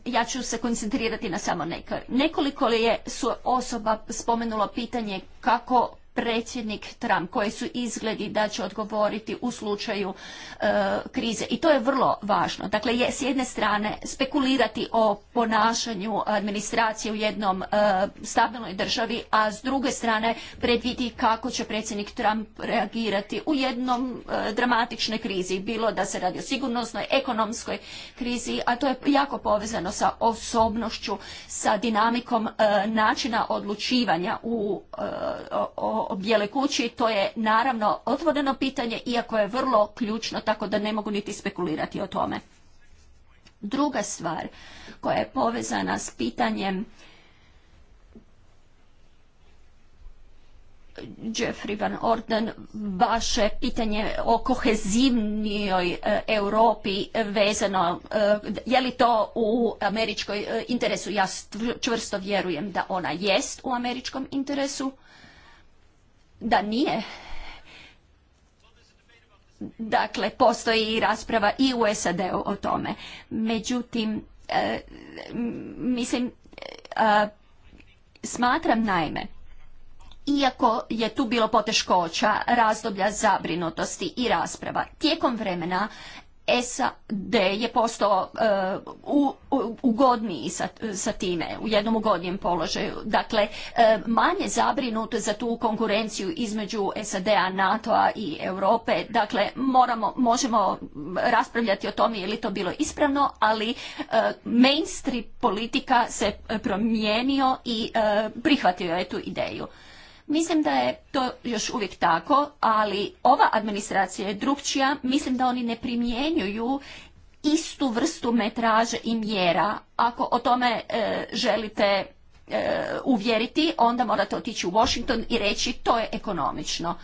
S2: ja ću se koncentrirati na samo neke. Nekoliko je su osoba spomenulo pitanje kako predsjednik Trump, koji su izgledi da će odgovoriti u slučaju e, krize. I to je vrlo važno. Dakle, je, s jedne strane spekulirati o ponašanju administracije u jednom e, stabilnoj državi, a s druge strane predvidi kako će predsjednik Trump reagirati u jednom e, dramatičnoj krizi, bilo da se radi o sigurnosnoj, ekonomskoj krizi, a to je jako povezano sa osobnošću, sa dinamikom načina odlučivanja u o, o Bijele kući, to je naravno otvoreno pitanje, iako je vrlo ključno, tako da ne mogu niti spekulirati o tome. Druga stvar koja je povezana s pitanjem Jeffrey Van Orden, vaše pitanje o kohezivnijoj e, Europi vezano, e, je li to u američkoj e, interesu? Ja čvrsto vjerujem da ona jest u američkom interesu da nije dakle postoji i rasprava i u SAD-u o tome. Međutim, e, mislim, e, smatram naime, iako je tu bilo poteškoća, razdoblja zabrinutosti i rasprava, tijekom vremena SAD je postao e, ugodniji sa, time, u jednom ugodnijem položaju. Dakle, e, manje zabrinut za tu konkurenciju između SAD-a, NATO-a i Europe. Dakle, moramo, možemo raspravljati o tome je li to bilo ispravno, ali e, mainstream politika se promijenio i prihvatio je tu ideju. Mislim da je to još uvijek tako, ali ova administracija je drugčija. Mislim da oni ne primjenjuju istu vrstu metraže i mjera. Ako o tome e, želite e, uvjeriti, onda morate otići u Washington i reći to je ekonomično.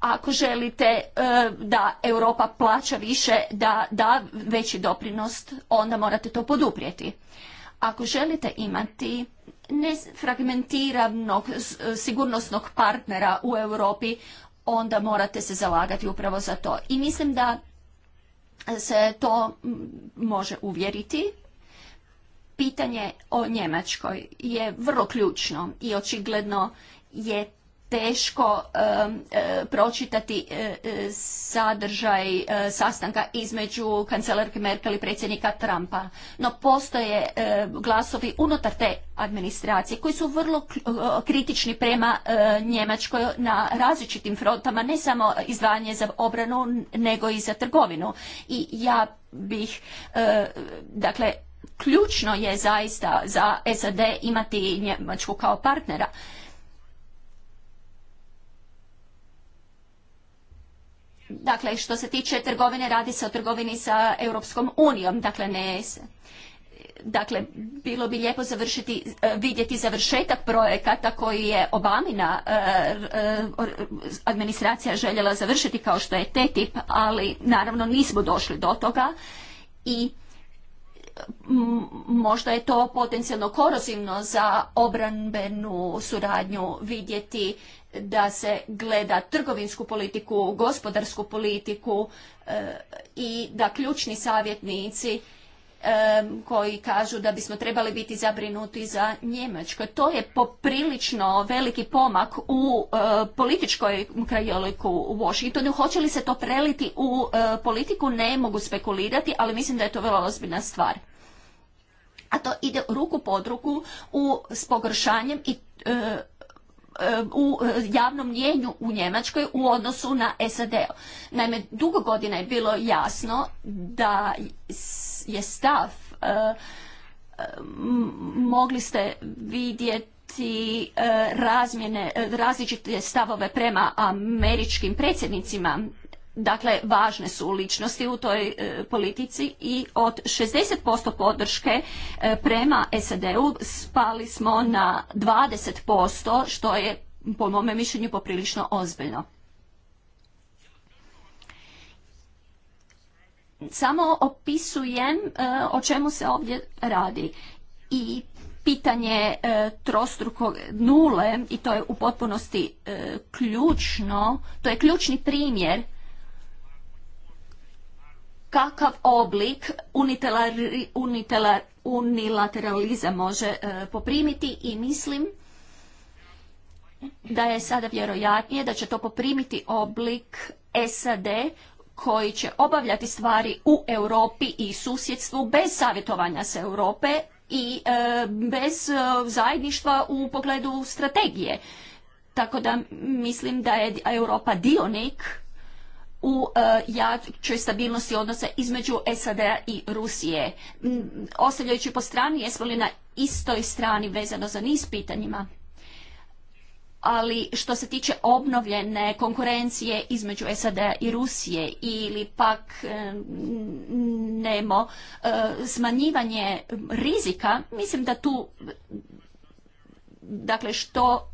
S2: Ako želite e, da Europa plaća više, da da veći doprinost, onda morate to poduprijeti. Ako želite imati nefragmentiranog sigurnosnog partnera u Europi, onda morate se zalagati upravo za to. I mislim da se to može uvjeriti. Pitanje o Njemačkoj je vrlo ključno i očigledno je teško e, pročitati e, e, sadržaj sastanka između kancelarke Merkel i predsjednika Trumpa. No postoje glasovi unutar te administracije koji su vrlo kritični prema Njemačkoj na različitim frontama, ne samo izdvajanje za obranu nego i za trgovinu. I ja bih, dakle, ključno je zaista za SAD imati Njemačku kao partnera. Dakle, što se tiče trgovine, radi se o trgovini sa Europskom unijom, dakle ne Dakle, bilo bi lijepo završiti, e, vidjeti završetak projekata koji je Obamina e, e, administracija željela završiti kao što je TTIP, ali naravno nismo došli do toga i možda je to potencijalno korozivno za obrambenu suradnju vidjeti da se gleda trgovinsku politiku, gospodarsku politiku e, i da ključni savjetnici e, koji kažu da bismo trebali biti zabrinuti za Njemačko. To je poprilično veliki pomak u e, političkoj krajoliku u Washingtonu. Hoće li se to preliti u politiku ne mogu spekulirati, ali mislim da je to vrlo ozbiljna stvar a to ide ruku pod ruku u, s pogoršanjem i Eh, u eh, javnom mnjenju u Njemačkoj u odnosu na SAD. -o. Naime, dugo godina je bilo jasno da je stav eh, mogli ste vidjeti razmjene različite stavove prema američkim predsjednicima Dakle, važne su ličnosti u toj e, politici i od 60% podrške e, prema SAD-u spali smo na 20%, što je po mome mišljenju poprilično ozbiljno. Samo opisujem e, o čemu se ovdje radi. I pitanje trostruko trostrukog nule i to je u potpunosti ključno, to je ključni primjer kakav oblik unilateralizam može e, poprimiti i mislim da je sada vjerojatnije da će to poprimiti oblik SAD koji će obavljati stvari u Europi i susjedstvu bez savjetovanja s Europe i e, bez e, zajedništva u pogledu strategije. Tako da mislim da je Europa dionik u e, jačoj stabilnosti odnosa između SAD-a i Rusije. Ostavljajući po strani, jesmo li na istoj strani vezano za niz pitanjima? ali što se tiče obnovljene konkurencije između SAD i Rusije ili pak e, nemo e, smanjivanje rizika, mislim da tu dakle što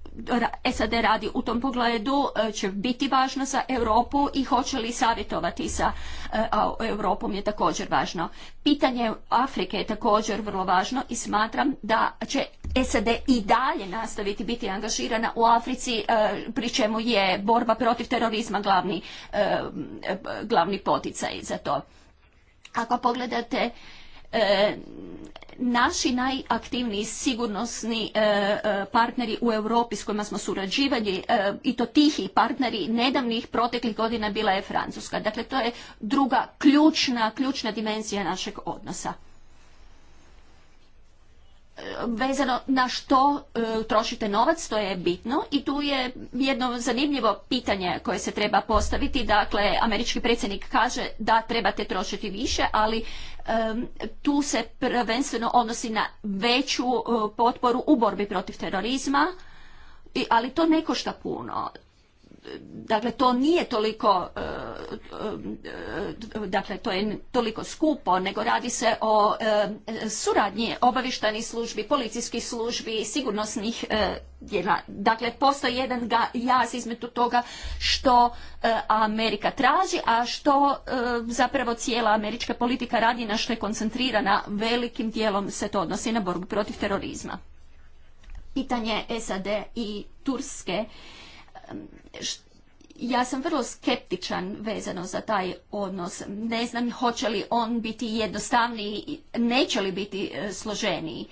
S2: SAD radi u tom pogledu e, će biti važno za Europu i hoće li savjetovati sa e, Europom je također važno. Pitanje Afrike je također vrlo važno i smatram da će SAD i dalje nastaviti biti angažirana u Africi e, pri čemu je borba protiv terorizma glavni, glavni poticaj za to. Ako pogledate E, naši najaktivniji sigurnosni e, e, partneri u Europi s kojima smo surađivali i to tihi partneri nedavnih proteklih godina bila je Francuska. Dakle, to je druga ključna, ključna dimenzija našeg odnosa vezano na što e, trošite novac, to je bitno i tu je jedno zanimljivo pitanje koje se treba postaviti. Dakle, američki predsjednik kaže da trebate trošiti više, ali tu se prvenstveno odnosi na veću e, potporu u borbi protiv terorizma, ali to ne košta puno dakle to nije toliko e, e, dakle to je toliko skupo nego radi se o e, suradnji obavještajnih službi, policijskih službi, sigurnosnih djela. Dakle postoji jedan jaz između toga što Amerika traži, a što zapravo cijela američka politika radi na što je koncentrirana velikim dijelom se to odnosi na borbu protiv terorizma. Pitanje SAD i Turske ja sam vrlo skeptičan vezano za taj odnos. Ne znam hoće li on biti jednostavniji, neće li biti e, složeniji.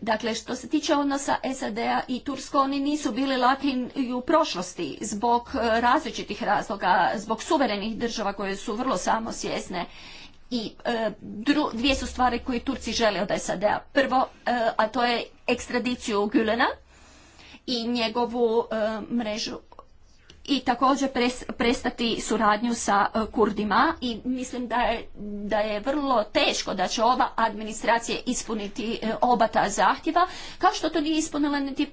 S2: Dakle, što se tiče odnosa SAD-a i Tursko, oni nisu bili laki i u prošlosti zbog e, različitih razloga, zbog suverenih država koje su vrlo samosvjesne i e, dvije su stvari koje Turci žele od SAD-a. Prvo, a to je ekstradiciju Gülena i njegovu mrežu i također prestati suradnju sa e, Kurdima i mislim da je, da je vrlo teško da će ova administracija ispuniti e, oba ta zahtjeva, kao što to nije ispunila niti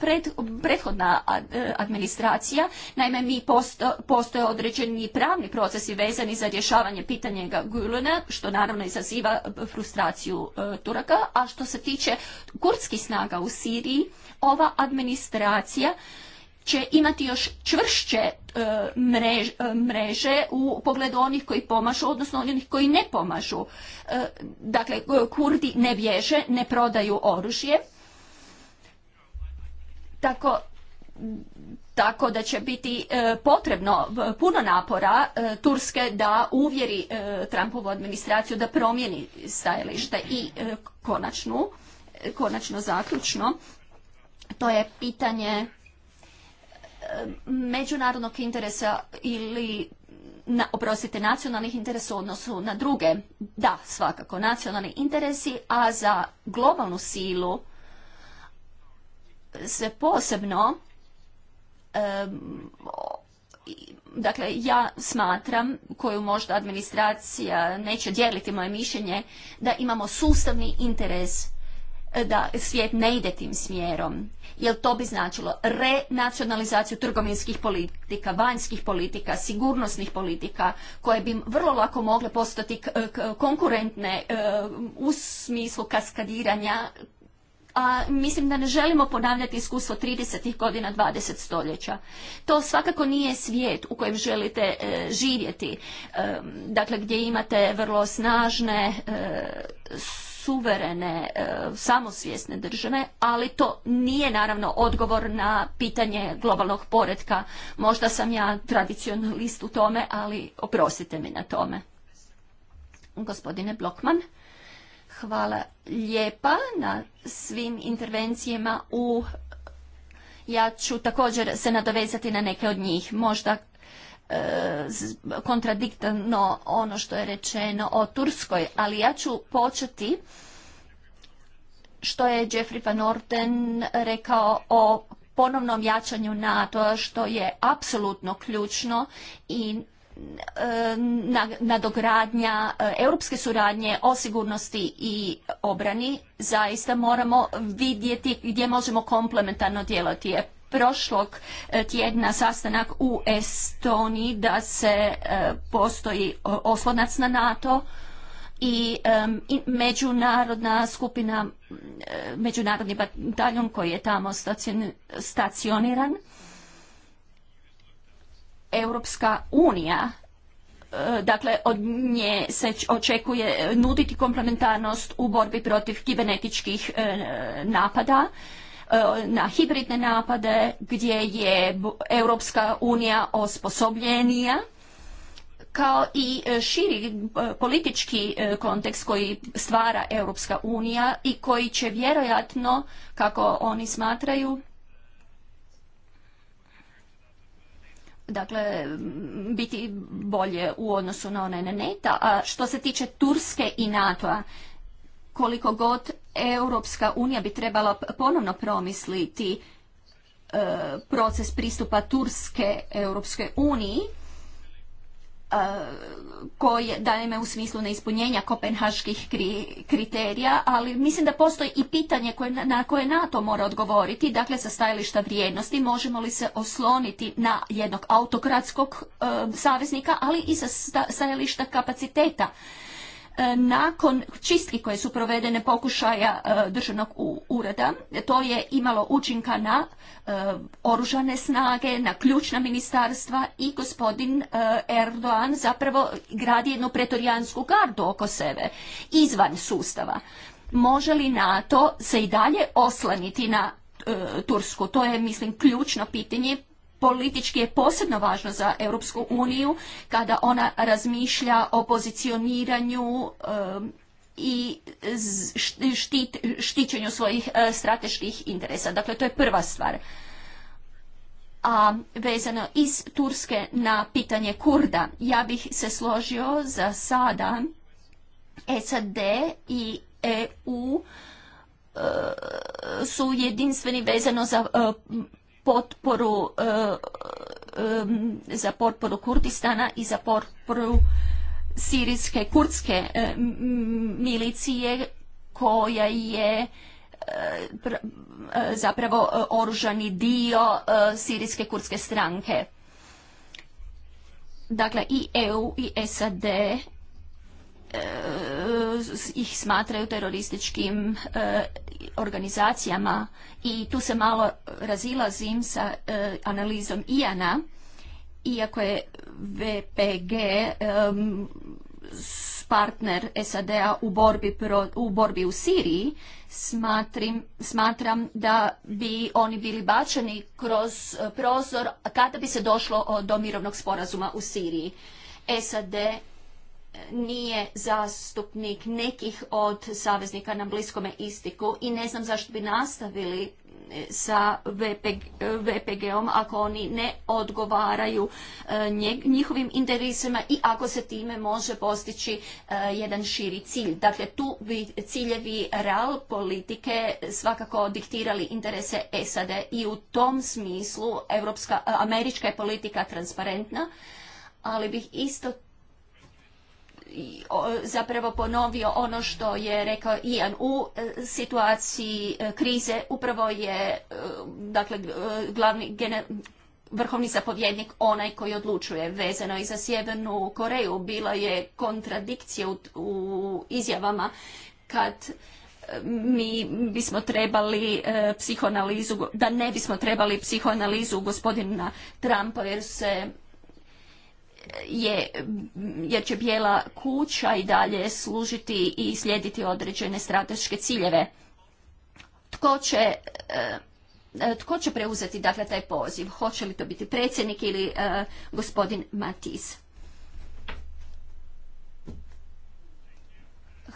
S2: prethodna e, administracija. Naime, mi postoje određeni pravni procesi vezani za rješavanje pitanja gulena što naravno izaziva frustraciju Turaka, a što se tiče kurdskih snaga u Siriji, ova administracija će imati još čvršće e, e, mreže u pogledu onih koji pomažu, odnosno onih koji ne pomažu. E, dakle, kurdi ne bježe, ne prodaju oružje. Tako, tako da će biti potrebno puno napora Turske da uvjeri Trumpovu administraciju da promijeni stajalište i konačno zaključno. To je pitanje međunarodnog interesa ili na, oprostite, nacionalnih interesa u odnosu na druge. Da, svakako, nacionalni interesi, a za globalnu silu se posebno dakle ja smatram koju možda administracija neće dijeliti moje mišljenje da imamo sustavni interes E, da svijet ne ide tim smjerom. Jer to bi značilo renacionalizaciju trgovinskih politika, vanjskih politika, sigurnosnih politika koje bi vrlo lako mogle postati e, konkurentne e, u smislu kaskadiranja a mislim da ne želimo ponavljati iskustvo 30. godina 20. stoljeća. To svakako nije svijet u kojem želite živjeti, dakle gdje imate vrlo snažne suverene, e, samosvjesne države, ali to nije naravno odgovor na pitanje globalnog poredka. Možda sam ja tradicionalist u tome, ali oprostite mi na tome. Gospodine Blokman. Hvala lijepa na svim intervencijama u ja ću također se nadovezati na neke od njih. Možda E, kontradiktano ono što je rečeno o Turskoj, ali ja ću početi što je Jeffrey Van Orden rekao o ponovnom jačanju nato što je apsolutno ključno i e, nadogradnja e, europske suradnje o sigurnosti i obrani zaista moramo vidjeti gdje možemo komplementarno djelovati prošlog e, tjedna sastanak u Estoniji da se e, postoji oslonac na NATO i e, međunarodna skupina, međunarodni bataljon koji je tamo stacioniran. Europska unija dakle od nje se očekuje nuditi komplementarnost u borbi protiv kibernetičkih napada E, na hibridne napade gdje je Europska unija osposobljenija kao i e, širi e, politički kontekst koji stvara Europska unija i koji će vjerojatno, kako oni smatraju, dakle biti bolje u odnosu na one Neneta. neta. A što se tiče Turske i NATO-a, koliko god Europska unija bi trebala ponovno promisliti e, proces pristupa Turske europske uniji, e, koje dajeme u smislu neispunjenja kopenhaških kriterija, ali mislim da postoji i pitanje koje, na koje NATO mora odgovoriti, dakle sa stajališta vrijednosti, možemo li se osloniti na jednog autokratskog e, saveznika, ali i sa stajališta kapaciteta E, nakon čistki koje su provedene pokušaja e, državnog ureda, to je imalo učinka na e, oružane snage, na ključna ministarstva i gospodin Erdogan zapravo gradi jednu pretorijansku gardu oko sebe, izvan sustava. Može li NATO se i dalje oslaniti na Tursku? To je, mislim, ključno pitanje politički je posebno važno za Europsku uniju kada ona razmišlja o pozicioniranju um, i štićenju svojih uh, strateških interesa. Dakle, to je prva stvar. A vezano iz Turske na pitanje Kurda, ja bih se složio za sada SAD i EU uh, su jedinstveni vezano za uh, potporu e, e, za potporu Kurdistana i za potporu sirijske kurdske e, milicije koja je zapravo oružani dio sirijske kurdske stranke. Dakle, i EU i SAD Eh, ih smatraju terorističkim eh, organizacijama i tu se malo razilazim sa eh, analizom IANA, iako je VPG partner SAD-a u, borbi u borbi u Siriji, smatram da bi oni bili bačeni kroz prozor kada bi se došlo do mirovnog sporazuma u Siriji. SAD nije zastupnik nekih od saveznika na Bliskome istiku i ne znam zašto bi nastavili e, sa VPG, om ako oni ne odgovaraju e, njihovim interesima i ako se time može postići e, jedan širi cilj. Dakle, tu bi ciljevi real politike svakako diktirali interese SAD i u tom smislu američka je politika transparentna, ali bih isto zapravo ponovio ono što je rekao Ian u e, situaciji e, krize upravo je e, dakle glavni vrhovni zapovjednik onaj koji odlučuje vezano i za Sjevernu Koreju. Bila je kontradikcija u, izjavama kad mi bismo trebali e, psihoanalizu, da ne bismo trebali psihoanalizu gospodina Trumpa jer se je, jer će bijela kuća i dalje služiti i slijediti određene strateške ciljeve. Tko će, e, tko će preuzeti dakle taj poziv? Hoće li to biti predsjednik ili e, gospodin Matiz?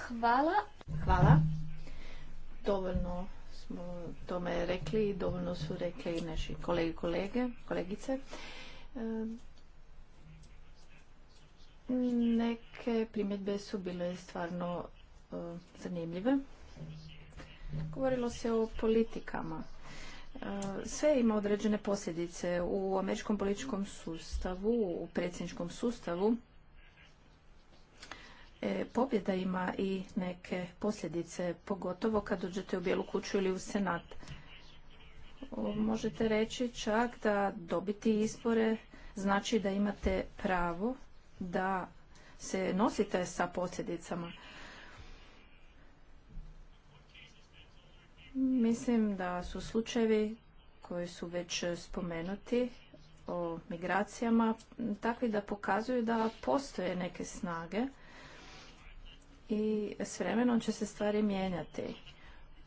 S1: Hvala. Hvala. Dovoljno smo tome rekli, dovoljno su rekli i naši kolegi kolege, kolegice. E, Neke primjedbe su bile stvarno e, zanimljive. Govorilo se o politikama. E, sve ima određene posljedice. U američkom političkom sustavu, u predsjedničkom sustavu, e, pobjeda ima i neke posljedice, pogotovo kad dođete u Bijelu kuću ili u Senat. Možete reći čak da dobiti izbore znači da imate pravo da se nosite sa posljedicama. Mislim da su slučajevi koji su već spomenuti o migracijama takvi da pokazuju da postoje neke snage i s vremenom će se stvari mijenjati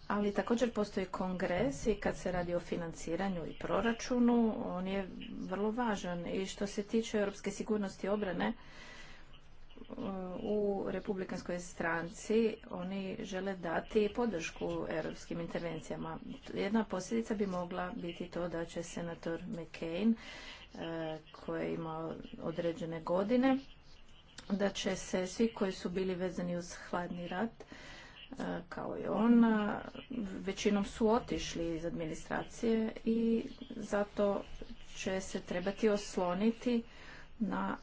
S1: ali također postoji kongres i kad se radi o financiranju i proračunu, on je vrlo važan. I što se tiče europske sigurnosti i obrane, u republikanskoj stranci oni žele dati podršku europskim intervencijama. Jedna posljedica bi mogla biti to da će senator McCain, e, koji ima određene godine, da će se svi koji su bili vezani uz hladni rat, E, kao i ona, većinom su otišli iz administracije i zato će se trebati osloniti na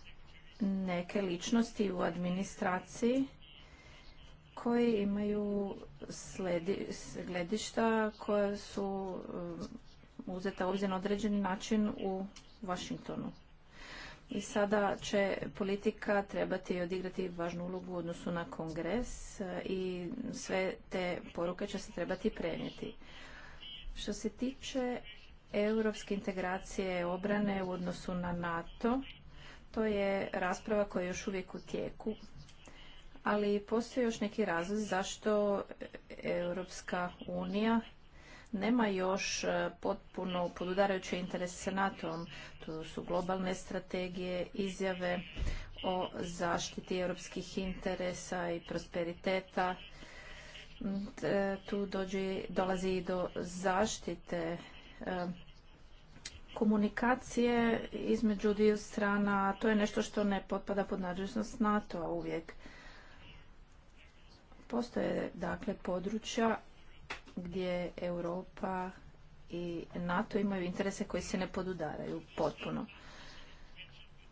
S1: neke ličnosti u administraciji koji imaju gledišta koja su e, uzeta obzir na određeni način u Washingtonu. I sada će politika trebati odigrati važnu ulogu u odnosu na kongres e, i sve te poruke će se trebati prenijeti. Što se tiče europske integracije obrane u odnosu na NATO, to je rasprava koja je još uvijek u tijeku. Ali postoji još neki razlozi zašto Europska unija nema još e, potpuno podudarajuće interese sa NATO-om. Tu su globalne strategije, izjave o zaštiti europskih interesa i prosperiteta. Mm, e, tu dolazi i do zaštite e, komunikacije između dviju strana, to je nešto što ne potpada pod nadležnost NATO-a uvijek. Postoje dakle područja gdje Europa i NATO imaju interese koji se ne podudaraju potpuno.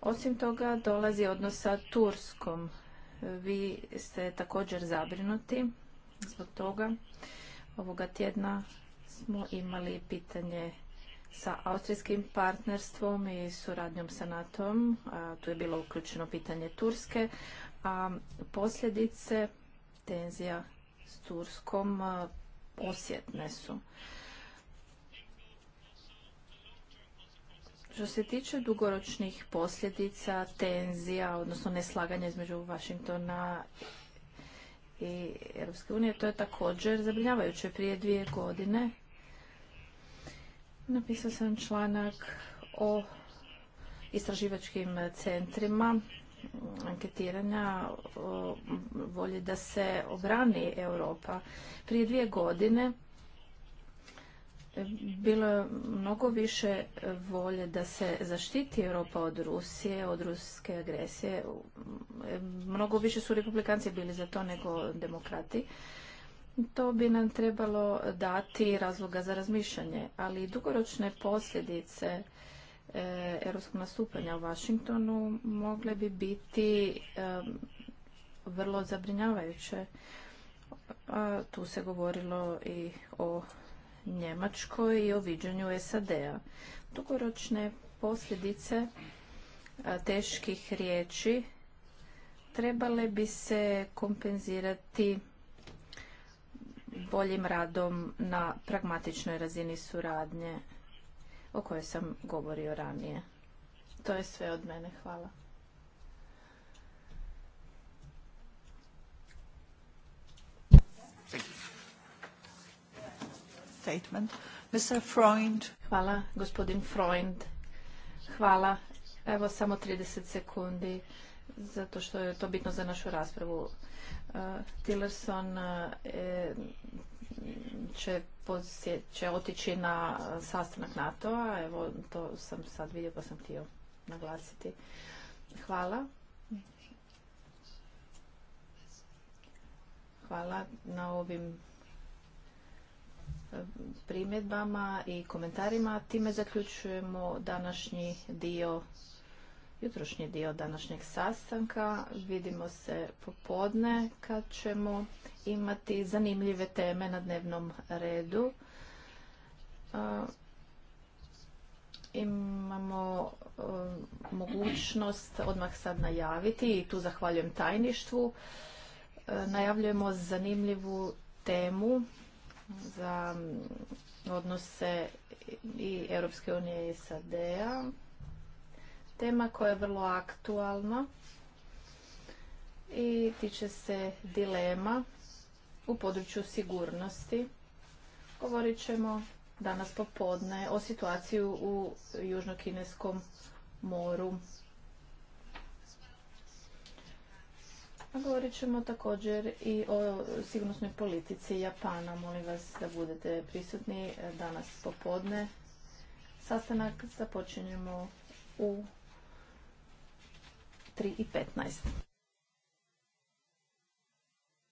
S1: Osim toga dolazi odnos sa Turskom. Vi ste također zabrinuti zbog toga. Ovoga tjedna smo imali pitanje sa austrijskim partnerstvom i suradnjom sa NATO-om. Tu je bilo uključeno pitanje Turske. A posljedice tenzija s Turskom osjetne su. Što se tiče dugoročnih posljedica, tenzija, odnosno neslaganja između Vašingtona i EU, to je također zabrinjavajuće. Prije dvije godine napisao sam članak o istraživačkim centrima anketiranja volje da se obrani Europa. Prije dvije godine e, bilo je mnogo više volje da se zaštiti Europa od Rusije, od ruske agresije. E, mnogo više su republikanci bili za to nego demokrati. To bi nam trebalo dati razloga za razmišljanje, ali dugoročne posljedice E, europskog nastupanja u Washingtonu mogle bi biti e, vrlo zabrinjavajuće. tu se govorilo i o Njemačkoj i o viđanju SAD-a. Dugoročne posljedice e, teških riječi trebale bi se kompenzirati boljim radom na pragmatičnoj razini suradnje o kojoj sam govorio ranije. To je sve od mene. Hvala. Statement. Hvala, gospodin Freund. Hvala. Evo samo 30 sekundi, zato što je to bitno za našu raspravu. Uh, Tillerson uh, e, će poslije će otići na e, sastanak NATO-a. Evo, to sam sad vidio pa sam htio naglasiti. Hvala. Hvala na ovim e, primjedbama i komentarima. Time zaključujemo današnji dio jutrošnji dio današnjeg sastanka. Vidimo se popodne kad ćemo imati zanimljive teme na dnevnom redu. Imamo mogućnost odmah sad najaviti i tu zahvaljujem tajništvu. Najavljujemo zanimljivu temu za odnose i Europske unije i SAD-a tema koja je vrlo aktualna i tiče se dilema u području sigurnosti. Govorit ćemo danas popodne o situaciji u Južnokineskom moru. A govorit ćemo također i o sigurnosnoj politici Japana. Molim vas da budete prisutni danas popodne. Sastanak započinjemo u 3 i 15.